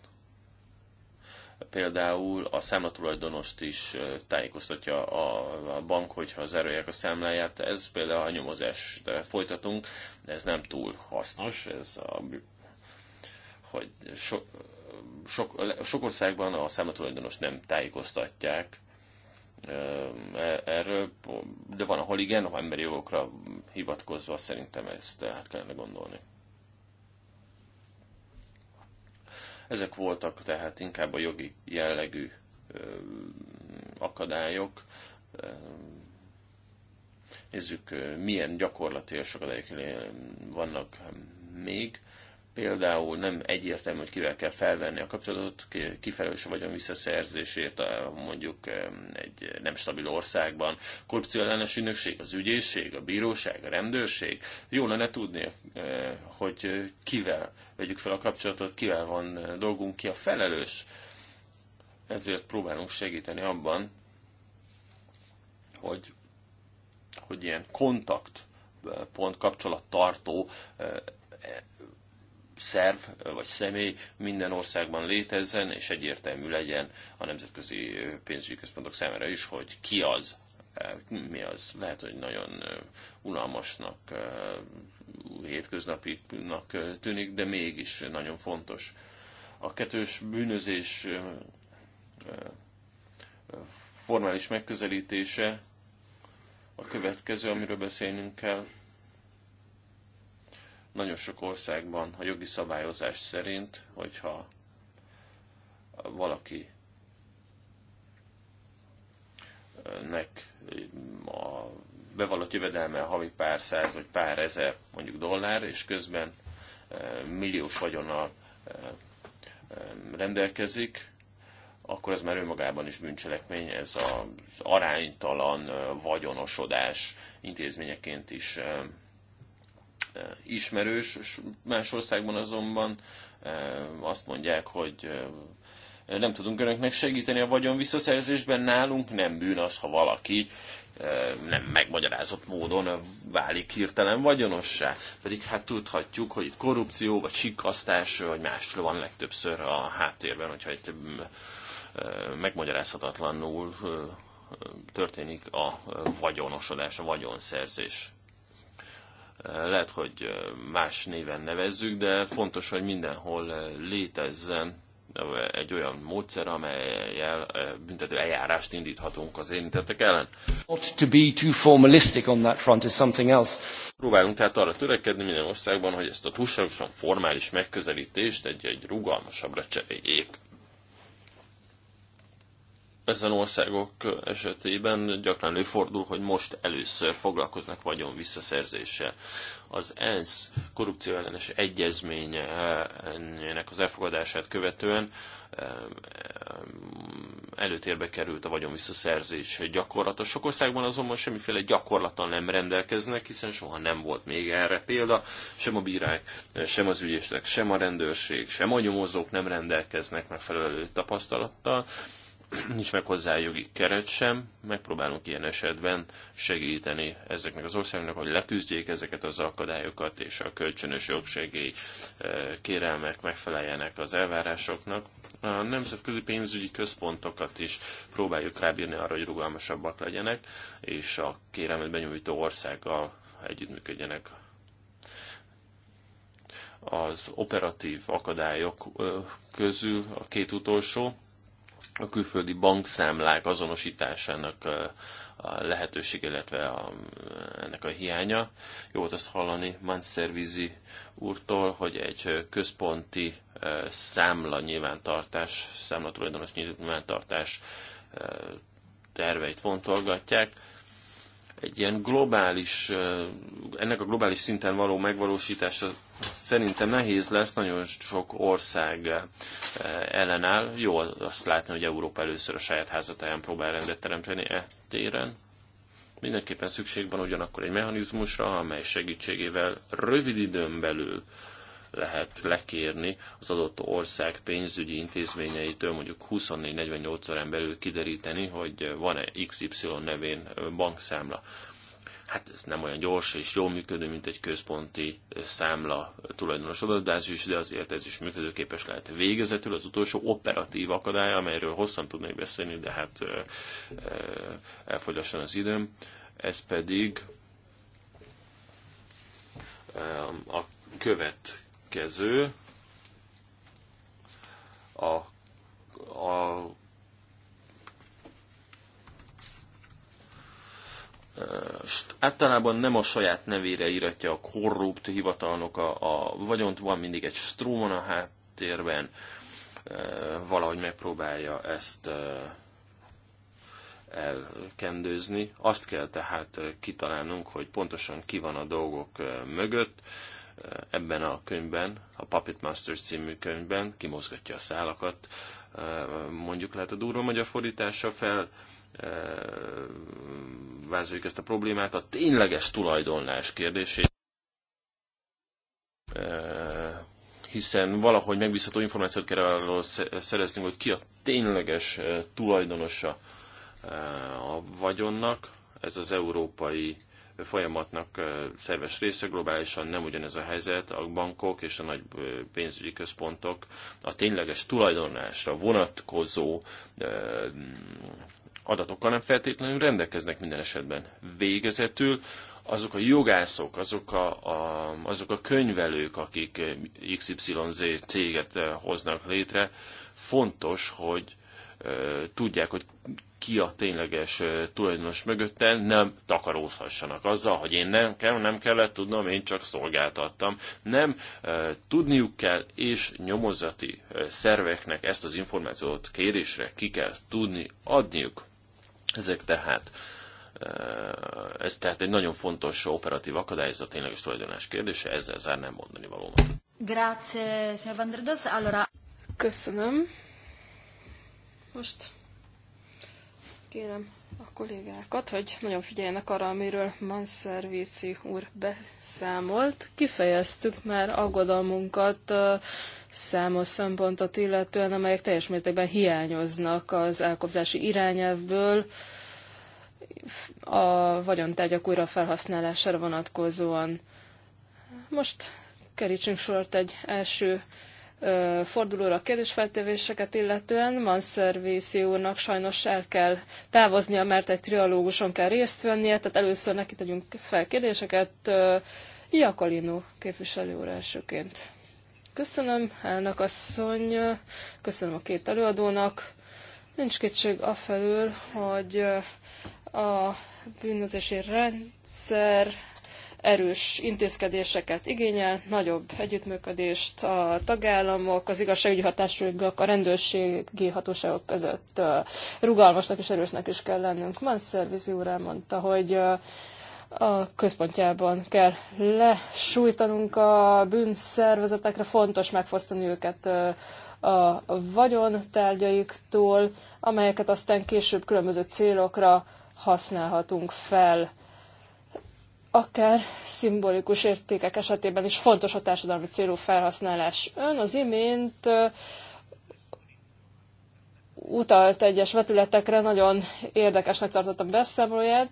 például a számlatulajdonost is tájékoztatja a bank, hogyha zárolják a számláját. Ez például a nyomozást folytatunk, ez nem túl hasznos, ez a hogy sok, sok, sok országban a számlatulajdonos nem tájékoztatják e, erről, de van, ahol igen, ha emberi jogokra hivatkozva szerintem ezt hát kellene gondolni. Ezek voltak tehát inkább a jogi jellegű akadályok. Nézzük, milyen gyakorlati akadályok vannak még például nem egyértelmű, hogy kivel kell felvenni a kapcsolatot, kifelelős a vagyon visszaszerzésért mondjuk egy nem stabil országban. Korrupció ellenes ügynökség, az ügyészség, a bíróság, a rendőrség. Jó lenne tudni, eh, hogy kivel vegyük fel a kapcsolatot, kivel van dolgunk, ki a felelős. Ezért próbálunk segíteni abban, hogy, hogy ilyen kontakt eh, pont kapcsolattartó eh, szerv vagy személy minden országban létezzen, és egyértelmű legyen a nemzetközi pénzügyi központok számára is, hogy ki az, mi az. Lehet, hogy nagyon unalmasnak, hétköznapinak tűnik, de mégis nagyon fontos. A kettős bűnözés formális megközelítése a következő, amiről beszélnünk kell, nagyon sok országban a jogi szabályozás szerint, hogyha valaki nek a bevallott jövedelme havi pár száz vagy pár ezer mondjuk dollár, és közben e, milliós vagyonnal e, e, rendelkezik, akkor ez már önmagában is bűncselekmény, ez az aránytalan vagyonosodás intézményeként is ismerős, más országban azonban azt mondják, hogy nem tudunk önöknek segíteni a vagyon visszaszerzésben, nálunk nem bűn az, ha valaki nem megmagyarázott módon válik hirtelen vagyonossá. Pedig hát tudhatjuk, hogy itt korrupció, vagy sikasztás, vagy másról van legtöbbször a háttérben, hogyha itt megmagyarázhatatlanul történik a vagyonosodás, a vagyonszerzés. Lehet, hogy más néven nevezzük, de fontos, hogy mindenhol létezzen egy olyan módszer, amelyel büntető eljárást indíthatunk az érintettek ellen. Not to be too formalistic on that front is something else. Próbálunk tehát arra törekedni minden országban, hogy ezt a túlságosan formális megközelítést egy, egy rugalmasabbra cseréljék ezen országok esetében gyakran előfordul, hogy most először foglalkoznak vagyon visszaszerzéssel. Az ENSZ korrupcióellenes egyezményének az elfogadását követően előtérbe került a vagyon visszaszerzés gyakorlata. Sok országban azonban semmiféle gyakorlattal nem rendelkeznek, hiszen soha nem volt még erre példa. Sem a bírák, sem az ügyészek, sem a rendőrség, sem a nyomozók nem rendelkeznek megfelelő tapasztalattal nincs meg hozzá jogi keret sem, megpróbálunk ilyen esetben segíteni ezeknek az országoknak, hogy leküzdjék ezeket az akadályokat, és a kölcsönös jogsegély eh, kérelmek megfeleljenek az elvárásoknak. A nemzetközi pénzügyi központokat is próbáljuk rábírni arra, hogy rugalmasabbak legyenek, és a kérelmet benyújtó országgal együttműködjenek az operatív akadályok közül a két utolsó, a külföldi bankszámlák azonosításának a lehetőség, illetve a, ennek a hiánya. Jó volt azt hallani Manszervizi úrtól, hogy egy központi számla nyilvántartás, számla tulajdonos nyilvántartás terveit fontolgatják egy ilyen globális, ennek a globális szinten való megvalósítása szerintem nehéz lesz, nagyon sok ország ellenáll. Jó azt látni, hogy Európa először a saját házatáján próbál rendet teremteni e téren. Mindenképpen szükség van ugyanakkor egy mechanizmusra, amely segítségével rövid időn belül lehet lekérni az adott ország pénzügyi intézményeitől, mondjuk 24-48 órán belül kideríteni, hogy van-e XY nevén bankszámla. Hát ez nem olyan gyors és jól működő, mint egy központi számla tulajdonos adatbázis, de azért ez is működőképes lehet. Végezetül az utolsó operatív akadály, amelyről hosszan tudnék beszélni, de hát elfogyasson az időm, ez pedig a követ következő. A, a általában nem a saját nevére íratja a korrupt hivatalnok a, a vagyont, van mindig egy strómon a háttérben, e, valahogy megpróbálja ezt e, elkendőzni. Azt kell tehát e, kitalálnunk, hogy pontosan ki van a dolgok mögött, ebben a könyvben, a Puppet Masters című könyvben kimozgatja a szálakat, mondjuk lehet a durva magyar fordítása fel, vázoljuk ezt a problémát, a tényleges tulajdonlás kérdését, hiszen valahogy megbízható információt kell arról szereznünk, hogy ki a tényleges tulajdonosa a vagyonnak, ez az európai folyamatnak szerves része, globálisan nem ugyanez a helyzet, a bankok és a nagy pénzügyi központok a tényleges tulajdonlásra vonatkozó adatokkal nem feltétlenül rendelkeznek minden esetben. Végezetül azok a jogászok, azok a, a, azok a könyvelők, akik XYZ céget hoznak létre, fontos, hogy tudják, hogy ki a tényleges tulajdonos mögötte, nem takarózhassanak azzal, hogy én nem kell, nem kellett tudnom, én csak szolgáltattam. Nem e, tudniuk kell, és nyomozati szerveknek ezt az információt kérésre ki kell tudni adniuk. Ezek tehát ez tehát egy nagyon fontos operatív akadály, ez a tényleges tulajdonás kérdése, ezzel nem mondani valóban. Grazie, signor Allora... Köszönöm. Most Kérem a kollégákat, hogy nagyon figyeljenek arra, amiről Manszervici úr beszámolt. Kifejeztük már aggodalmunkat számos szempontot illetően, amelyek teljes mértékben hiányoznak az elkobzási irányelvből, a vagyontárgyak újra felhasználására vonatkozóan. Most kerítsünk sort egy első fordulóra a kérdésfeltevéseket illetően Manszervészi úrnak sajnos el kell távoznia, mert egy trialóguson kell részt vennie, tehát először neki tegyünk fel kérdéseket. Iakolino képviselő úr elsőként. Köszönöm, elnök asszony, köszönöm a két előadónak. Nincs kétség afelől, hogy a bűnözési rendszer erős intézkedéseket igényel, nagyobb együttműködést a tagállamok, az igazságügyi hatásoknak, a rendőrségi hatóságok között rugalmasnak és erősnek is kell lennünk. Manszer úr elmondta, hogy a központjában kell lesújtanunk a bűnszervezetekre, fontos megfosztani őket a vagyontárgyaiktól, amelyeket aztán később különböző célokra használhatunk fel akár szimbolikus értékek esetében is fontos a társadalmi célú felhasználás. Ön az imént utalt egyes vetületekre, nagyon érdekesnek tartottam beszámolóját.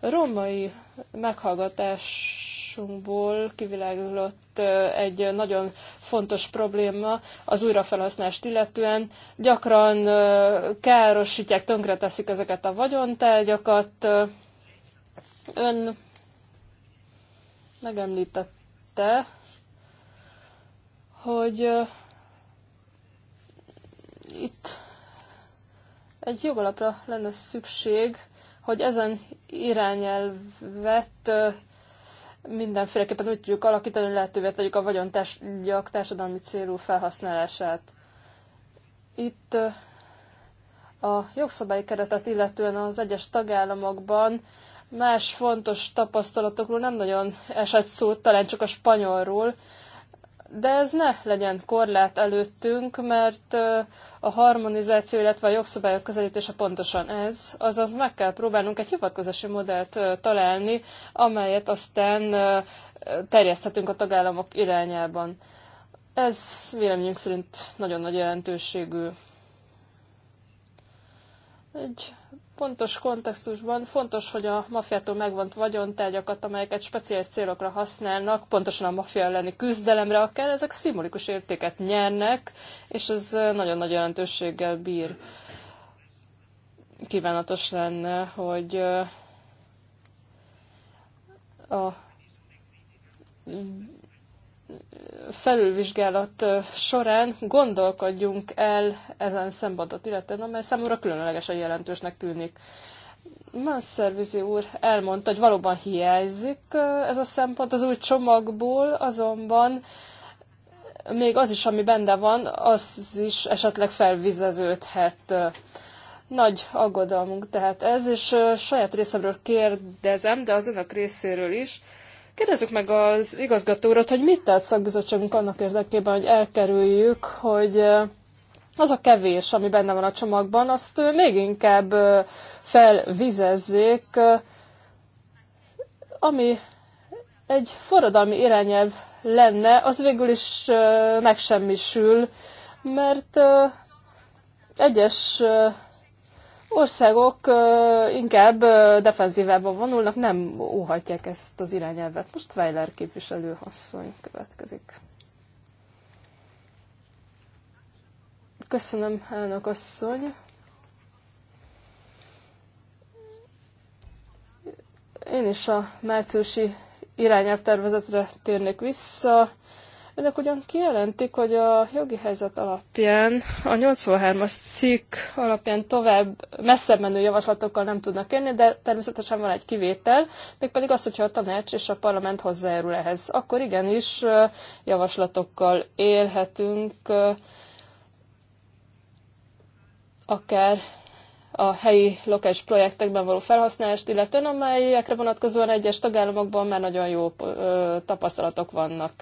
Romai meghallgatásunkból kivilágulott egy nagyon fontos probléma az újrafelhasználást illetően. Gyakran károsítják, tönkreteszik ezeket a vagyontárgyakat. Ön megemlítette, hogy uh, itt egy jogalapra lenne szükség, hogy ezen irányelvet uh, mindenféleképpen úgy tudjuk alakítani, hogy lehetővé tegyük a vagyontárgyak társadalmi célú felhasználását. Itt uh, a jogszabályi keretet illetően az egyes tagállamokban Más fontos tapasztalatokról nem nagyon esett szó, talán csak a spanyolról, de ez ne legyen korlát előttünk, mert a harmonizáció, illetve a jogszabályok közelítése pontosan ez, azaz meg kell próbálnunk egy hivatkozási modellt találni, amelyet aztán terjeszthetünk a tagállamok irányában. Ez véleményünk szerint nagyon nagy jelentőségű. Egy pontos kontextusban fontos, hogy a mafiától megvont vagyontárgyakat, amelyeket speciális célokra használnak, pontosan a mafia elleni küzdelemre akár, ezek szimbolikus értéket nyernek, és ez nagyon nagy jelentőséggel bír. Kívánatos lenne, hogy a felülvizsgálat során gondolkodjunk el ezen szempontot illetően, amely számomra különlegesen jelentősnek tűnik. Manszervizi úr elmondta, hogy valóban hiányzik ez a szempont az új csomagból, azonban még az is, ami benne van, az is esetleg felvizeződhet. Nagy aggodalmunk tehát ez, és saját részemről kérdezem, de az önök részéről is, Kérdezzük meg az igazgatórat, hogy mit tett szakbizottságunk annak érdekében, hogy elkerüljük, hogy az a kevés, ami benne van a csomagban, azt még inkább felvizezzék, ami egy forradalmi irányelv lenne, az végül is megsemmisül, mert egyes országok inkább defenzívába vonulnak, nem óhatják ezt az irányelvet. Most Weiler képviselő asszony következik. Köszönöm, elnök asszony. Én is a márciusi irányelvtervezetre térnék vissza. Önök ugyan kijelentik, hogy a jogi helyzet alapján, a 83-as cikk alapján tovább messzebb menő javaslatokkal nem tudnak élni, de természetesen van egy kivétel, mégpedig az, hogyha a tanács és a parlament hozzájárul ehhez. Akkor igenis javaslatokkal élhetünk, akár a helyi lokális projektekben való felhasználást, illetően amelyekre vonatkozóan egyes tagállamokban már nagyon jó tapasztalatok vannak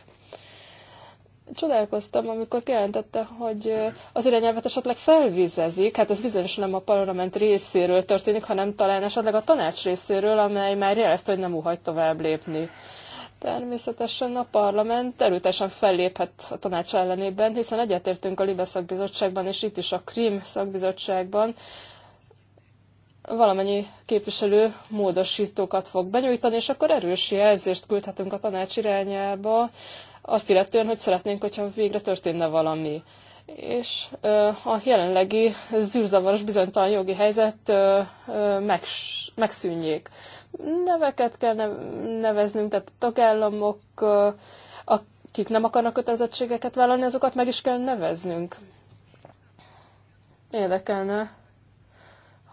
csodálkoztam, amikor kijelentette, hogy az irányelvet esetleg felvizezik, hát ez bizonyos nem a parlament részéről történik, hanem talán esetleg a tanács részéről, amely már jelezte, hogy nem úhagy tovább lépni. Természetesen a parlament erőteljesen felléphet a tanács ellenében, hiszen egyetértünk a Libe szakbizottságban és itt is a Krim szakbizottságban, valamennyi képviselő módosítókat fog benyújtani, és akkor erős jelzést küldhetünk a tanács irányába, azt illetően, hogy szeretnénk, hogyha végre történne valami. És a jelenlegi zűrzavaros bizonytalan jogi helyzet meg, megszűnjék. Neveket kell neveznünk, tehát a tagállamok, akik nem akarnak kötelezettségeket vállalni, azokat meg is kell neveznünk. Érdekelne,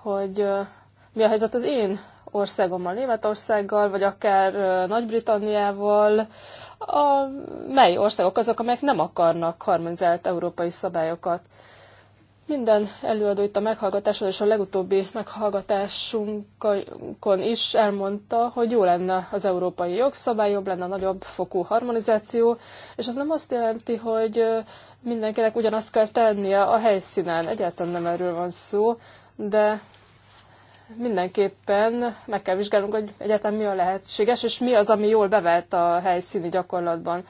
hogy mi a helyzet az én országommal, Németországgal, vagy akár Nagy-Britanniával, a, mely országok azok, amelyek nem akarnak harmonizált európai szabályokat. Minden előadó itt a meghallgatáson és a legutóbbi meghallgatásunkon is elmondta, hogy jó lenne az európai jogszabály, jobb lenne a nagyobb fokú harmonizáció, és ez nem azt jelenti, hogy mindenkinek ugyanazt kell tennie a helyszínen. Egyáltalán nem erről van szó, de mindenképpen meg kell vizsgálnunk, hogy egyetem mi a lehetséges, és mi az, ami jól bevett a helyszíni gyakorlatban.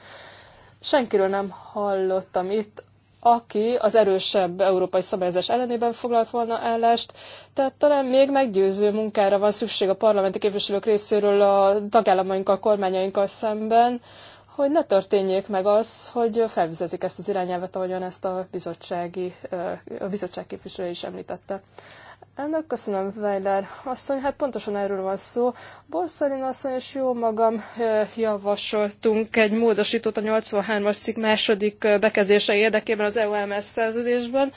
Senkiről nem hallottam itt, aki az erősebb európai szabályozás ellenében foglalt volna állást, tehát talán még meggyőző munkára van szükség a parlamenti képviselők részéről a tagállamainkkal, kormányainkkal szemben, hogy ne történjék meg az, hogy felvizezik ezt az irányelvet, ahogyan ezt a, bizottsági, a bizottság képviselő is említette. Ennek köszönöm, Weiler asszony, hát pontosan erről van szó. Borszalin asszony és jó magam javasoltunk egy módosítót a 83-as cikk második bekezdése érdekében az EUMS szerződésben.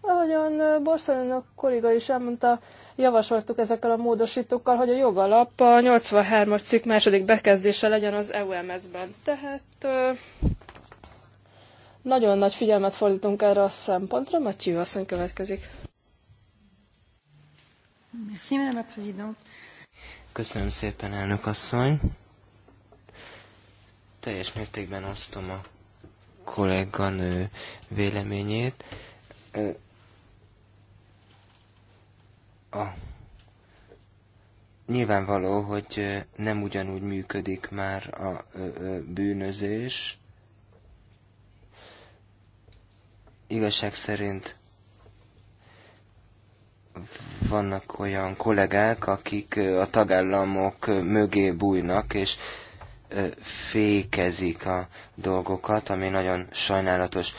Ahogyan Borszalin a kolléga is elmondta, javasoltuk ezekkel a módosítókkal, hogy a jogalap a 83-as cikk második bekezdése legyen az EUMS-ben. Tehát nagyon nagy figyelmet fordítunk erre a szempontra, Matyú asszony következik. Merci, Madame la Présidente. Köszönöm szépen, elnök asszony. Teljes mértékben osztom a kolléganő véleményét. A nyilvánvaló, hogy nem ugyanúgy működik már a bűnözés. Igazság szerint vannak olyan kollégák, akik a tagállamok mögé bújnak, és fékezik a dolgokat, ami nagyon sajnálatos.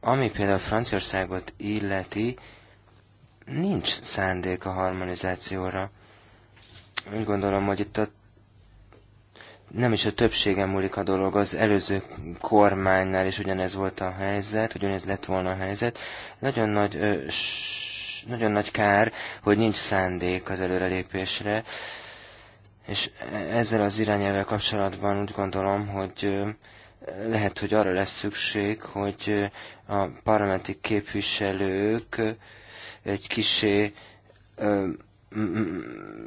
Ami például Franciaországot illeti, nincs szándék a harmonizációra. Úgy gondolom, hogy itt a nem is a többségen múlik a dolog, az előző kormánynál is ugyanez volt a helyzet, hogy ugyanez lett volna a helyzet. Nagyon nagy ö, nagyon nagy kár, hogy nincs szándék az előrelépésre, és ezzel az irányelvel kapcsolatban úgy gondolom, hogy lehet, hogy arra lesz szükség, hogy a parlamenti képviselők egy kisé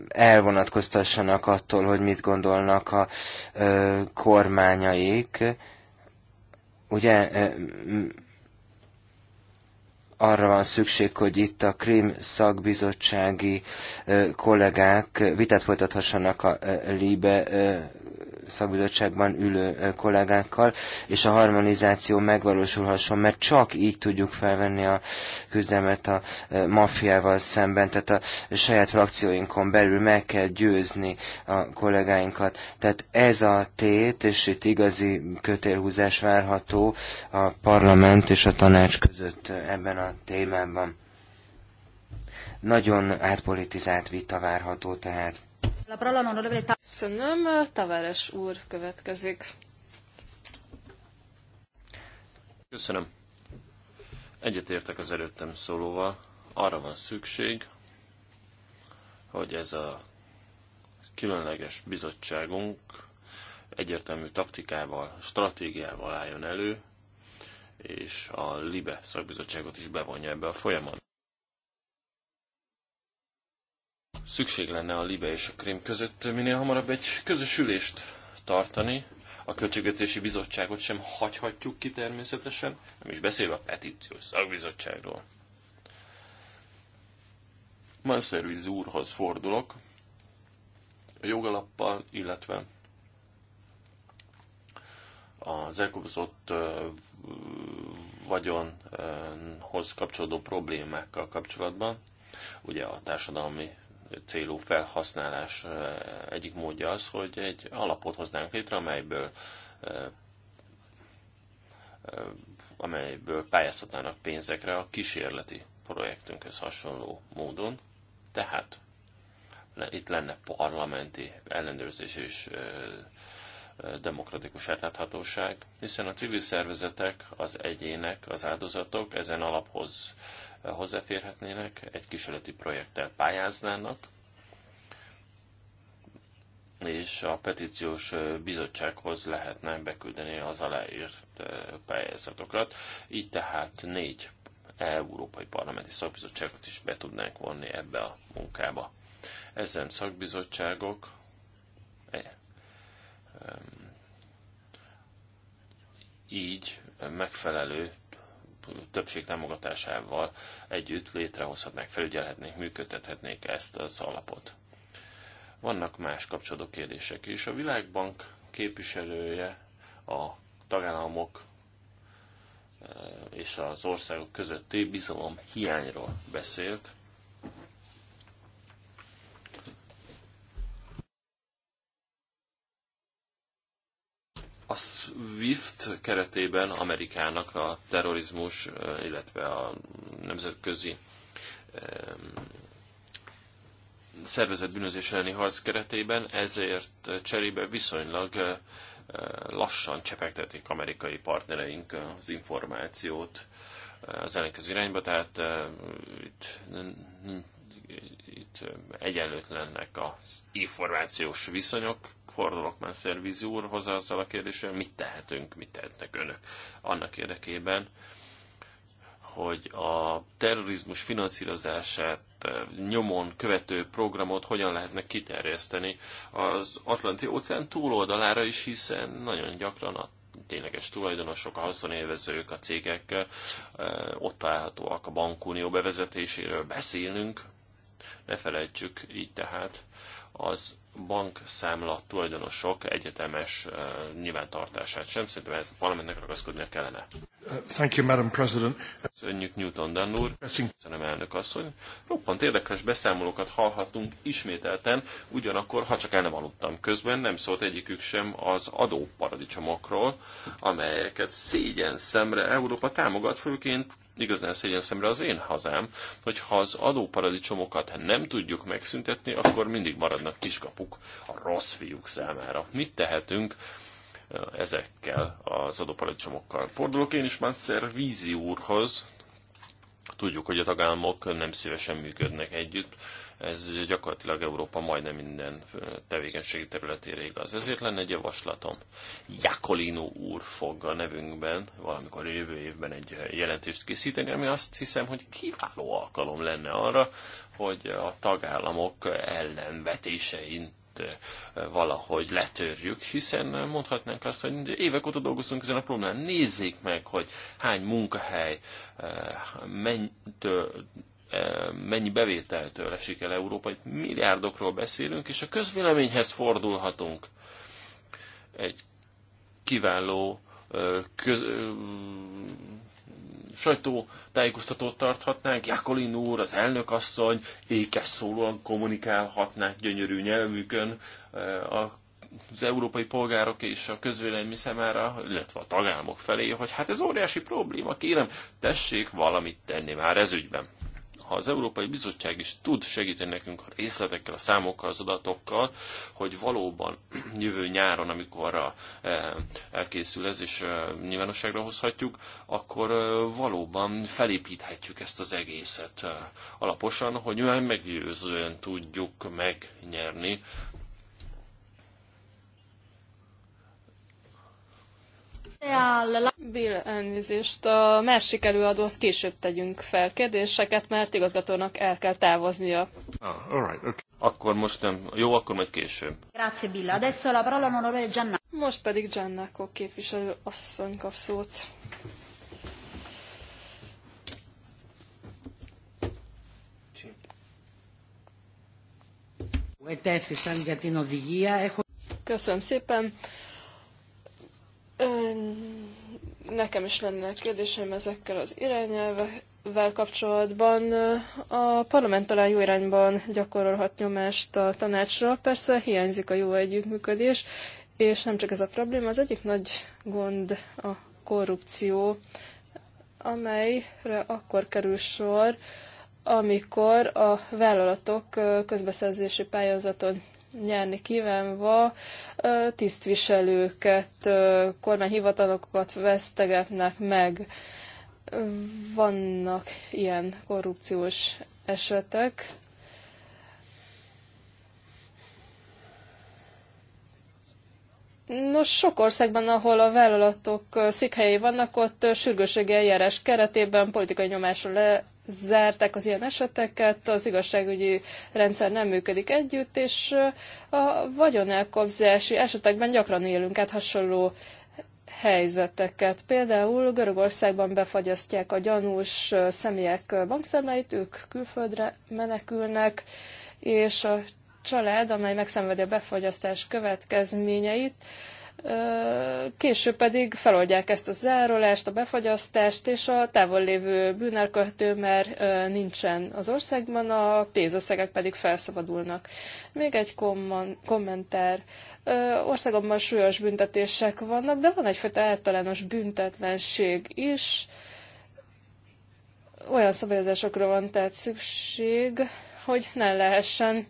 elvonatkoztassanak attól, hogy mit gondolnak a kormányaik. Ugye arra van szükség, hogy itt a Krim szakbizottsági kollégák vitát folytathassanak a LIBE szakbizottságban ülő kollégákkal, és a harmonizáció megvalósulhasson, mert csak így tudjuk felvenni a küzdelmet a maffiával szemben, tehát a saját frakcióinkon belül meg kell győzni a kollégáinkat. Tehát ez a tét, és itt igazi kötélhúzás várható a parlament és a tanács között ebben a témában. Nagyon átpolitizált vita várható tehát. Köszönöm, Tavares úr következik. Köszönöm. Egyetértek az előttem szólóval. Arra van szükség, hogy ez a különleges bizottságunk egyértelmű taktikával, stratégiával álljon elő, és a LIBE szakbizottságot is bevonja ebbe a folyamatba. Szükség lenne a Libe és a Krém között minél hamarabb egy közös ülést tartani. A Költségvetési Bizottságot sem hagyhatjuk ki természetesen, nem is beszélve a petíciós szakbizottságról. Manszerviz úrhoz fordulok, a jogalappal, illetve az elkobzott vagyonhoz kapcsolódó problémákkal kapcsolatban. Ugye a társadalmi célú felhasználás egyik módja az, hogy egy alapot hoznánk létre, amelyből amelyből pályáztatnának pénzekre a kísérleti projektünkhez hasonló módon. Tehát itt lenne parlamenti ellenőrzés és demokratikus átláthatóság, hiszen a civil szervezetek, az egyének, az áldozatok ezen alaphoz hozzáférhetnének, egy kísérleti projekttel pályáznának, és a petíciós bizottsághoz lehetne beküldeni az aláírt eh, pályázatokat. Így tehát négy európai parlamenti szakbizottságot is be tudnánk vonni ebbe a munkába. Ezen szakbizottságok eh, így megfelelő többség támogatásával együtt létrehozhatnák, felügyelhetnék, működtethetnék ezt az alapot. Vannak más kapcsolódó kérdések is. A Világbank képviselője a tagállamok eh, és az országok közötti bizalom hiányról beszélt. A SWIFT keretében Amerikának a terrorizmus, eh, illetve a nemzetközi szervezett bűnözés elleni harc keretében, ezért cserébe viszonylag eh, lassan csepegtetik amerikai partnereink az információt eh, az ellenkező irányba, tehát itt, itt egyenlőtlennek az információs viszonyok, fordulok már Szervizi úrhoz azzal a kérdéssel, mit tehetünk, mit tehetnek önök annak érdekében, hogy a terrorizmus finanszírozását eh, nyomon követő programot hogyan lehetne kiterjeszteni az Atlanti óceán túloldalára is, hiszen nagyon gyakran a tényleges tulajdonosok, a haszonélvezők, a cégek eh, ott találhatóak a bankunió bevezetéséről beszélünk. Ne felejtsük így tehát az bankszámla tulajdonosok egyetemes uh, nyilvántartását sem. Szerintem ez a parlamentnek ragaszkodnia kellene. Thank you, Madam President. Szönjük Newton Dan úr. Köszönöm, elnök asszony. Roppant érdekes beszámolókat hallhatunk ismételten, ugyanakkor, ha csak el nem aludtam közben, nem szólt egyikük sem az adóparadicsomokról, amelyeket szégyen szemre Európa támogat, főként igazán szégyen szemre az én hazám, hogy ha az adóparadicsomokat nem tudjuk megszüntetni, akkor mindig maradnak kiskapuk a rossz fiúk számára. Mit tehetünk eh, ezekkel az adóparadicsomokkal? Fordulok én is már Szervízi úrhoz. Tudjuk, hogy a tagállamok nem szívesen működnek együtt ez gyakorlatilag Európa majdnem minden tevékenységi területére igaz. Ezért lenne egy javaslatom. Jakolino úr fog a nevünkben valamikor jövő évben egy jelentést készíteni, ami azt hiszem, hogy kiváló alkalom lenne arra, hogy a tagállamok ellenvetésein valahogy letörjük, hiszen mondhatnánk azt, hogy évek óta dolgozunk ezen a problémán. Nézzék meg, hogy hány munkahely, menny, mennyi bevételtől esik el Európa, itt milliárdokról beszélünk, és a közvéleményhez fordulhatunk. Egy kiváló köz, sajtótájékoztatót tarthatnánk, Jakolin úr, az elnök asszony ékes szólóan kommunikálhatnák gyönyörű nyelvükön az európai polgárok és a közvélemény számára, illetve a tagállamok felé, hogy hát ez óriási probléma, kérem, tessék valamit tenni már ez ügyben ha az Európai Bizottság is tud segíteni nekünk a részletekkel, a számokkal, az adatokkal, hogy valóban jövő nyáron, amikor e, elkészül ez és e, nyilvánosságra hozhatjuk, akkor e, valóban felépíthetjük ezt az egészet alaposan, hogy meggyőzően tudjuk megnyerni Bill, elnézést, a másik előadóhoz később tegyünk fel kérdéseket, mert igazgatónak el kell távoznia. Ah, all right, okay. Akkor most nem. Jó, akkor majd később. Grazie, Bill. Adesso la parola onorevole Gianna. Most pedig Giannaco képviselő asszony kap szót. Köszönöm szépen. Nekem is lenne kérdésem ezekkel az irányelvvel kapcsolatban. A parlament talán jó irányban gyakorolhat nyomást a tanácsra, persze hiányzik a jó együttműködés, és nem csak ez a probléma, az egyik nagy gond a korrupció, amelyre akkor kerül sor, amikor a vállalatok közbeszerzési pályázaton nyerni kívánva tisztviselőket, kormányhivatalokat vesztegetnek meg. Vannak ilyen korrupciós esetek. Nos, sok országban, ahol a vállalatok székhelyei vannak, ott sürgősségi eljárás keretében politikai nyomásra le zárták az ilyen eseteket, az igazságügyi rendszer nem működik együtt, és a vagyonelkobzási esetekben gyakran élünk át hasonló helyzeteket. Például Görögországban befagyasztják a gyanús személyek bankszemleit ők külföldre menekülnek, és a család, amely megszenvedi a befagyasztás következményeit, Később pedig feloldják ezt a zárolást, a befagyasztást, és a távol lévő bűnelkövető már nincsen az országban, a pénzösszegek pedig felszabadulnak. Még egy kommentár. Országomban súlyos büntetések vannak, de van egyfajta általános büntetlenség is. Olyan szabályozásokra van tehát szükség, hogy ne lehessen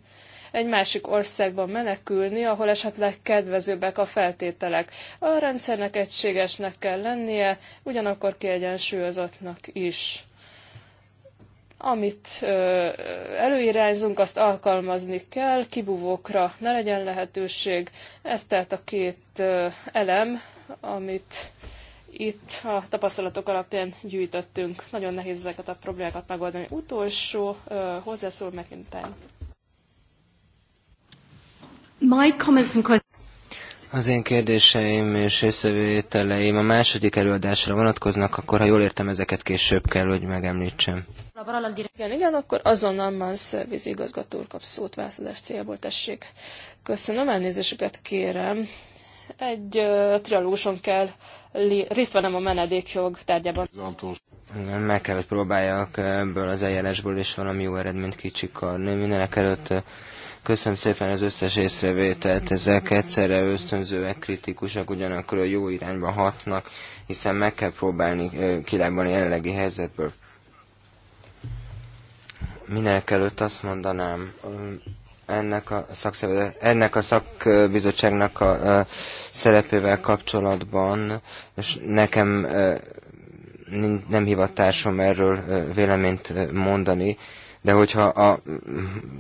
egy másik országba menekülni, ahol esetleg kedvezőbbek a feltételek. A rendszernek egységesnek kell lennie, ugyanakkor kiegyensúlyozottnak is amit előirányzunk, azt alkalmazni kell, kibúvókra ne legyen lehetőség. Ez tehát a két elem, amit itt a tapasztalatok alapján gyűjtöttünk. Nagyon nehéz ezeket a problémákat megoldani. Utolsó hozzászól megint. Az én kérdéseim és észrevételeim a második előadásra vonatkoznak, akkor ha jól értem, ezeket később kell, hogy megemlítsem. Igen, igen, akkor azonnal Mansz vízigazgató úr kap szót vászadás célból, tessék. Köszönöm, elnézésüket kérem. Egy uh, trialóson kell részt vennem a menedékjog tárgyában. Meg kell, hogy próbáljak ebből az eljárásból is valami jó eredményt kicsikarni. Mindenek előtt uh, Köszönöm szépen az összes észrevételt, ezek egyszerre ösztönzőek, kritikusak, ugyanakkor a jó irányba hatnak, hiszen meg kell próbálni a jelenlegi helyzetből. Mindenek előtt azt mondanám, ennek a, ennek a szakbizottságnak a, a szerepével kapcsolatban, és nekem nem hivatásom erről véleményt mondani, de hogyha a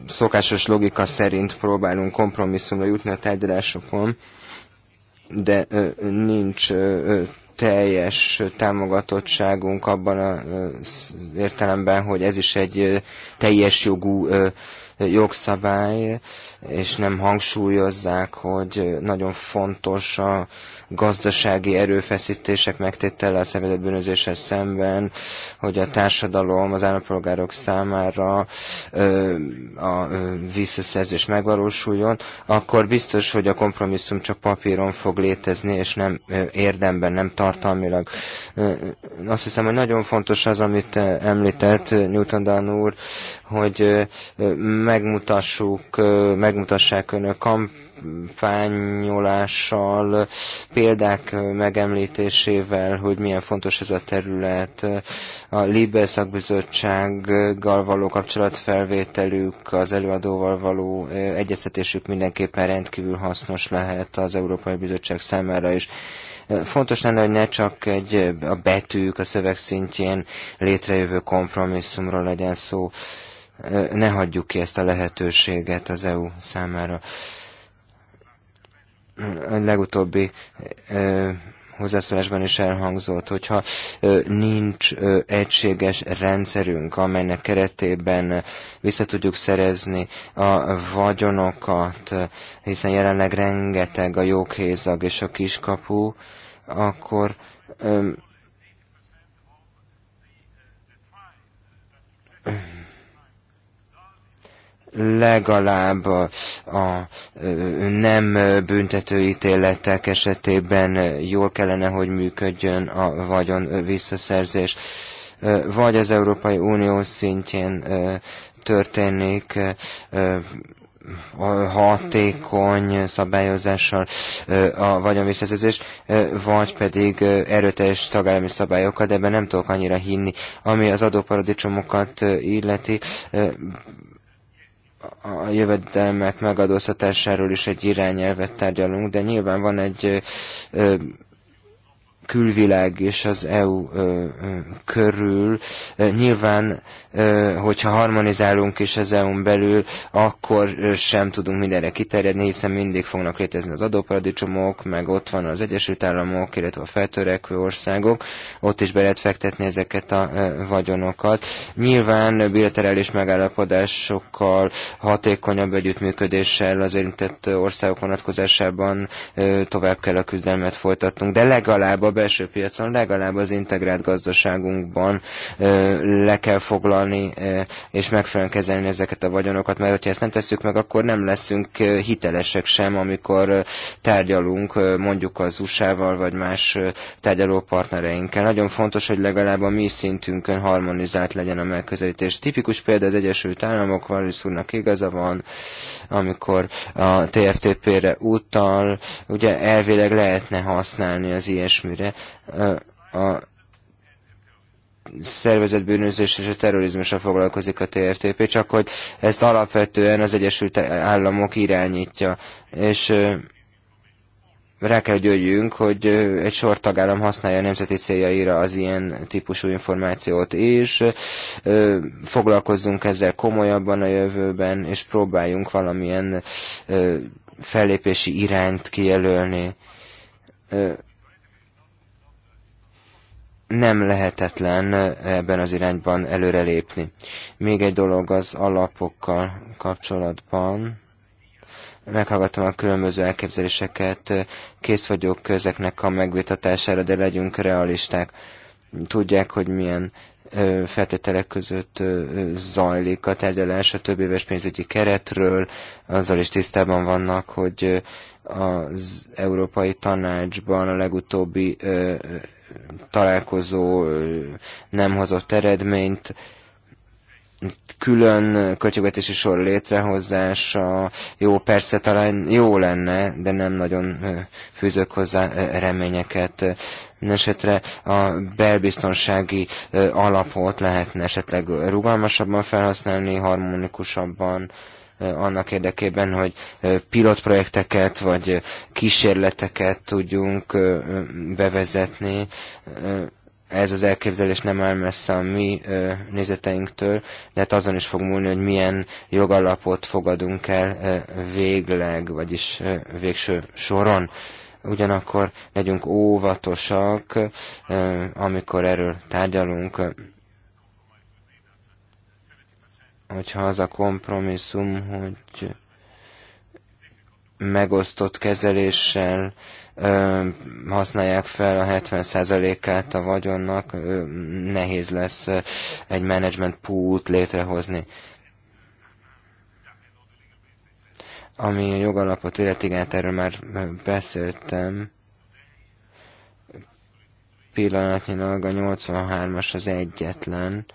szokásos logika szerint próbálunk kompromisszumra jutni a tárgyalásokon, de nincs teljes támogatottságunk abban az értelemben, hogy ez is egy teljes jogú jogszabály, és nem hangsúlyozzák, hogy nagyon fontos a gazdasági erőfeszítések megtétele a szervezett bűnözéssel szemben, hogy a társadalom az állampolgárok számára ö, a ö, visszaszerzés megvalósuljon, akkor biztos, hogy a kompromisszum csak papíron fog létezni, és nem ö, érdemben, nem tartalmilag. Ö, azt hiszem, hogy nagyon fontos az, amit említett Newton Dan úr, hogy megmutassuk, megmutassák önök kamp fányolással, példák megemlítésével, hogy milyen fontos ez a terület, a Libe szakbizottsággal való kapcsolatfelvételük, az előadóval való egyeztetésük mindenképpen rendkívül hasznos lehet az Európai Bizottság számára is fontos lenne, hogy ne csak egy a betűk a szöveg szintjén létrejövő kompromisszumról legyen szó. Ne hagyjuk ki ezt a lehetőséget az EU számára legutóbbi hozzászólásban is elhangzott, hogyha nincs egységes rendszerünk, amelynek keretében vissza tudjuk szerezni a vagyonokat, hiszen jelenleg rengeteg a jókézag és a kiskapu, akkor legalább a, a nem büntető ítéletek esetében jól kellene, hogy működjön a vagyon visszaszerzés, vagy az Európai Unió szintjén történik hatékony szabályozással a vagyonvisszaszerzés, vagy pedig erőteljes tagállami szabályokkal, de ebben nem tudok annyira hinni. Ami az adóparadicsomokat illeti, a jövedelmek megadóztatásáról is egy irányelvet tárgyalunk, de nyilván van egy külvilág és az EU körül. Nyilván, hogyha harmonizálunk is az EU-n belül, akkor sem tudunk mindenre kiterjedni, hiszen mindig fognak létezni az adóparadicsomok, meg ott van az Egyesült Államok, illetve a feltörekvő országok, ott is be lehet fektetni ezeket a vagyonokat. Nyilván bilaterális megállapodásokkal, hatékonyabb együttműködéssel az érintett országok vonatkozásában tovább kell a küzdelmet folytatnunk, de legalább a belső piacon, legalább az integrált gazdaságunkban le kell foglalni és megfelelően kezelni ezeket a vagyonokat, mert hogyha ezt nem tesszük meg, akkor nem leszünk hitelesek sem, amikor tárgyalunk mondjuk az USA-val vagy más tárgyaló partnereinkkel. Nagyon fontos, hogy legalább a mi szintünkön harmonizált legyen a megközelítés. Tipikus példa az Egyesült Államok, Varys úrnak igaza van, amikor a TFTP-re utal, ugye elvileg lehetne használni az ilyesmire, a szervezetbűnözés és a terrorizmusra foglalkozik a TFTP, csak hogy ezt alapvetően az Egyesült Államok irányítja. És rá kell győjünk, hogy egy sor tagállam használja a nemzeti céljaira az ilyen típusú információt is, foglalkozzunk ezzel komolyabban a jövőben, és próbáljunk valamilyen fellépési irányt kijelölni nem lehetetlen ebben az irányban előrelépni. Még egy dolog az alapokkal kapcsolatban. Meghallgattam a különböző elképzeléseket, kész vagyok ezeknek a megvitatására, de legyünk realisták. Tudják, hogy milyen feltételek között zajlik a tárgyalás a több éves pénzügyi keretről, azzal is tisztában vannak, hogy az Európai Tanácsban a legutóbbi találkozó nem hozott eredményt, külön költségvetési sor létrehozása, jó, persze talán jó lenne, de nem nagyon fűzök hozzá reményeket. Esetre a belbiztonsági alapot lehetne esetleg rugalmasabban felhasználni, harmonikusabban, annak érdekében, hogy pilotprojekteket vagy kísérleteket tudjunk bevezetni. Ez az elképzelés nem áll messze a mi nézeteinktől, de hát azon is fog múlni, hogy milyen jogalapot fogadunk el végleg, vagyis végső soron ugyanakkor legyünk óvatosak, amikor erről tárgyalunk hogyha az a kompromisszum, hogy megosztott kezeléssel ö, használják fel a 70%-át a vagyonnak, ö, nehéz lesz egy management pool létrehozni. Ami a jogalapot illeti, igen, hát erről már beszéltem. Pillanatnyilag a 83-as az egyetlen,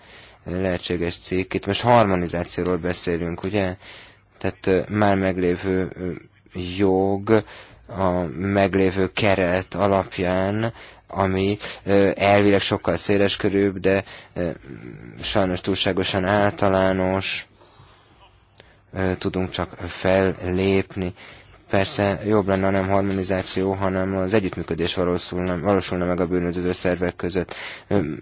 lehetséges cikk. Itt most harmonizációról beszélünk, ugye? Tehát már meglévő jog a meglévő keret alapján, ami elvileg sokkal széleskörűbb, de sajnos túlságosan általános, tudunk csak fellépni. Persze jobb lenne, ha nem harmonizáció, hanem az együttműködés valósulna, valósulna meg a bűnöző szervek között.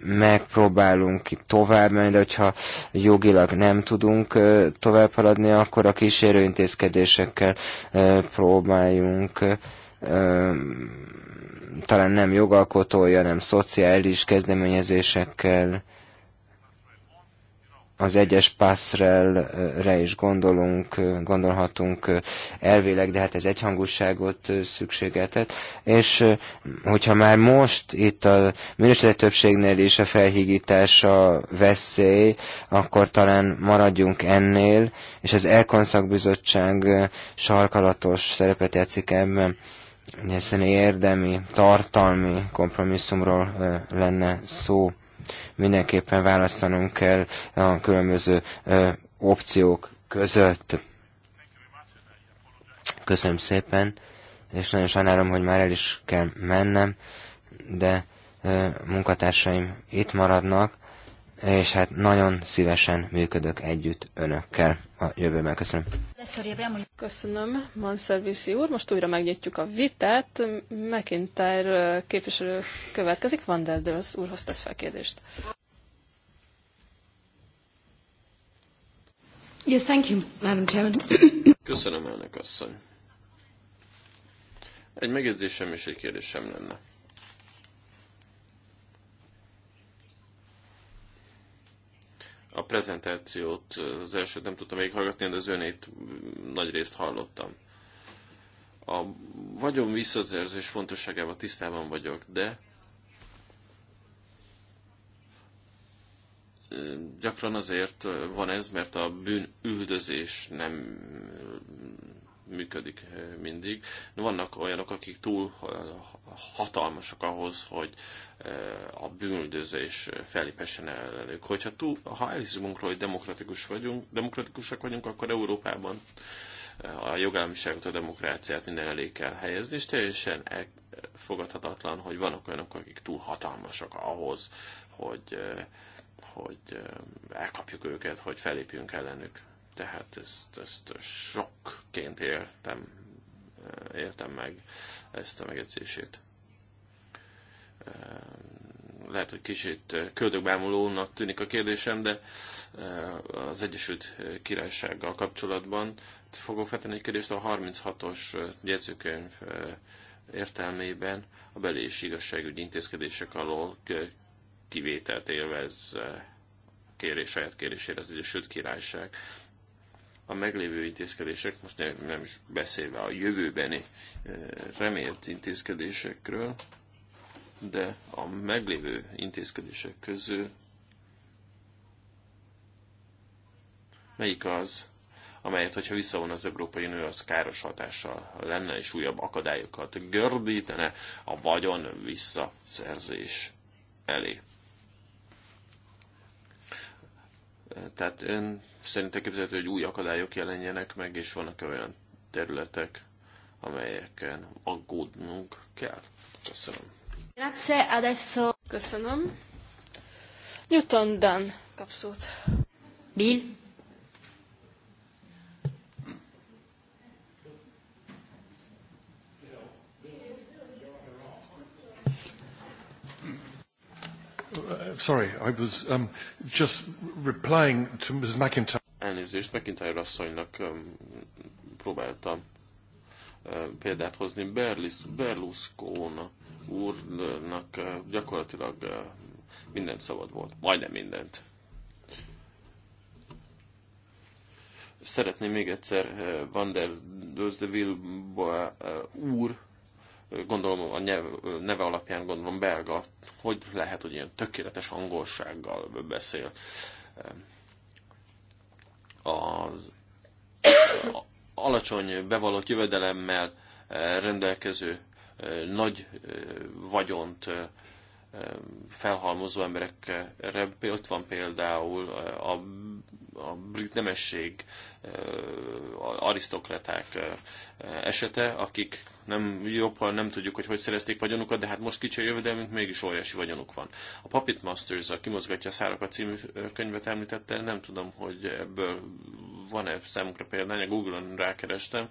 Megpróbálunk tovább menni, de hogyha jogilag nem tudunk tovább haladni, akkor a kísérőintézkedésekkel próbáljunk talán nem jogalkotója, nem szociális kezdeményezésekkel az egyes passzrelre is gondolunk, gondolhatunk elvileg, de hát ez egyhangúságot szükségeltet. És hogyha már most itt a minősített többségnél is a felhígítás a veszély, akkor talán maradjunk ennél, és az Elkonszakbizottság sarkalatos szerepet játszik ebben hiszen érdemi, tartalmi kompromisszumról lenne szó Mindenképpen választanunk kell a különböző opciók között. Köszönöm szépen, és nagyon sajnálom, hogy már el is kell mennem, de munkatársaim itt maradnak, és hát nagyon szívesen működök együtt önökkel a jövőben. Köszönöm. Köszönöm, Manservisi úr. Most újra megnyitjuk a vitát. McIntyre képviselő következik. Van Delders úrhoz tesz fel kérdést. Yes, thank you, Madam Chairman. Köszönöm, elnök asszony. Egy megjegyzésem és egy kérdésem lenne. A prezentációt, az elsőt nem tudtam még hallgatni, de az önét nagy részt hallottam. A vagyon visszazerzés fontosságával tisztában vagyok, de gyakran azért van ez, mert a bűn üldözés nem működik eh, mindig. Vannak olyanok, akik túl eh, hatalmasak ahhoz, hogy eh, a bűnüldözés fellépessen ellenük. Hogyha túl, ha elhiszünk hogy demokratikus vagyunk, demokratikusak vagyunk, akkor Európában a jogállamiságot, a demokráciát minden elé kell helyezni, és teljesen fogadhatatlan, hogy vannak olyanok, akik túl hatalmasak ahhoz, hogy, hogy elkapjuk őket, hogy felépjünk ellenük. Tehát ezt, ezt sokként értem értem meg ezt a megjegyzését. Lehet, hogy kicsit köldögbámulónak tűnik a kérdésem, de az Egyesült Királysággal kapcsolatban fogok feltenni egy kérdést a 36-os jegyzőkönyv értelmében a bel- és igazságügyi intézkedések alól kivételt élvez kérés, saját kérésére az Egyesült Királyság a meglévő intézkedések, most nem, nem is beszélve a jövőbeni eh, remélt intézkedésekről, de a meglévő intézkedések közül melyik az, amelyet, hogyha visszavon az Európai Unió, az káros hatással lenne, és újabb akadályokat gördítene a vagyon visszaszerzés elé. Tehát ön szerint elképzelhető, hogy új akadályok jelenjenek meg, és vannak -e olyan területek, amelyeken aggódnunk kell? Köszönöm. Grazie, adesso. Köszönöm. Newton Dan kapszót. Bill. Uh, sorry, I was um, just replying to Ms. McIntyre. Elnézést, McIntyre asszonynak um, próbáltam um, példát hozni. Berlis, Berlusconi úrnak uh, gyakorlatilag uh, mindent szabad volt, majdnem mindent. Szeretném még egyszer uh, Van der Dözdeville uh, úr gondolom a neve alapján gondolom belga, hogy lehet, hogy ilyen tökéletes angolsággal beszél. Az alacsony bevallott jövedelemmel rendelkező nagy eh, vagyont eh, felhalmozó emberekre. Ott van például eh, a, a brit nemesség eh, a arisztokraták eh, esete, akik nem jobb, ha nem tudjuk, hogy hogy szerezték vagyonukat, de hát most kicsi a jövedelmünk, mégis óriási vagyonuk van. A Puppet Masters, a Kimozgatja a szárakat című könyvet említette, nem tudom, hogy ebből van-e számunkra példány, a Google-on rákerestem,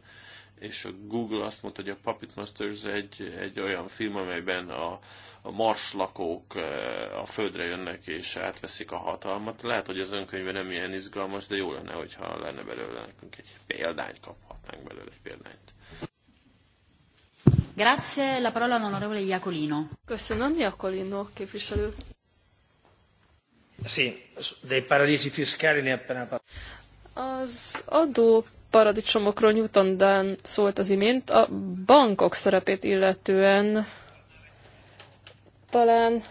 és a Google azt mondta, hogy a Puppet Masters egy, egy olyan film, amelyben a, a marslakók eh, a földre jönnek és átveszik a hatalmat. Lehet, hogy az önkönyve nem ilyen izgalmas, de jó lenne, hogyha lenne belőle nekünk egy példányt, kaphatnánk belőle egy példányt. Grazie, la parola all'onorevole Iacolino. Köszönöm, Iacolino képviselő. Sì, dei paradisi fiscali ne appena Az adó paradicsomokról Newton Dan szólt az imént, a bankok szerepét illetően talán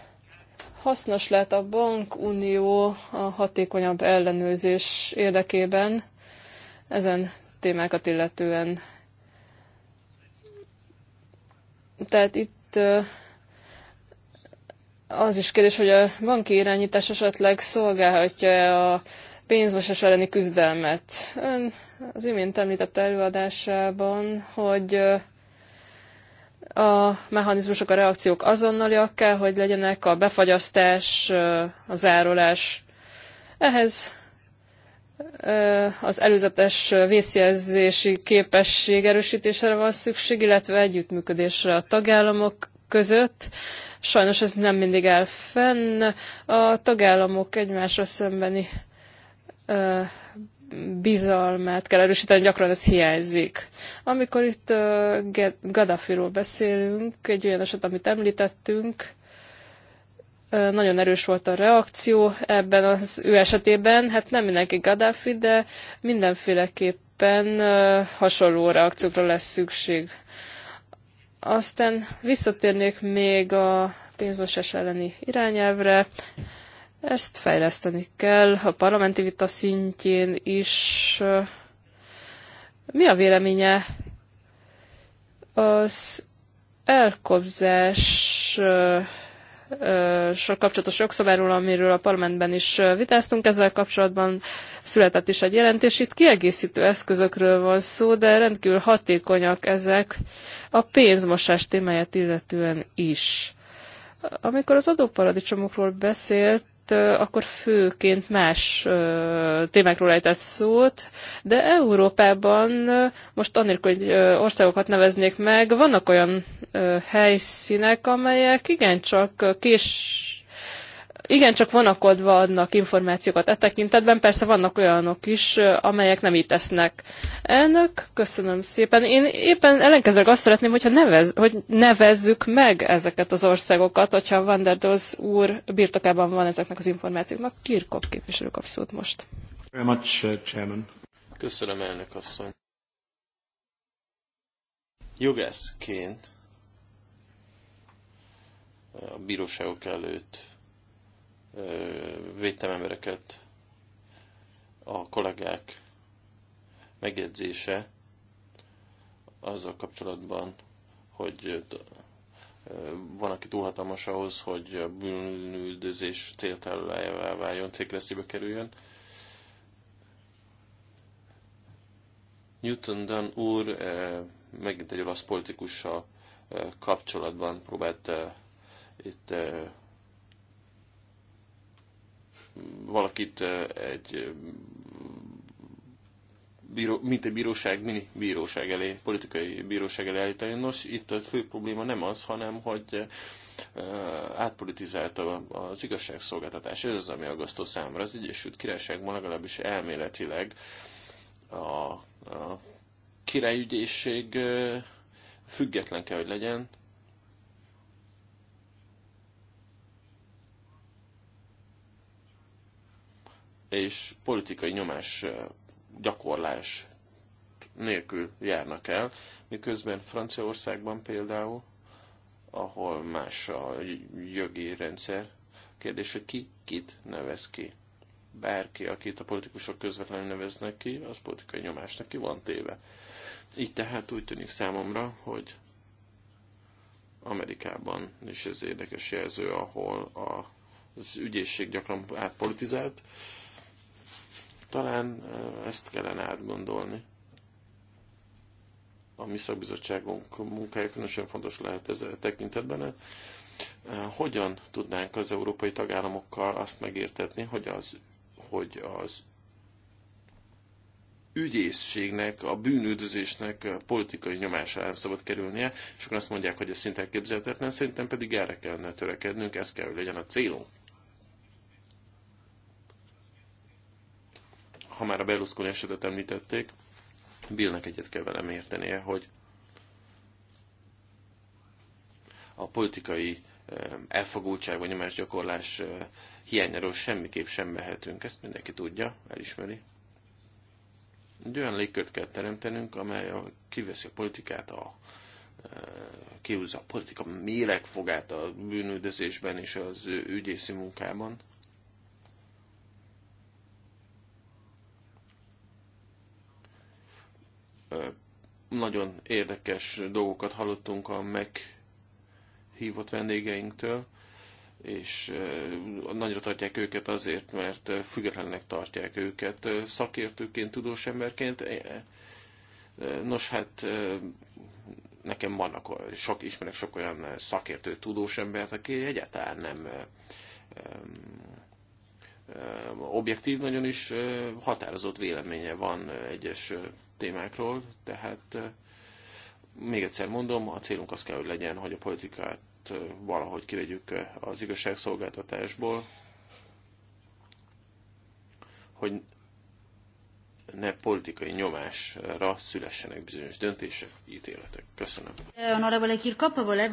hasznos lehet a bankunió a hatékonyabb ellenőrzés érdekében ezen témákat illetően. Tehát itt az is kérdés, hogy a banki irányítás esetleg szolgálhatja -e a pénzmosás elleni küzdelmet. Ön az imént említett előadásában, hogy a mechanizmusok, a reakciók azonnaliak kell, hogy legyenek a befagyasztás, a zárolás. Ehhez az előzetes vészjelzési képesség erősítésre van szükség, illetve együttműködésre a tagállamok között. Sajnos ez nem mindig áll fenn. A tagállamok egymásra szembeni bizalmát kell erősíteni, gyakran ez hiányzik. Amikor itt Gaddafiról beszélünk, egy olyan eset, amit említettünk, nagyon erős volt a reakció ebben az ő esetében. Hát nem mindenki Gaddafi, de mindenféleképpen hasonló reakciókra lesz szükség. Aztán visszatérnék még a pénzmosás elleni irányelvre. Ezt fejleszteni kell a parlamenti vita szintjén is. Mi a véleménye az elkobzás kapcsolatos jogszabályról, amiről a parlamentben is vitáztunk, ezzel kapcsolatban született is egy jelentés. Itt kiegészítő eszközökről van szó, de rendkívül hatékonyak ezek a pénzmosás témáját illetően is. Amikor az adóparadicsomokról beszélt, akkor főként más témákról ejtett szót, de Európában most annélkül, hogy országokat neveznék meg, vannak olyan helyszínek, amelyek igencsak kés igencsak vonakodva adnak információkat e tekintetben, persze vannak olyanok is, amelyek nem így tesznek. Elnök, köszönöm szépen. Én éppen ellenkezőleg azt szeretném, hogyha nevez, hogy nevezzük meg ezeket az országokat, hogyha Van der Doz úr birtokában van ezeknek az információknak. Kirkop képviselő kap szót most. Uh, köszönöm, elnök asszony. Jogászként a bíróságok előtt védtem embereket a kollégák megjegyzése azzal kapcsolatban, hogy van, aki túlhatalmas ahhoz, hogy a bűnüldözés céltállájává váljon, célkeresztjébe kerüljön. Newton Dunn úr megint egy olasz politikussal kapcsolatban próbált itt valakit egy bíró, mint egy bíróság, mini bíróság elé, politikai bíróság elé állítani. Nos, itt a fő probléma nem az, hanem hogy átpolitizálta az igazságszolgáltatás. Ez az, ami aggasztó számra. Az Egyesült Királyságban legalábbis elméletileg a, a királyügyészség független kell, hogy legyen, és politikai nyomás gyakorlás nélkül járnak el, miközben Franciaországban például, ahol más a jogi rendszer, kérdés, hogy ki kit nevez ki. Bárki, akit a politikusok közvetlenül neveznek ki, az politikai nyomásnak ki van téve. Így tehát úgy tűnik számomra, hogy Amerikában is ez érdekes jelző, ahol a, az ügyészség gyakran átpolitizált, talán ezt kellene átgondolni. A mi szakbizottságunk munkája különösen fontos lehet ez a tekintetben. Hogyan tudnánk az európai tagállamokkal azt megértetni, hogy az, hogy az ügyészségnek, a bűnüldözésnek a politikai nyomására nem szabad kerülnie. és akkor azt mondják, hogy ez szinte elképzelhetetlen, szerintem pedig erre kellene törekednünk, ez kell, hogy legyen a célunk. ha már a Berlusconi esetet említették, Billnek egyet kell velem értenie, hogy a politikai eh, elfogultság vagy nyomásgyakorlás eh, hiányáról semmiképp sem mehetünk. Ezt mindenki tudja, elismeri. Egy olyan légkört kell teremtenünk, amely a, kiveszi a politikát, a, eh, kihúzza a politika méregfogát a bűnüldözésben és az ügyészi munkában. Nagyon érdekes dolgokat hallottunk a meghívott vendégeinktől, és nagyra tartják őket azért, mert függetlennek tartják őket szakértőként, tudós emberként. Nos, hát nekem vannak, sok, ismerek sok olyan szakértő, tudós embert, aki egyáltalán nem objektív, nagyon is határozott véleménye van egyes témákról, tehát még egyszer mondom, a célunk az kell, hogy legyen, hogy a politikát valahogy kivegyük az igazságszolgáltatásból, hogy ne politikai nyomásra szülessenek bizonyos döntések, ítéletek. Köszönöm.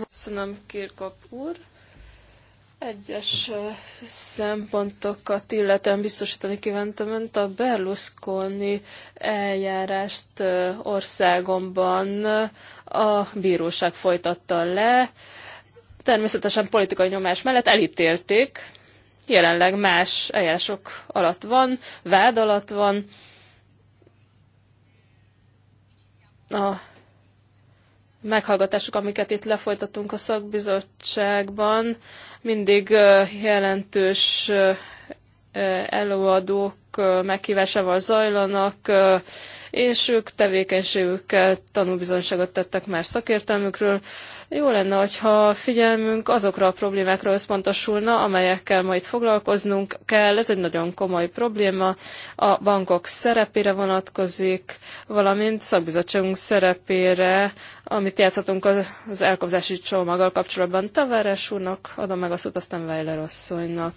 Köszönöm, Kirkop úr. Egyes szempontokat illetően biztosítani kívántam önt a Berlusconi eljárást országomban a bíróság folytatta le. Természetesen politikai nyomás mellett elítélték, jelenleg más eljárások alatt van, vád alatt van. A meghallgatások, amiket itt lefolytatunk a szakbizottságban, mindig jelentős előadók meghívásával zajlanak, és ők tevékenységükkel tanúbizonyságot tettek már szakértelmükről. Jó lenne, hogyha figyelmünk azokra a problémákra összpontosulna, amelyekkel majd foglalkoznunk kell. Ez egy nagyon komoly probléma. A bankok szerepére vonatkozik, valamint szakbizottságunk szerepére, amit játszhatunk az elkobzási csomaggal kapcsolatban. Tavares úrnak adom meg a szót, aztán Weiler asszonynak.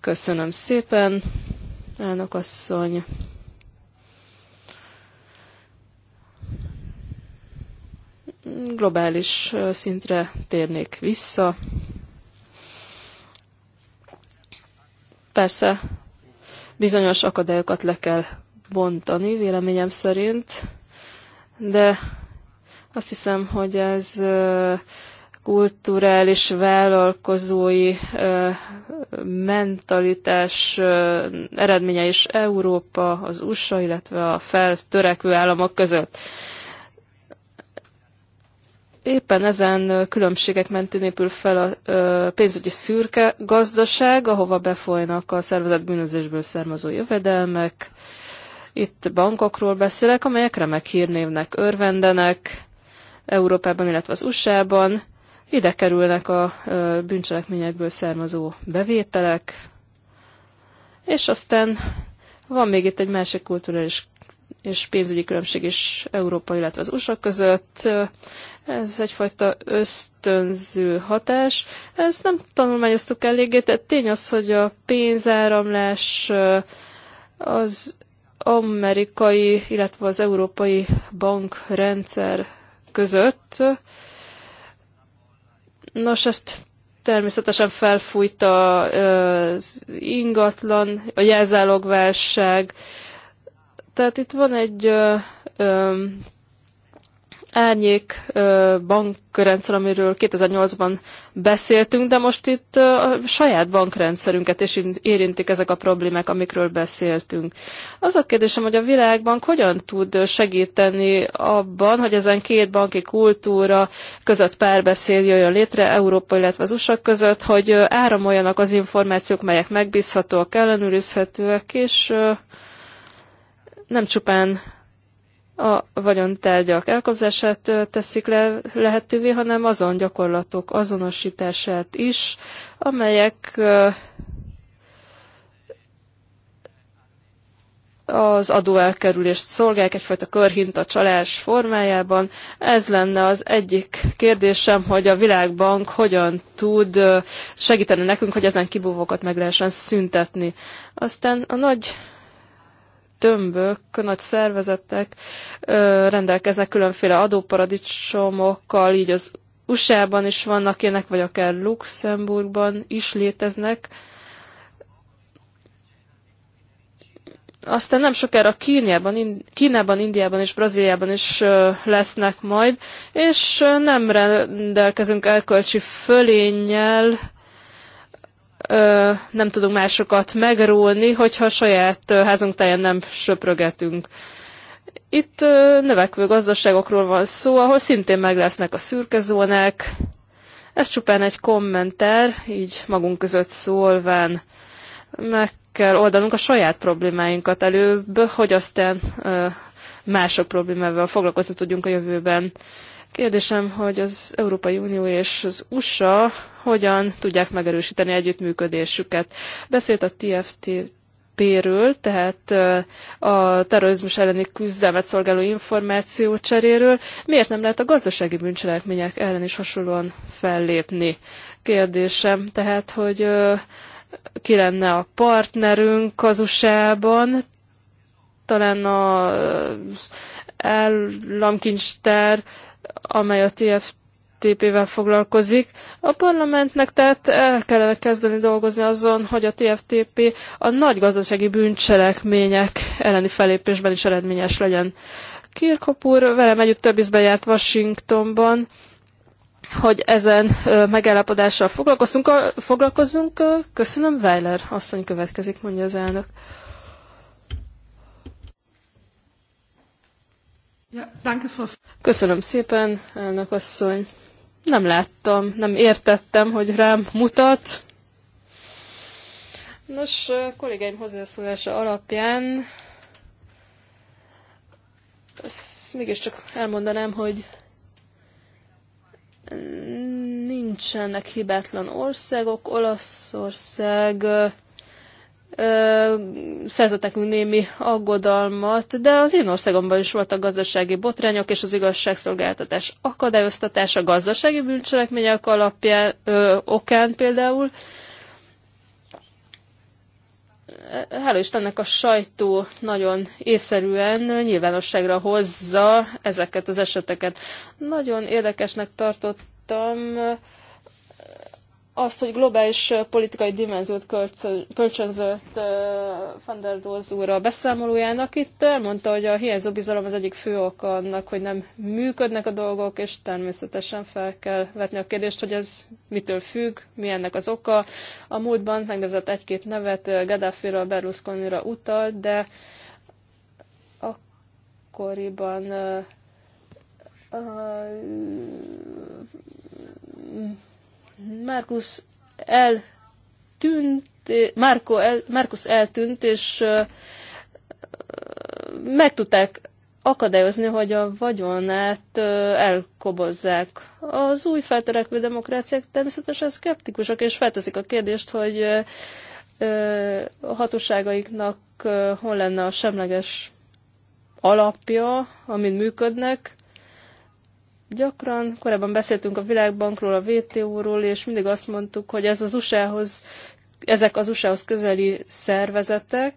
Köszönöm szépen, elnök asszony. Globális szintre térnék vissza. Persze bizonyos akadályokat le kell bontani, véleményem szerint, de azt hiszem, hogy ez kulturális vállalkozói mentalitás eredménye is Európa, az USA, illetve a feltörekvő államok között. Éppen ezen különbségek mentén épül fel a pénzügyi szürke gazdaság, ahova befolynak a szervezet bűnözésből származó jövedelmek. Itt bankokról beszélek, amelyek remek hírnévnek örvendenek Európában, illetve az USA-ban ide kerülnek a bűncselekményekből származó bevételek, és aztán van még itt egy másik kulturális és pénzügyi különbség is Európa, illetve az USA között. Ez egyfajta ösztönző hatás. Ezt nem tanulmányoztuk eléggé, tehát tény az, hogy a pénzáramlás az amerikai, illetve az európai bankrendszer között Nos, ezt természetesen felfújt az ingatlan, a jelzálogválság. Tehát itt van egy ö, ö, árnyék bankrendszer, amiről 2008-ban beszéltünk, de most itt a saját bankrendszerünket is érintik ezek a problémák, amikről beszéltünk. Az a kérdésem, hogy a világbank hogyan tud segíteni abban, hogy ezen két banki kultúra között párbeszéd jöjjön létre Európa, illetve az USA között, hogy áramoljanak az információk, melyek megbízhatóak, ellenőrizhetőek, és nem csupán a vagyontárgyak elkobzását teszik le, lehetővé, hanem azon gyakorlatok azonosítását is, amelyek az adóelkerülést szolgálják egyfajta körhinta csalás formájában. Ez lenne az egyik kérdésem, hogy a világbank hogyan tud segíteni nekünk, hogy ezen kibúvókat meg lehessen szüntetni. Aztán a nagy tömbök, nagy szervezetek rendelkeznek különféle adóparadicsomokkal, így az USA-ban is vannak ilyenek, vagy akár Luxemburgban is léteznek. Aztán nem sokára Kínában, Kínában, Indiában és Brazíliában is lesznek majd, és nem rendelkezünk elkölcsi fölénnyel, nem tudunk másokat megrólni, hogyha a saját házunk táján nem söprögetünk. Itt növekvő gazdaságokról van szó, ahol szintén meg lesznek a szürke zónák. Ez csupán egy kommentár, így magunk között szólván meg kell oldanunk a saját problémáinkat előbb, hogy aztán mások problémával foglalkozni tudjunk a jövőben. Kérdésem, hogy az Európai Unió és az USA hogyan tudják megerősíteni együttműködésüket. Beszélt a TFT ről tehát a terrorizmus elleni küzdelmet szolgáló információ cseréről. Miért nem lehet a gazdasági bűncselekmények ellen is hasonlóan fellépni? Kérdésem tehát, hogy ki lenne a partnerünk az USA-ban, talán a államkincstár, amely a TFTP-vel foglalkozik. A parlamentnek tehát el kellene kezdeni dolgozni azon, hogy a TFTP a nagy gazdasági bűncselekmények elleni felépésben is eredményes legyen. Kirkhope úr velem együtt több ízben járt Washingtonban, hogy ezen megállapodással foglalkozunk. foglalkozzunk. Köszönöm, Weiler asszony következik, mondja az elnök. Köszönöm szépen, elnök asszony. Nem láttam, nem értettem, hogy rám mutat. Nos, kollégáim hozzászólása alapján azt mégiscsak elmondanám, hogy nincsenek hibátlan országok. Olaszország szerzetekünk némi aggodalmat, de az én országomban is voltak gazdasági botrányok, és az igazságszolgáltatás akadályoztatása gazdasági bűncselekmények alapján, ö, okán például. Hála Istennek a sajtó nagyon észszerűen nyilvánosságra hozza ezeket az eseteket. Nagyon érdekesnek tartottam, azt, hogy globális politikai dimenziót kölcsönzött van der Doors úr a beszámolójának. Itt elmondta, hogy a hiányzó bizalom az egyik fő oka annak, hogy nem működnek a dolgok, és természetesen fel kell vetni a kérdést, hogy ez mitől függ, mi ennek az oka. A múltban megnevezett egy-két nevet, Gaddafi-ra, Berlusconi-ra utal, de akkoriban uh, uh, Markus eltűnt, Marco el, Markus eltűnt, és meg tudták akadályozni, hogy a vagyonát elkobozzák. Az új feltörekvő demokráciák természetesen szkeptikusak, és felteszik a kérdést, hogy a hatóságaiknak hol lenne a semleges alapja, amin működnek, gyakran. Korábban beszéltünk a Világbankról, a WTO-ról, és mindig azt mondtuk, hogy ez az USA-hoz, ezek az USA-hoz közeli szervezetek,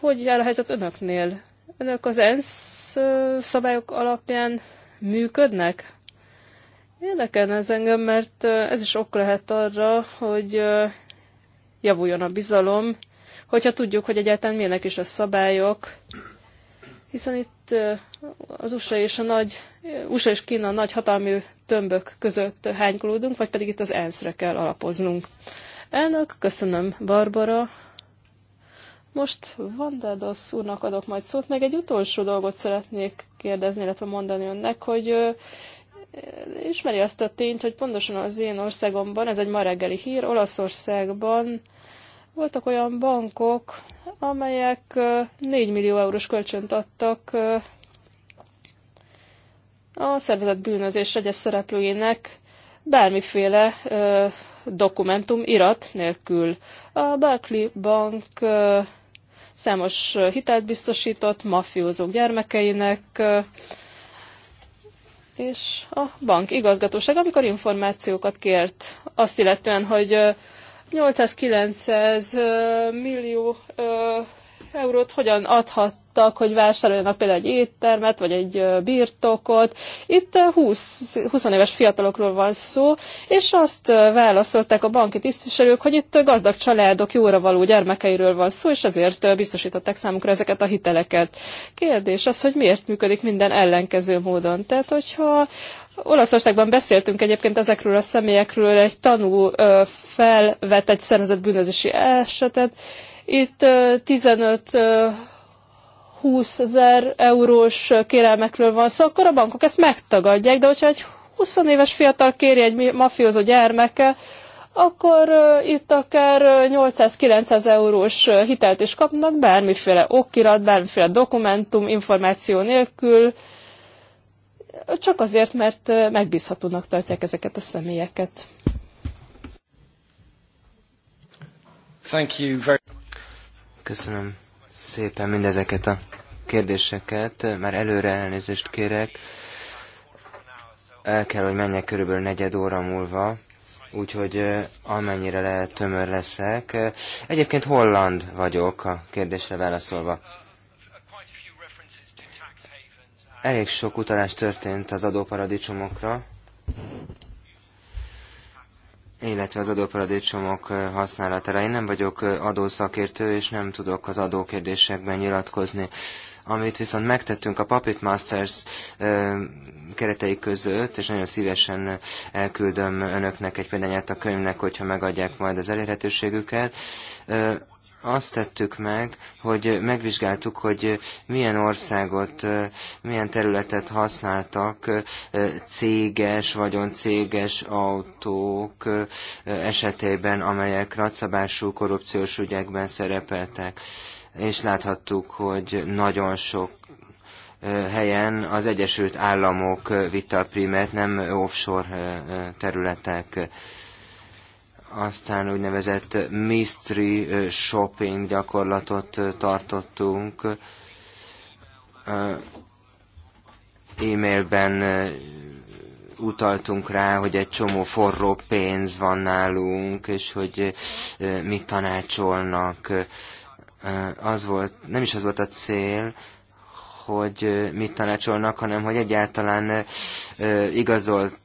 hogy jár a helyzet önöknél? Önök az ENSZ szabályok alapján működnek? Érdekelne ez engem, mert ez is ok lehet arra, hogy javuljon a bizalom, hogyha tudjuk, hogy egyáltalán milyenek is a szabályok, hiszen itt az USA és, a nagy, USA és Kína nagy hatalmi tömbök között hánykolódunk, vagy pedig itt az ENSZ-re kell alapoznunk. Elnök, köszönöm Barbara. Most Vanderdos úrnak adok majd szót, meg egy utolsó dolgot szeretnék kérdezni, illetve mondani önnek, hogy ismeri azt a tényt, hogy pontosan az én országomban, ez egy ma reggeli hír, Olaszországban voltak olyan bankok, amelyek 4 millió eurós kölcsönt adtak a szervezet bűnözés egyes szereplőinek bármiféle dokumentum irat nélkül. A Barclay Bank számos hitelt biztosított mafiózók gyermekeinek, és a bank igazgatóság, amikor információkat kért azt illetően, hogy 800-900 millió eurót hogyan adhattak, hogy vásároljanak például egy éttermet, vagy egy birtokot. Itt 20, 20 éves fiatalokról van szó, és azt válaszolták a banki tisztviselők, hogy itt gazdag családok jóra való gyermekeiről van szó, és ezért biztosították számukra ezeket a hiteleket. Kérdés az, hogy miért működik minden ellenkező módon. Tehát, hogyha Olaszországban beszéltünk egyébként ezekről a személyekről, egy tanú felvett egy szervezett bűnözési esetet. Itt 15 20 ezer eurós kérelmekről van szó, akkor a bankok ezt megtagadják, de hogyha egy 20 éves fiatal kéri egy mafiózó gyermeke, akkor itt akár 800-900 eurós hitelt is kapnak, bármiféle okirat, bármiféle dokumentum, információ nélkül, csak azért, mert megbízhatónak tartják ezeket a személyeket. Thank you very... Köszönöm szépen mindezeket a kérdéseket. Már előre elnézést kérek. El kell, hogy menjek körülbelül negyed óra múlva, úgyhogy amennyire lehet tömör leszek. Egyébként holland vagyok a kérdésre válaszolva. Elég sok utalás történt az adóparadicsomokra, illetve az adóparadicsomok használatára. Én nem vagyok adószakértő, és nem tudok az adókérdésekben nyilatkozni. Amit viszont megtettünk a Puppet Masters keretei között, és nagyon szívesen elküldöm önöknek egy példányát a könyvnek, hogyha megadják majd az elérhetőségüket, azt tettük meg, hogy megvizsgáltuk, hogy milyen országot, milyen területet használtak céges, vagyon céges autók esetében, amelyek nagyszabású korrupciós ügyekben szerepeltek. És láthattuk, hogy nagyon sok helyen az Egyesült Államok vitte a primet, nem offshore területek aztán úgynevezett mystery shopping gyakorlatot tartottunk. E-mailben utaltunk rá, hogy egy csomó forró pénz van nálunk, és hogy mit tanácsolnak. Az volt, nem is az volt a cél, hogy mit tanácsolnak, hanem hogy egyáltalán igazolt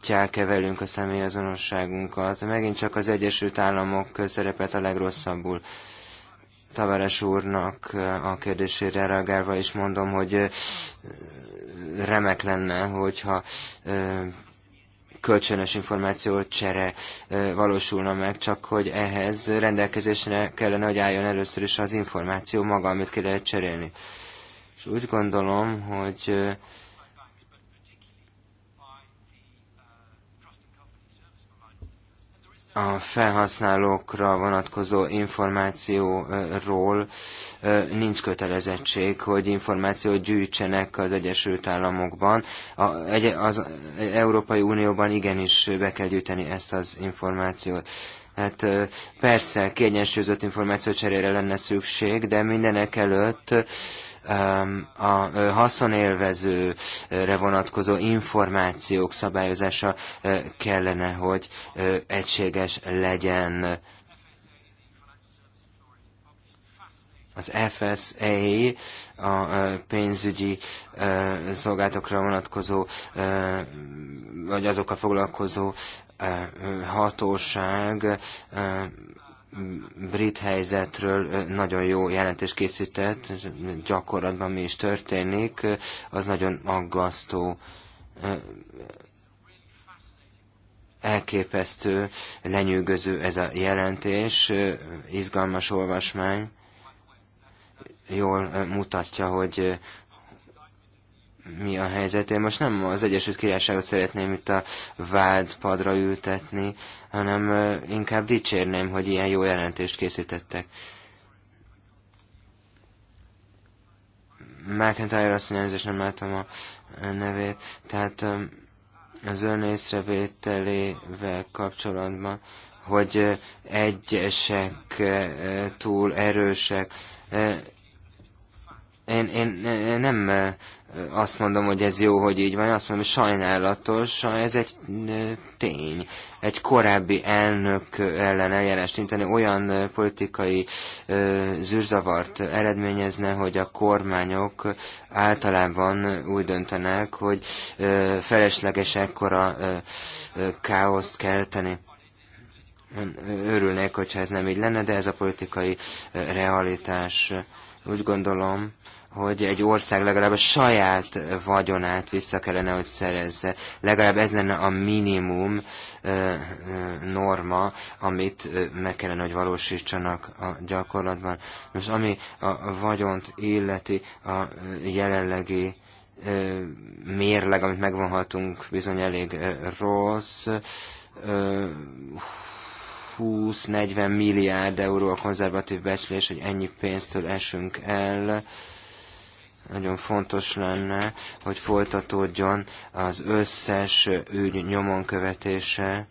megosztják-e velünk a személyazonosságunkat. Megint csak az Egyesült Államok szerepet a legrosszabbul. Tavares úrnak a kérdésére reagálva is mondom, hogy remek lenne, hogyha kölcsönös információ csere valósulna meg, csak hogy ehhez rendelkezésre kellene, hogy álljon először is az információ maga, amit ki lehet cserélni. És úgy gondolom, hogy a felhasználókra vonatkozó információról nincs kötelezettség, hogy információt gyűjtsenek az Egyesült Államokban. az Európai Unióban igenis be kell gyűjteni ezt az információt. Hát persze, kiegyensúlyozott információ cserére lenne szükség, de mindenek előtt a haszonélvezőre vonatkozó információk szabályozása kellene, hogy egységes legyen. az FSA, e, a pénzügyi szolgáltatókra vonatkozó, vagy azokkal foglalkozó hatóság brit helyzetről nagyon jó jelentés készített, gyakorlatban mi is történik, az nagyon aggasztó, elképesztő, lenyűgöző ez a jelentés, izgalmas olvasmány, jól mutatja, hogy mi a helyzet. Én most nem az Egyesült Királyságot szeretném itt a vádpadra ültetni, hanem inkább dicsérném, hogy ilyen jó jelentést készítettek. McIntyre azt mondja, nem láttam a nevét, tehát az ön észrevételével kapcsolatban, hogy egyesek túl erősek. Én, én, én nem azt mondom, hogy ez jó, hogy így van, azt mondom, hogy sajnálatos, ez egy tény. Egy korábbi elnök ellen eljárás, tinteni olyan politikai zűrzavart eredményezne, hogy a kormányok általában úgy döntenek, hogy felesleges ekkora káoszt kelteni örülnék, hogyha ez nem így lenne, de ez a politikai realitás. Úgy gondolom, hogy egy ország legalább a saját vagyonát vissza kellene, hogy szerezze. Legalább ez lenne a minimum norma, amit meg kellene, hogy valósítsanak a gyakorlatban. Most ami a vagyont illeti a jelenlegi mérleg, amit megvonhatunk, bizony elég rossz. 20-40 milliárd euró a konzervatív becslés, hogy ennyi pénztől esünk el nagyon fontos lenne, hogy folytatódjon az összes ügy nyomon követése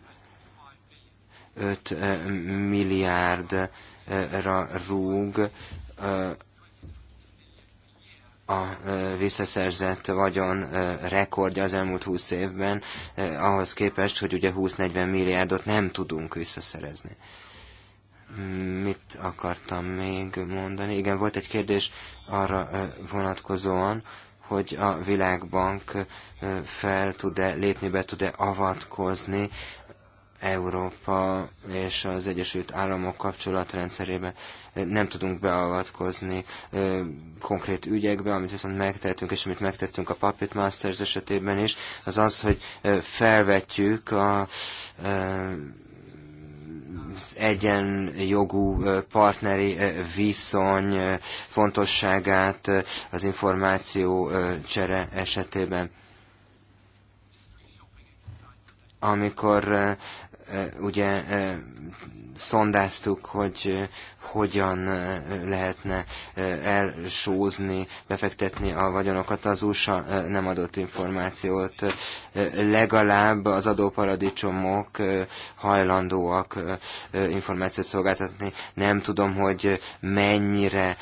5 eh, milliárdra rúg eh, a eh, visszaszerzett vagyon rekordja az elmúlt 20 évben, ahhoz képest, hogy ugye 20-40 milliárdot nem tudunk visszaszerezni. Mit akartam még mondani? Igen, volt egy kérdés arra vonatkozóan, hogy a világbank fel tud-e lépni, be tud-e avatkozni Európa és az Egyesült Államok kapcsolatrendszerébe nem tudunk beavatkozni konkrét ügyekbe, amit viszont megtettünk és amit megtettünk a Puppet Masters esetében is, az az, hogy felvetjük a az egyenjogú partneri viszony fontosságát az információ csere esetében. Amikor ugye szondáztuk, hogy hogyan lehetne elsózni, befektetni a vagyonokat. Az USA nem adott információt. Legalább az adóparadicsomok hajlandóak információt szolgáltatni. Nem tudom, hogy mennyire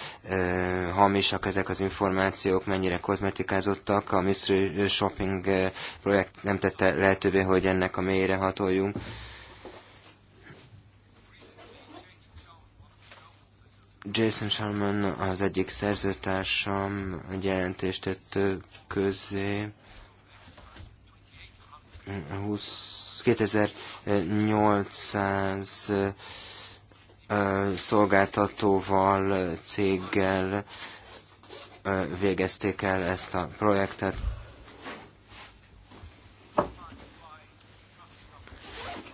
hamisak ezek az információk, mennyire kozmetikázottak. A Mystery Shopping projekt nem tette lehetővé, hogy ennek a mélyre hatoljunk. Jason Sharman az egyik szerzőtársam egy jelentést tett közé 2800 szolgáltatóval, céggel végezték el ezt a projektet.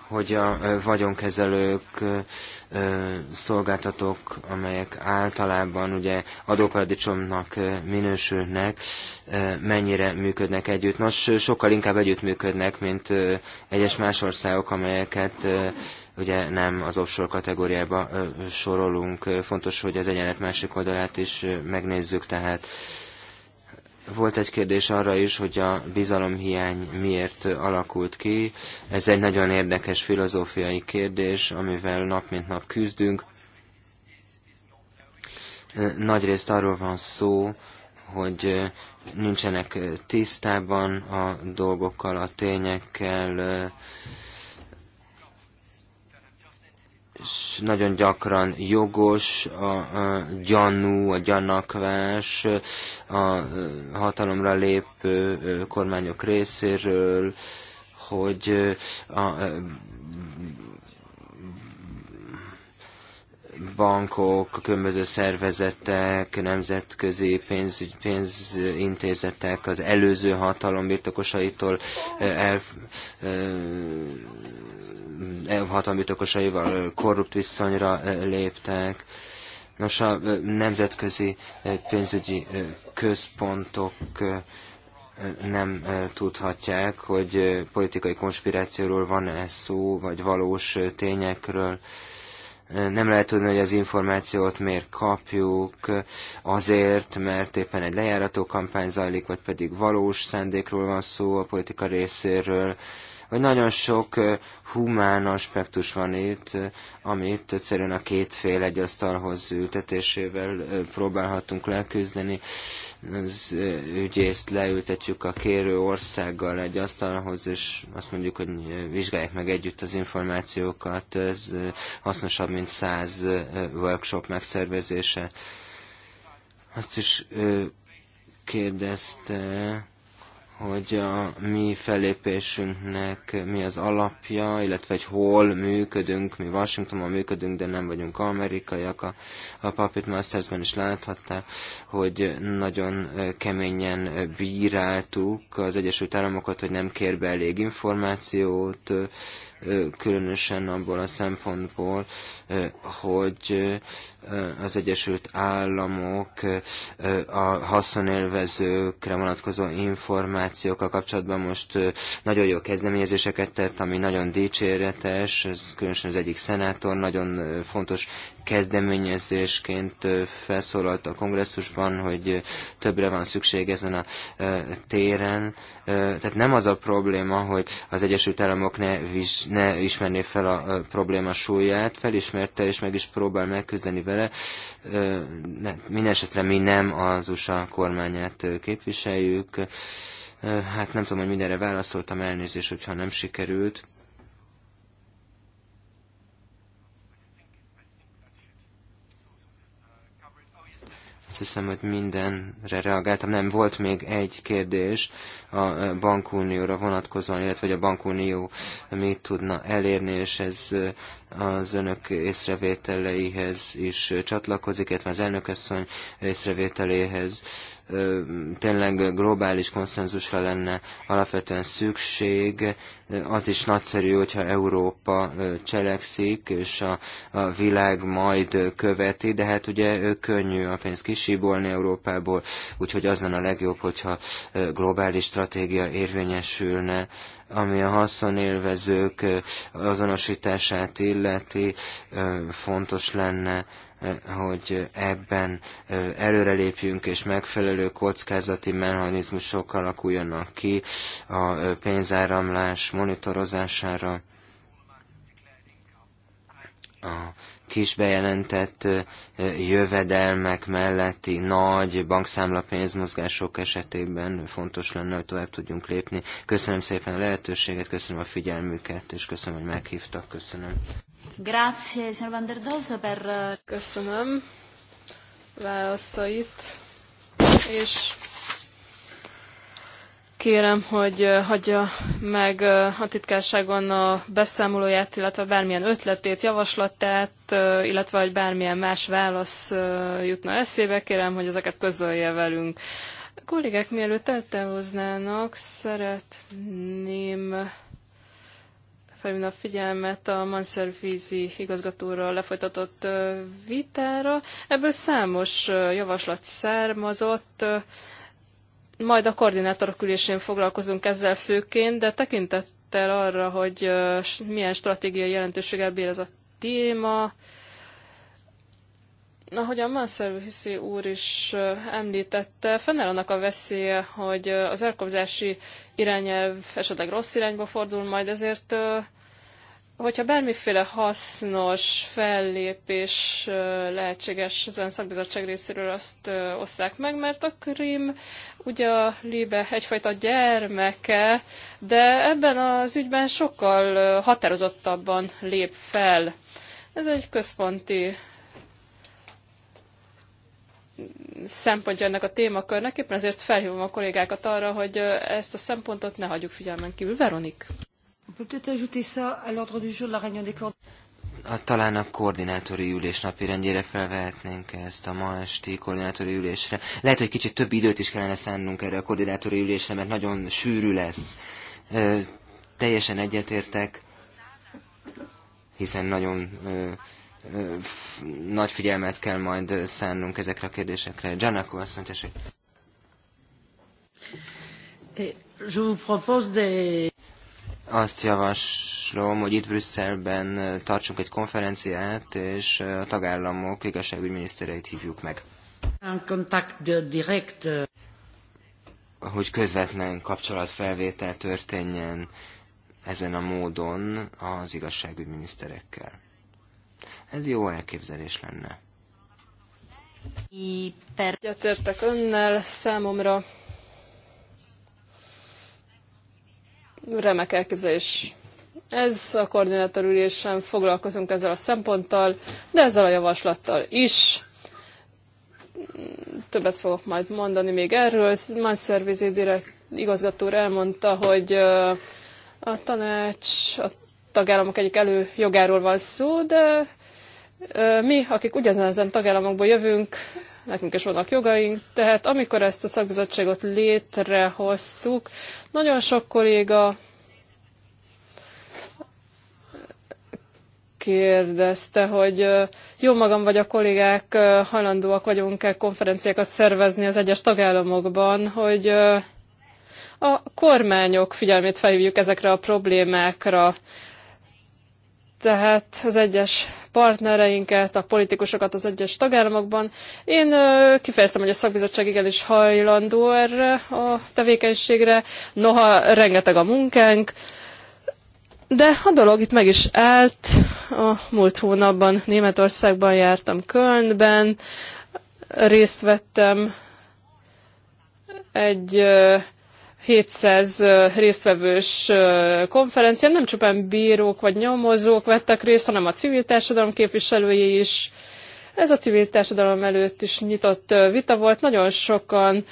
Hogy a vagyonkezelők szolgáltatók, amelyek általában ugye adóparadicsomnak minősülnek, mennyire működnek együtt. Nos, sokkal inkább együtt működnek, mint egyes más országok, amelyeket ugye nem az offshore kategóriába sorolunk. Fontos, hogy az egyenlet másik oldalát is megnézzük, tehát volt egy kérdés arra is, hogy a bizalomhiány miért alakult ki. Ez egy nagyon érdekes filozófiai kérdés, amivel nap mint nap küzdünk. Nagyrészt arról van szó, hogy nincsenek tisztában a dolgokkal, a tényekkel, és nagyon gyakran jogos a, a gyanú, a gyanakvás a hatalomra lépő kormányok részéről, hogy a, bankok, különböző szervezetek, nemzetközi pénz, pénzintézetek az előző hatalom birtokosaitól el, hatalmi tökosaival korrupt viszonyra léptek. Nos, a nemzetközi pénzügyi központok nem tudhatják, hogy politikai konspirációról van-e szó, vagy valós tényekről. Nem lehet tudni, hogy az információt miért kapjuk, azért, mert éppen egy lejárató kampány zajlik, vagy pedig valós szándékról van szó a politika részéről hogy nagyon sok humán aspektus van itt, amit egyszerűen a két fél egy asztalhoz ültetésével próbálhatunk leküzdeni. Az ügyészt leültetjük a kérő országgal egy asztalhoz, és azt mondjuk, hogy vizsgálják meg együtt az információkat. Ez hasznosabb, mint száz workshop megszervezése. Azt is kérdezte, hogy a mi fellépésünknek mi az alapja, illetve hogy hol működünk, mi Washingtonban működünk, de nem vagyunk amerikaiak. A, a Puppet Masters-ben is láthatta, hogy nagyon keményen bíráltuk az Egyesült Államokat, hogy nem kér be elég információt, különösen abból a szempontból, hogy az Egyesült Államok a haszonélvezőkre vonatkozó információkkal kapcsolatban most nagyon jó kezdeményezéseket tett, ami nagyon dicséretes, ez különösen az egyik szenátor nagyon fontos kezdeményezésként felszólalt a kongresszusban, hogy többre van szükség ezen a téren. Tehát nem az a probléma, hogy az Egyesült Államok ne, ne ismerné fel a probléma súlyát, felismer ismerte, és meg is próbál megküzdeni vele. esetre mi nem az USA kormányát képviseljük. Hát nem tudom, hogy mindenre válaszoltam, elnézést, hogyha nem sikerült. Azt hiszem, hogy mindenre reagáltam. Nem, volt még egy kérdés a e, bankunióra vonatkozóan, illetve hogy a bankunió mit tudna elérni, és ez e, az önök észrevételeihez is csatlakozik, illetve az elnökasszony észrevételéhez tényleg globális konszenzusra lenne alapvetően szükség. Az is nagyszerű, hogyha Európa cselekszik, és a, a világ majd követi, de hát ugye könnyű a pénzt kisíbolni Európából, úgyhogy az lenne a legjobb, hogyha globális stratégia érvényesülne ami a haszonélvezők azonosítását illeti, fontos lenne hogy ebben előrelépjünk, és megfelelő kockázati mechanizmusok alakuljanak ki a pénzáramlás monitorozására, a kis bejelentett jövedelmek melletti nagy bankszámla pénzmozgások esetében fontos lenne, hogy tovább tudjunk lépni. Köszönöm szépen a lehetőséget, köszönöm a figyelmüket, és köszönöm, hogy meghívtak. Köszönöm. Grazie, signor Van der per... Eh, Köszönöm válaszait, és kérem, hogy eh, hagyja meg eh, a titkárságon a beszámolóját, illetve bármilyen ötletét, javaslatát, illetve hogy bármilyen más válasz jutna eszébe, kérem, hogy ezeket közölje velünk. A kollégák mielőtt eltávoznának, szeretném felhívni a figyelmet a Manservizi igazgatóról lefolytatott vitára. Ebből számos javaslat származott, majd a koordinátorok ülésén foglalkozunk ezzel főként, de tekintettel arra, hogy milyen stratégiai jelentőséggel bír ez a téma, ahogy a Hiszi úr is említette, fennáll annak a veszélye, hogy az elkobzási irányelv esetleg rossz irányba fordul, majd ezért hogyha bármiféle hasznos fellépés lehetséges ezen szakbizottság részéről, azt osszák meg, mert a Krim ugye a Libe egyfajta gyermeke, de ebben az ügyben sokkal határozottabban lép fel. Ez egy központi szempontja ennek a témakörnek, éppen ezért felhívom a kollégákat arra, hogy ezt a szempontot ne hagyjuk figyelmen kívül. Veronik. A, talán a koordinátori ülés napirendjére felvehetnénk ezt a ma esti koordinátori ülésre. Lehet, hogy kicsit több időt is kellene szánnunk erre a koordinátori ülésre, mert nagyon sűrű lesz. Ö, teljesen egyetértek, hiszen nagyon ö, nagy figyelmet kell majd szánnunk ezekre a kérdésekre. Giannaco azt mondja, hogy... Azt javaslom, hogy itt Brüsszelben tartsunk egy konferenciát, és a tagállamok igazságügyminisztereit hívjuk meg. Hogy közvetlen kapcsolatfelvétel történjen ezen a módon az igazságügyminiszterekkel. Ez jó elképzelés lenne. Egyetértek önnel számomra. Remek elképzelés. Ez a koordinátor ülésen foglalkozunk ezzel a szemponttal, de ezzel a javaslattal is. Többet fogok majd mondani még erről. Manszervizi direkt igazgató elmondta, hogy a tanács, a tagállamok egyik előjogáról van szó, de mi, akik ugyanezen tagállamokból jövünk, nekünk is vannak jogaink, tehát amikor ezt a szakbizottságot létrehoztuk, nagyon sok kolléga kérdezte, hogy jó magam vagy a kollégák, hajlandóak vagyunk-e konferenciákat szervezni az egyes tagállamokban, hogy a kormányok figyelmét felhívjuk ezekre a problémákra, tehát az egyes partnereinket, a politikusokat az egyes tagállamokban. Én kifejeztem, hogy a szakbizottság igenis hajlandó erre a tevékenységre, noha rengeteg a munkánk, de a dolog itt meg is állt. A múlt hónapban Németországban jártam Kölnben, részt vettem egy 700 résztvevős konferencián nem csupán bírók vagy nyomozók vettek részt, hanem a civil társadalom képviselői is. Ez a civil társadalom előtt is nyitott vita volt, nagyon sokan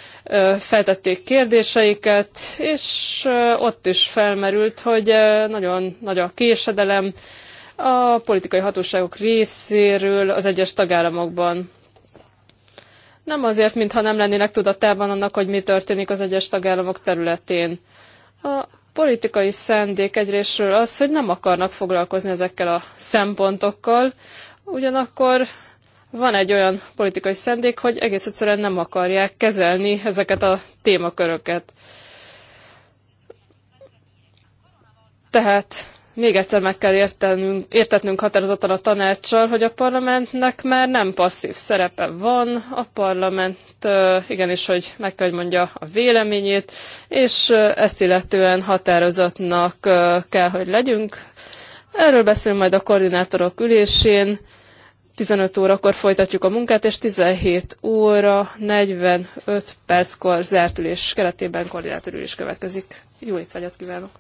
feltették kérdéseiket, és ott is felmerült, hogy nagyon nagy a késedelem a politikai hatóságok részéről az egyes tagállamokban. Nem azért, mintha nem lennének tudatában annak, hogy mi történik az egyes tagállamok területén. A politikai szendék egyrésztről az, hogy nem akarnak foglalkozni ezekkel a szempontokkal, ugyanakkor van egy olyan politikai szendék, hogy egész egyszerűen nem akarják kezelni ezeket a témaköröket. Tehát még egyszer meg kell értenünk, értetnünk határozottan a tanácssal, hogy a parlamentnek már nem passzív szerepe van, a parlament igenis, hogy meg kell, hogy mondja a véleményét, és ezt illetően határozatnak kell, hogy legyünk. Erről beszélünk majd a koordinátorok ülésén. 15 órakor folytatjuk a munkát, és 17 óra 45 perckor zárt ülés keretében ülés következik. Jó étvágyat kívánok!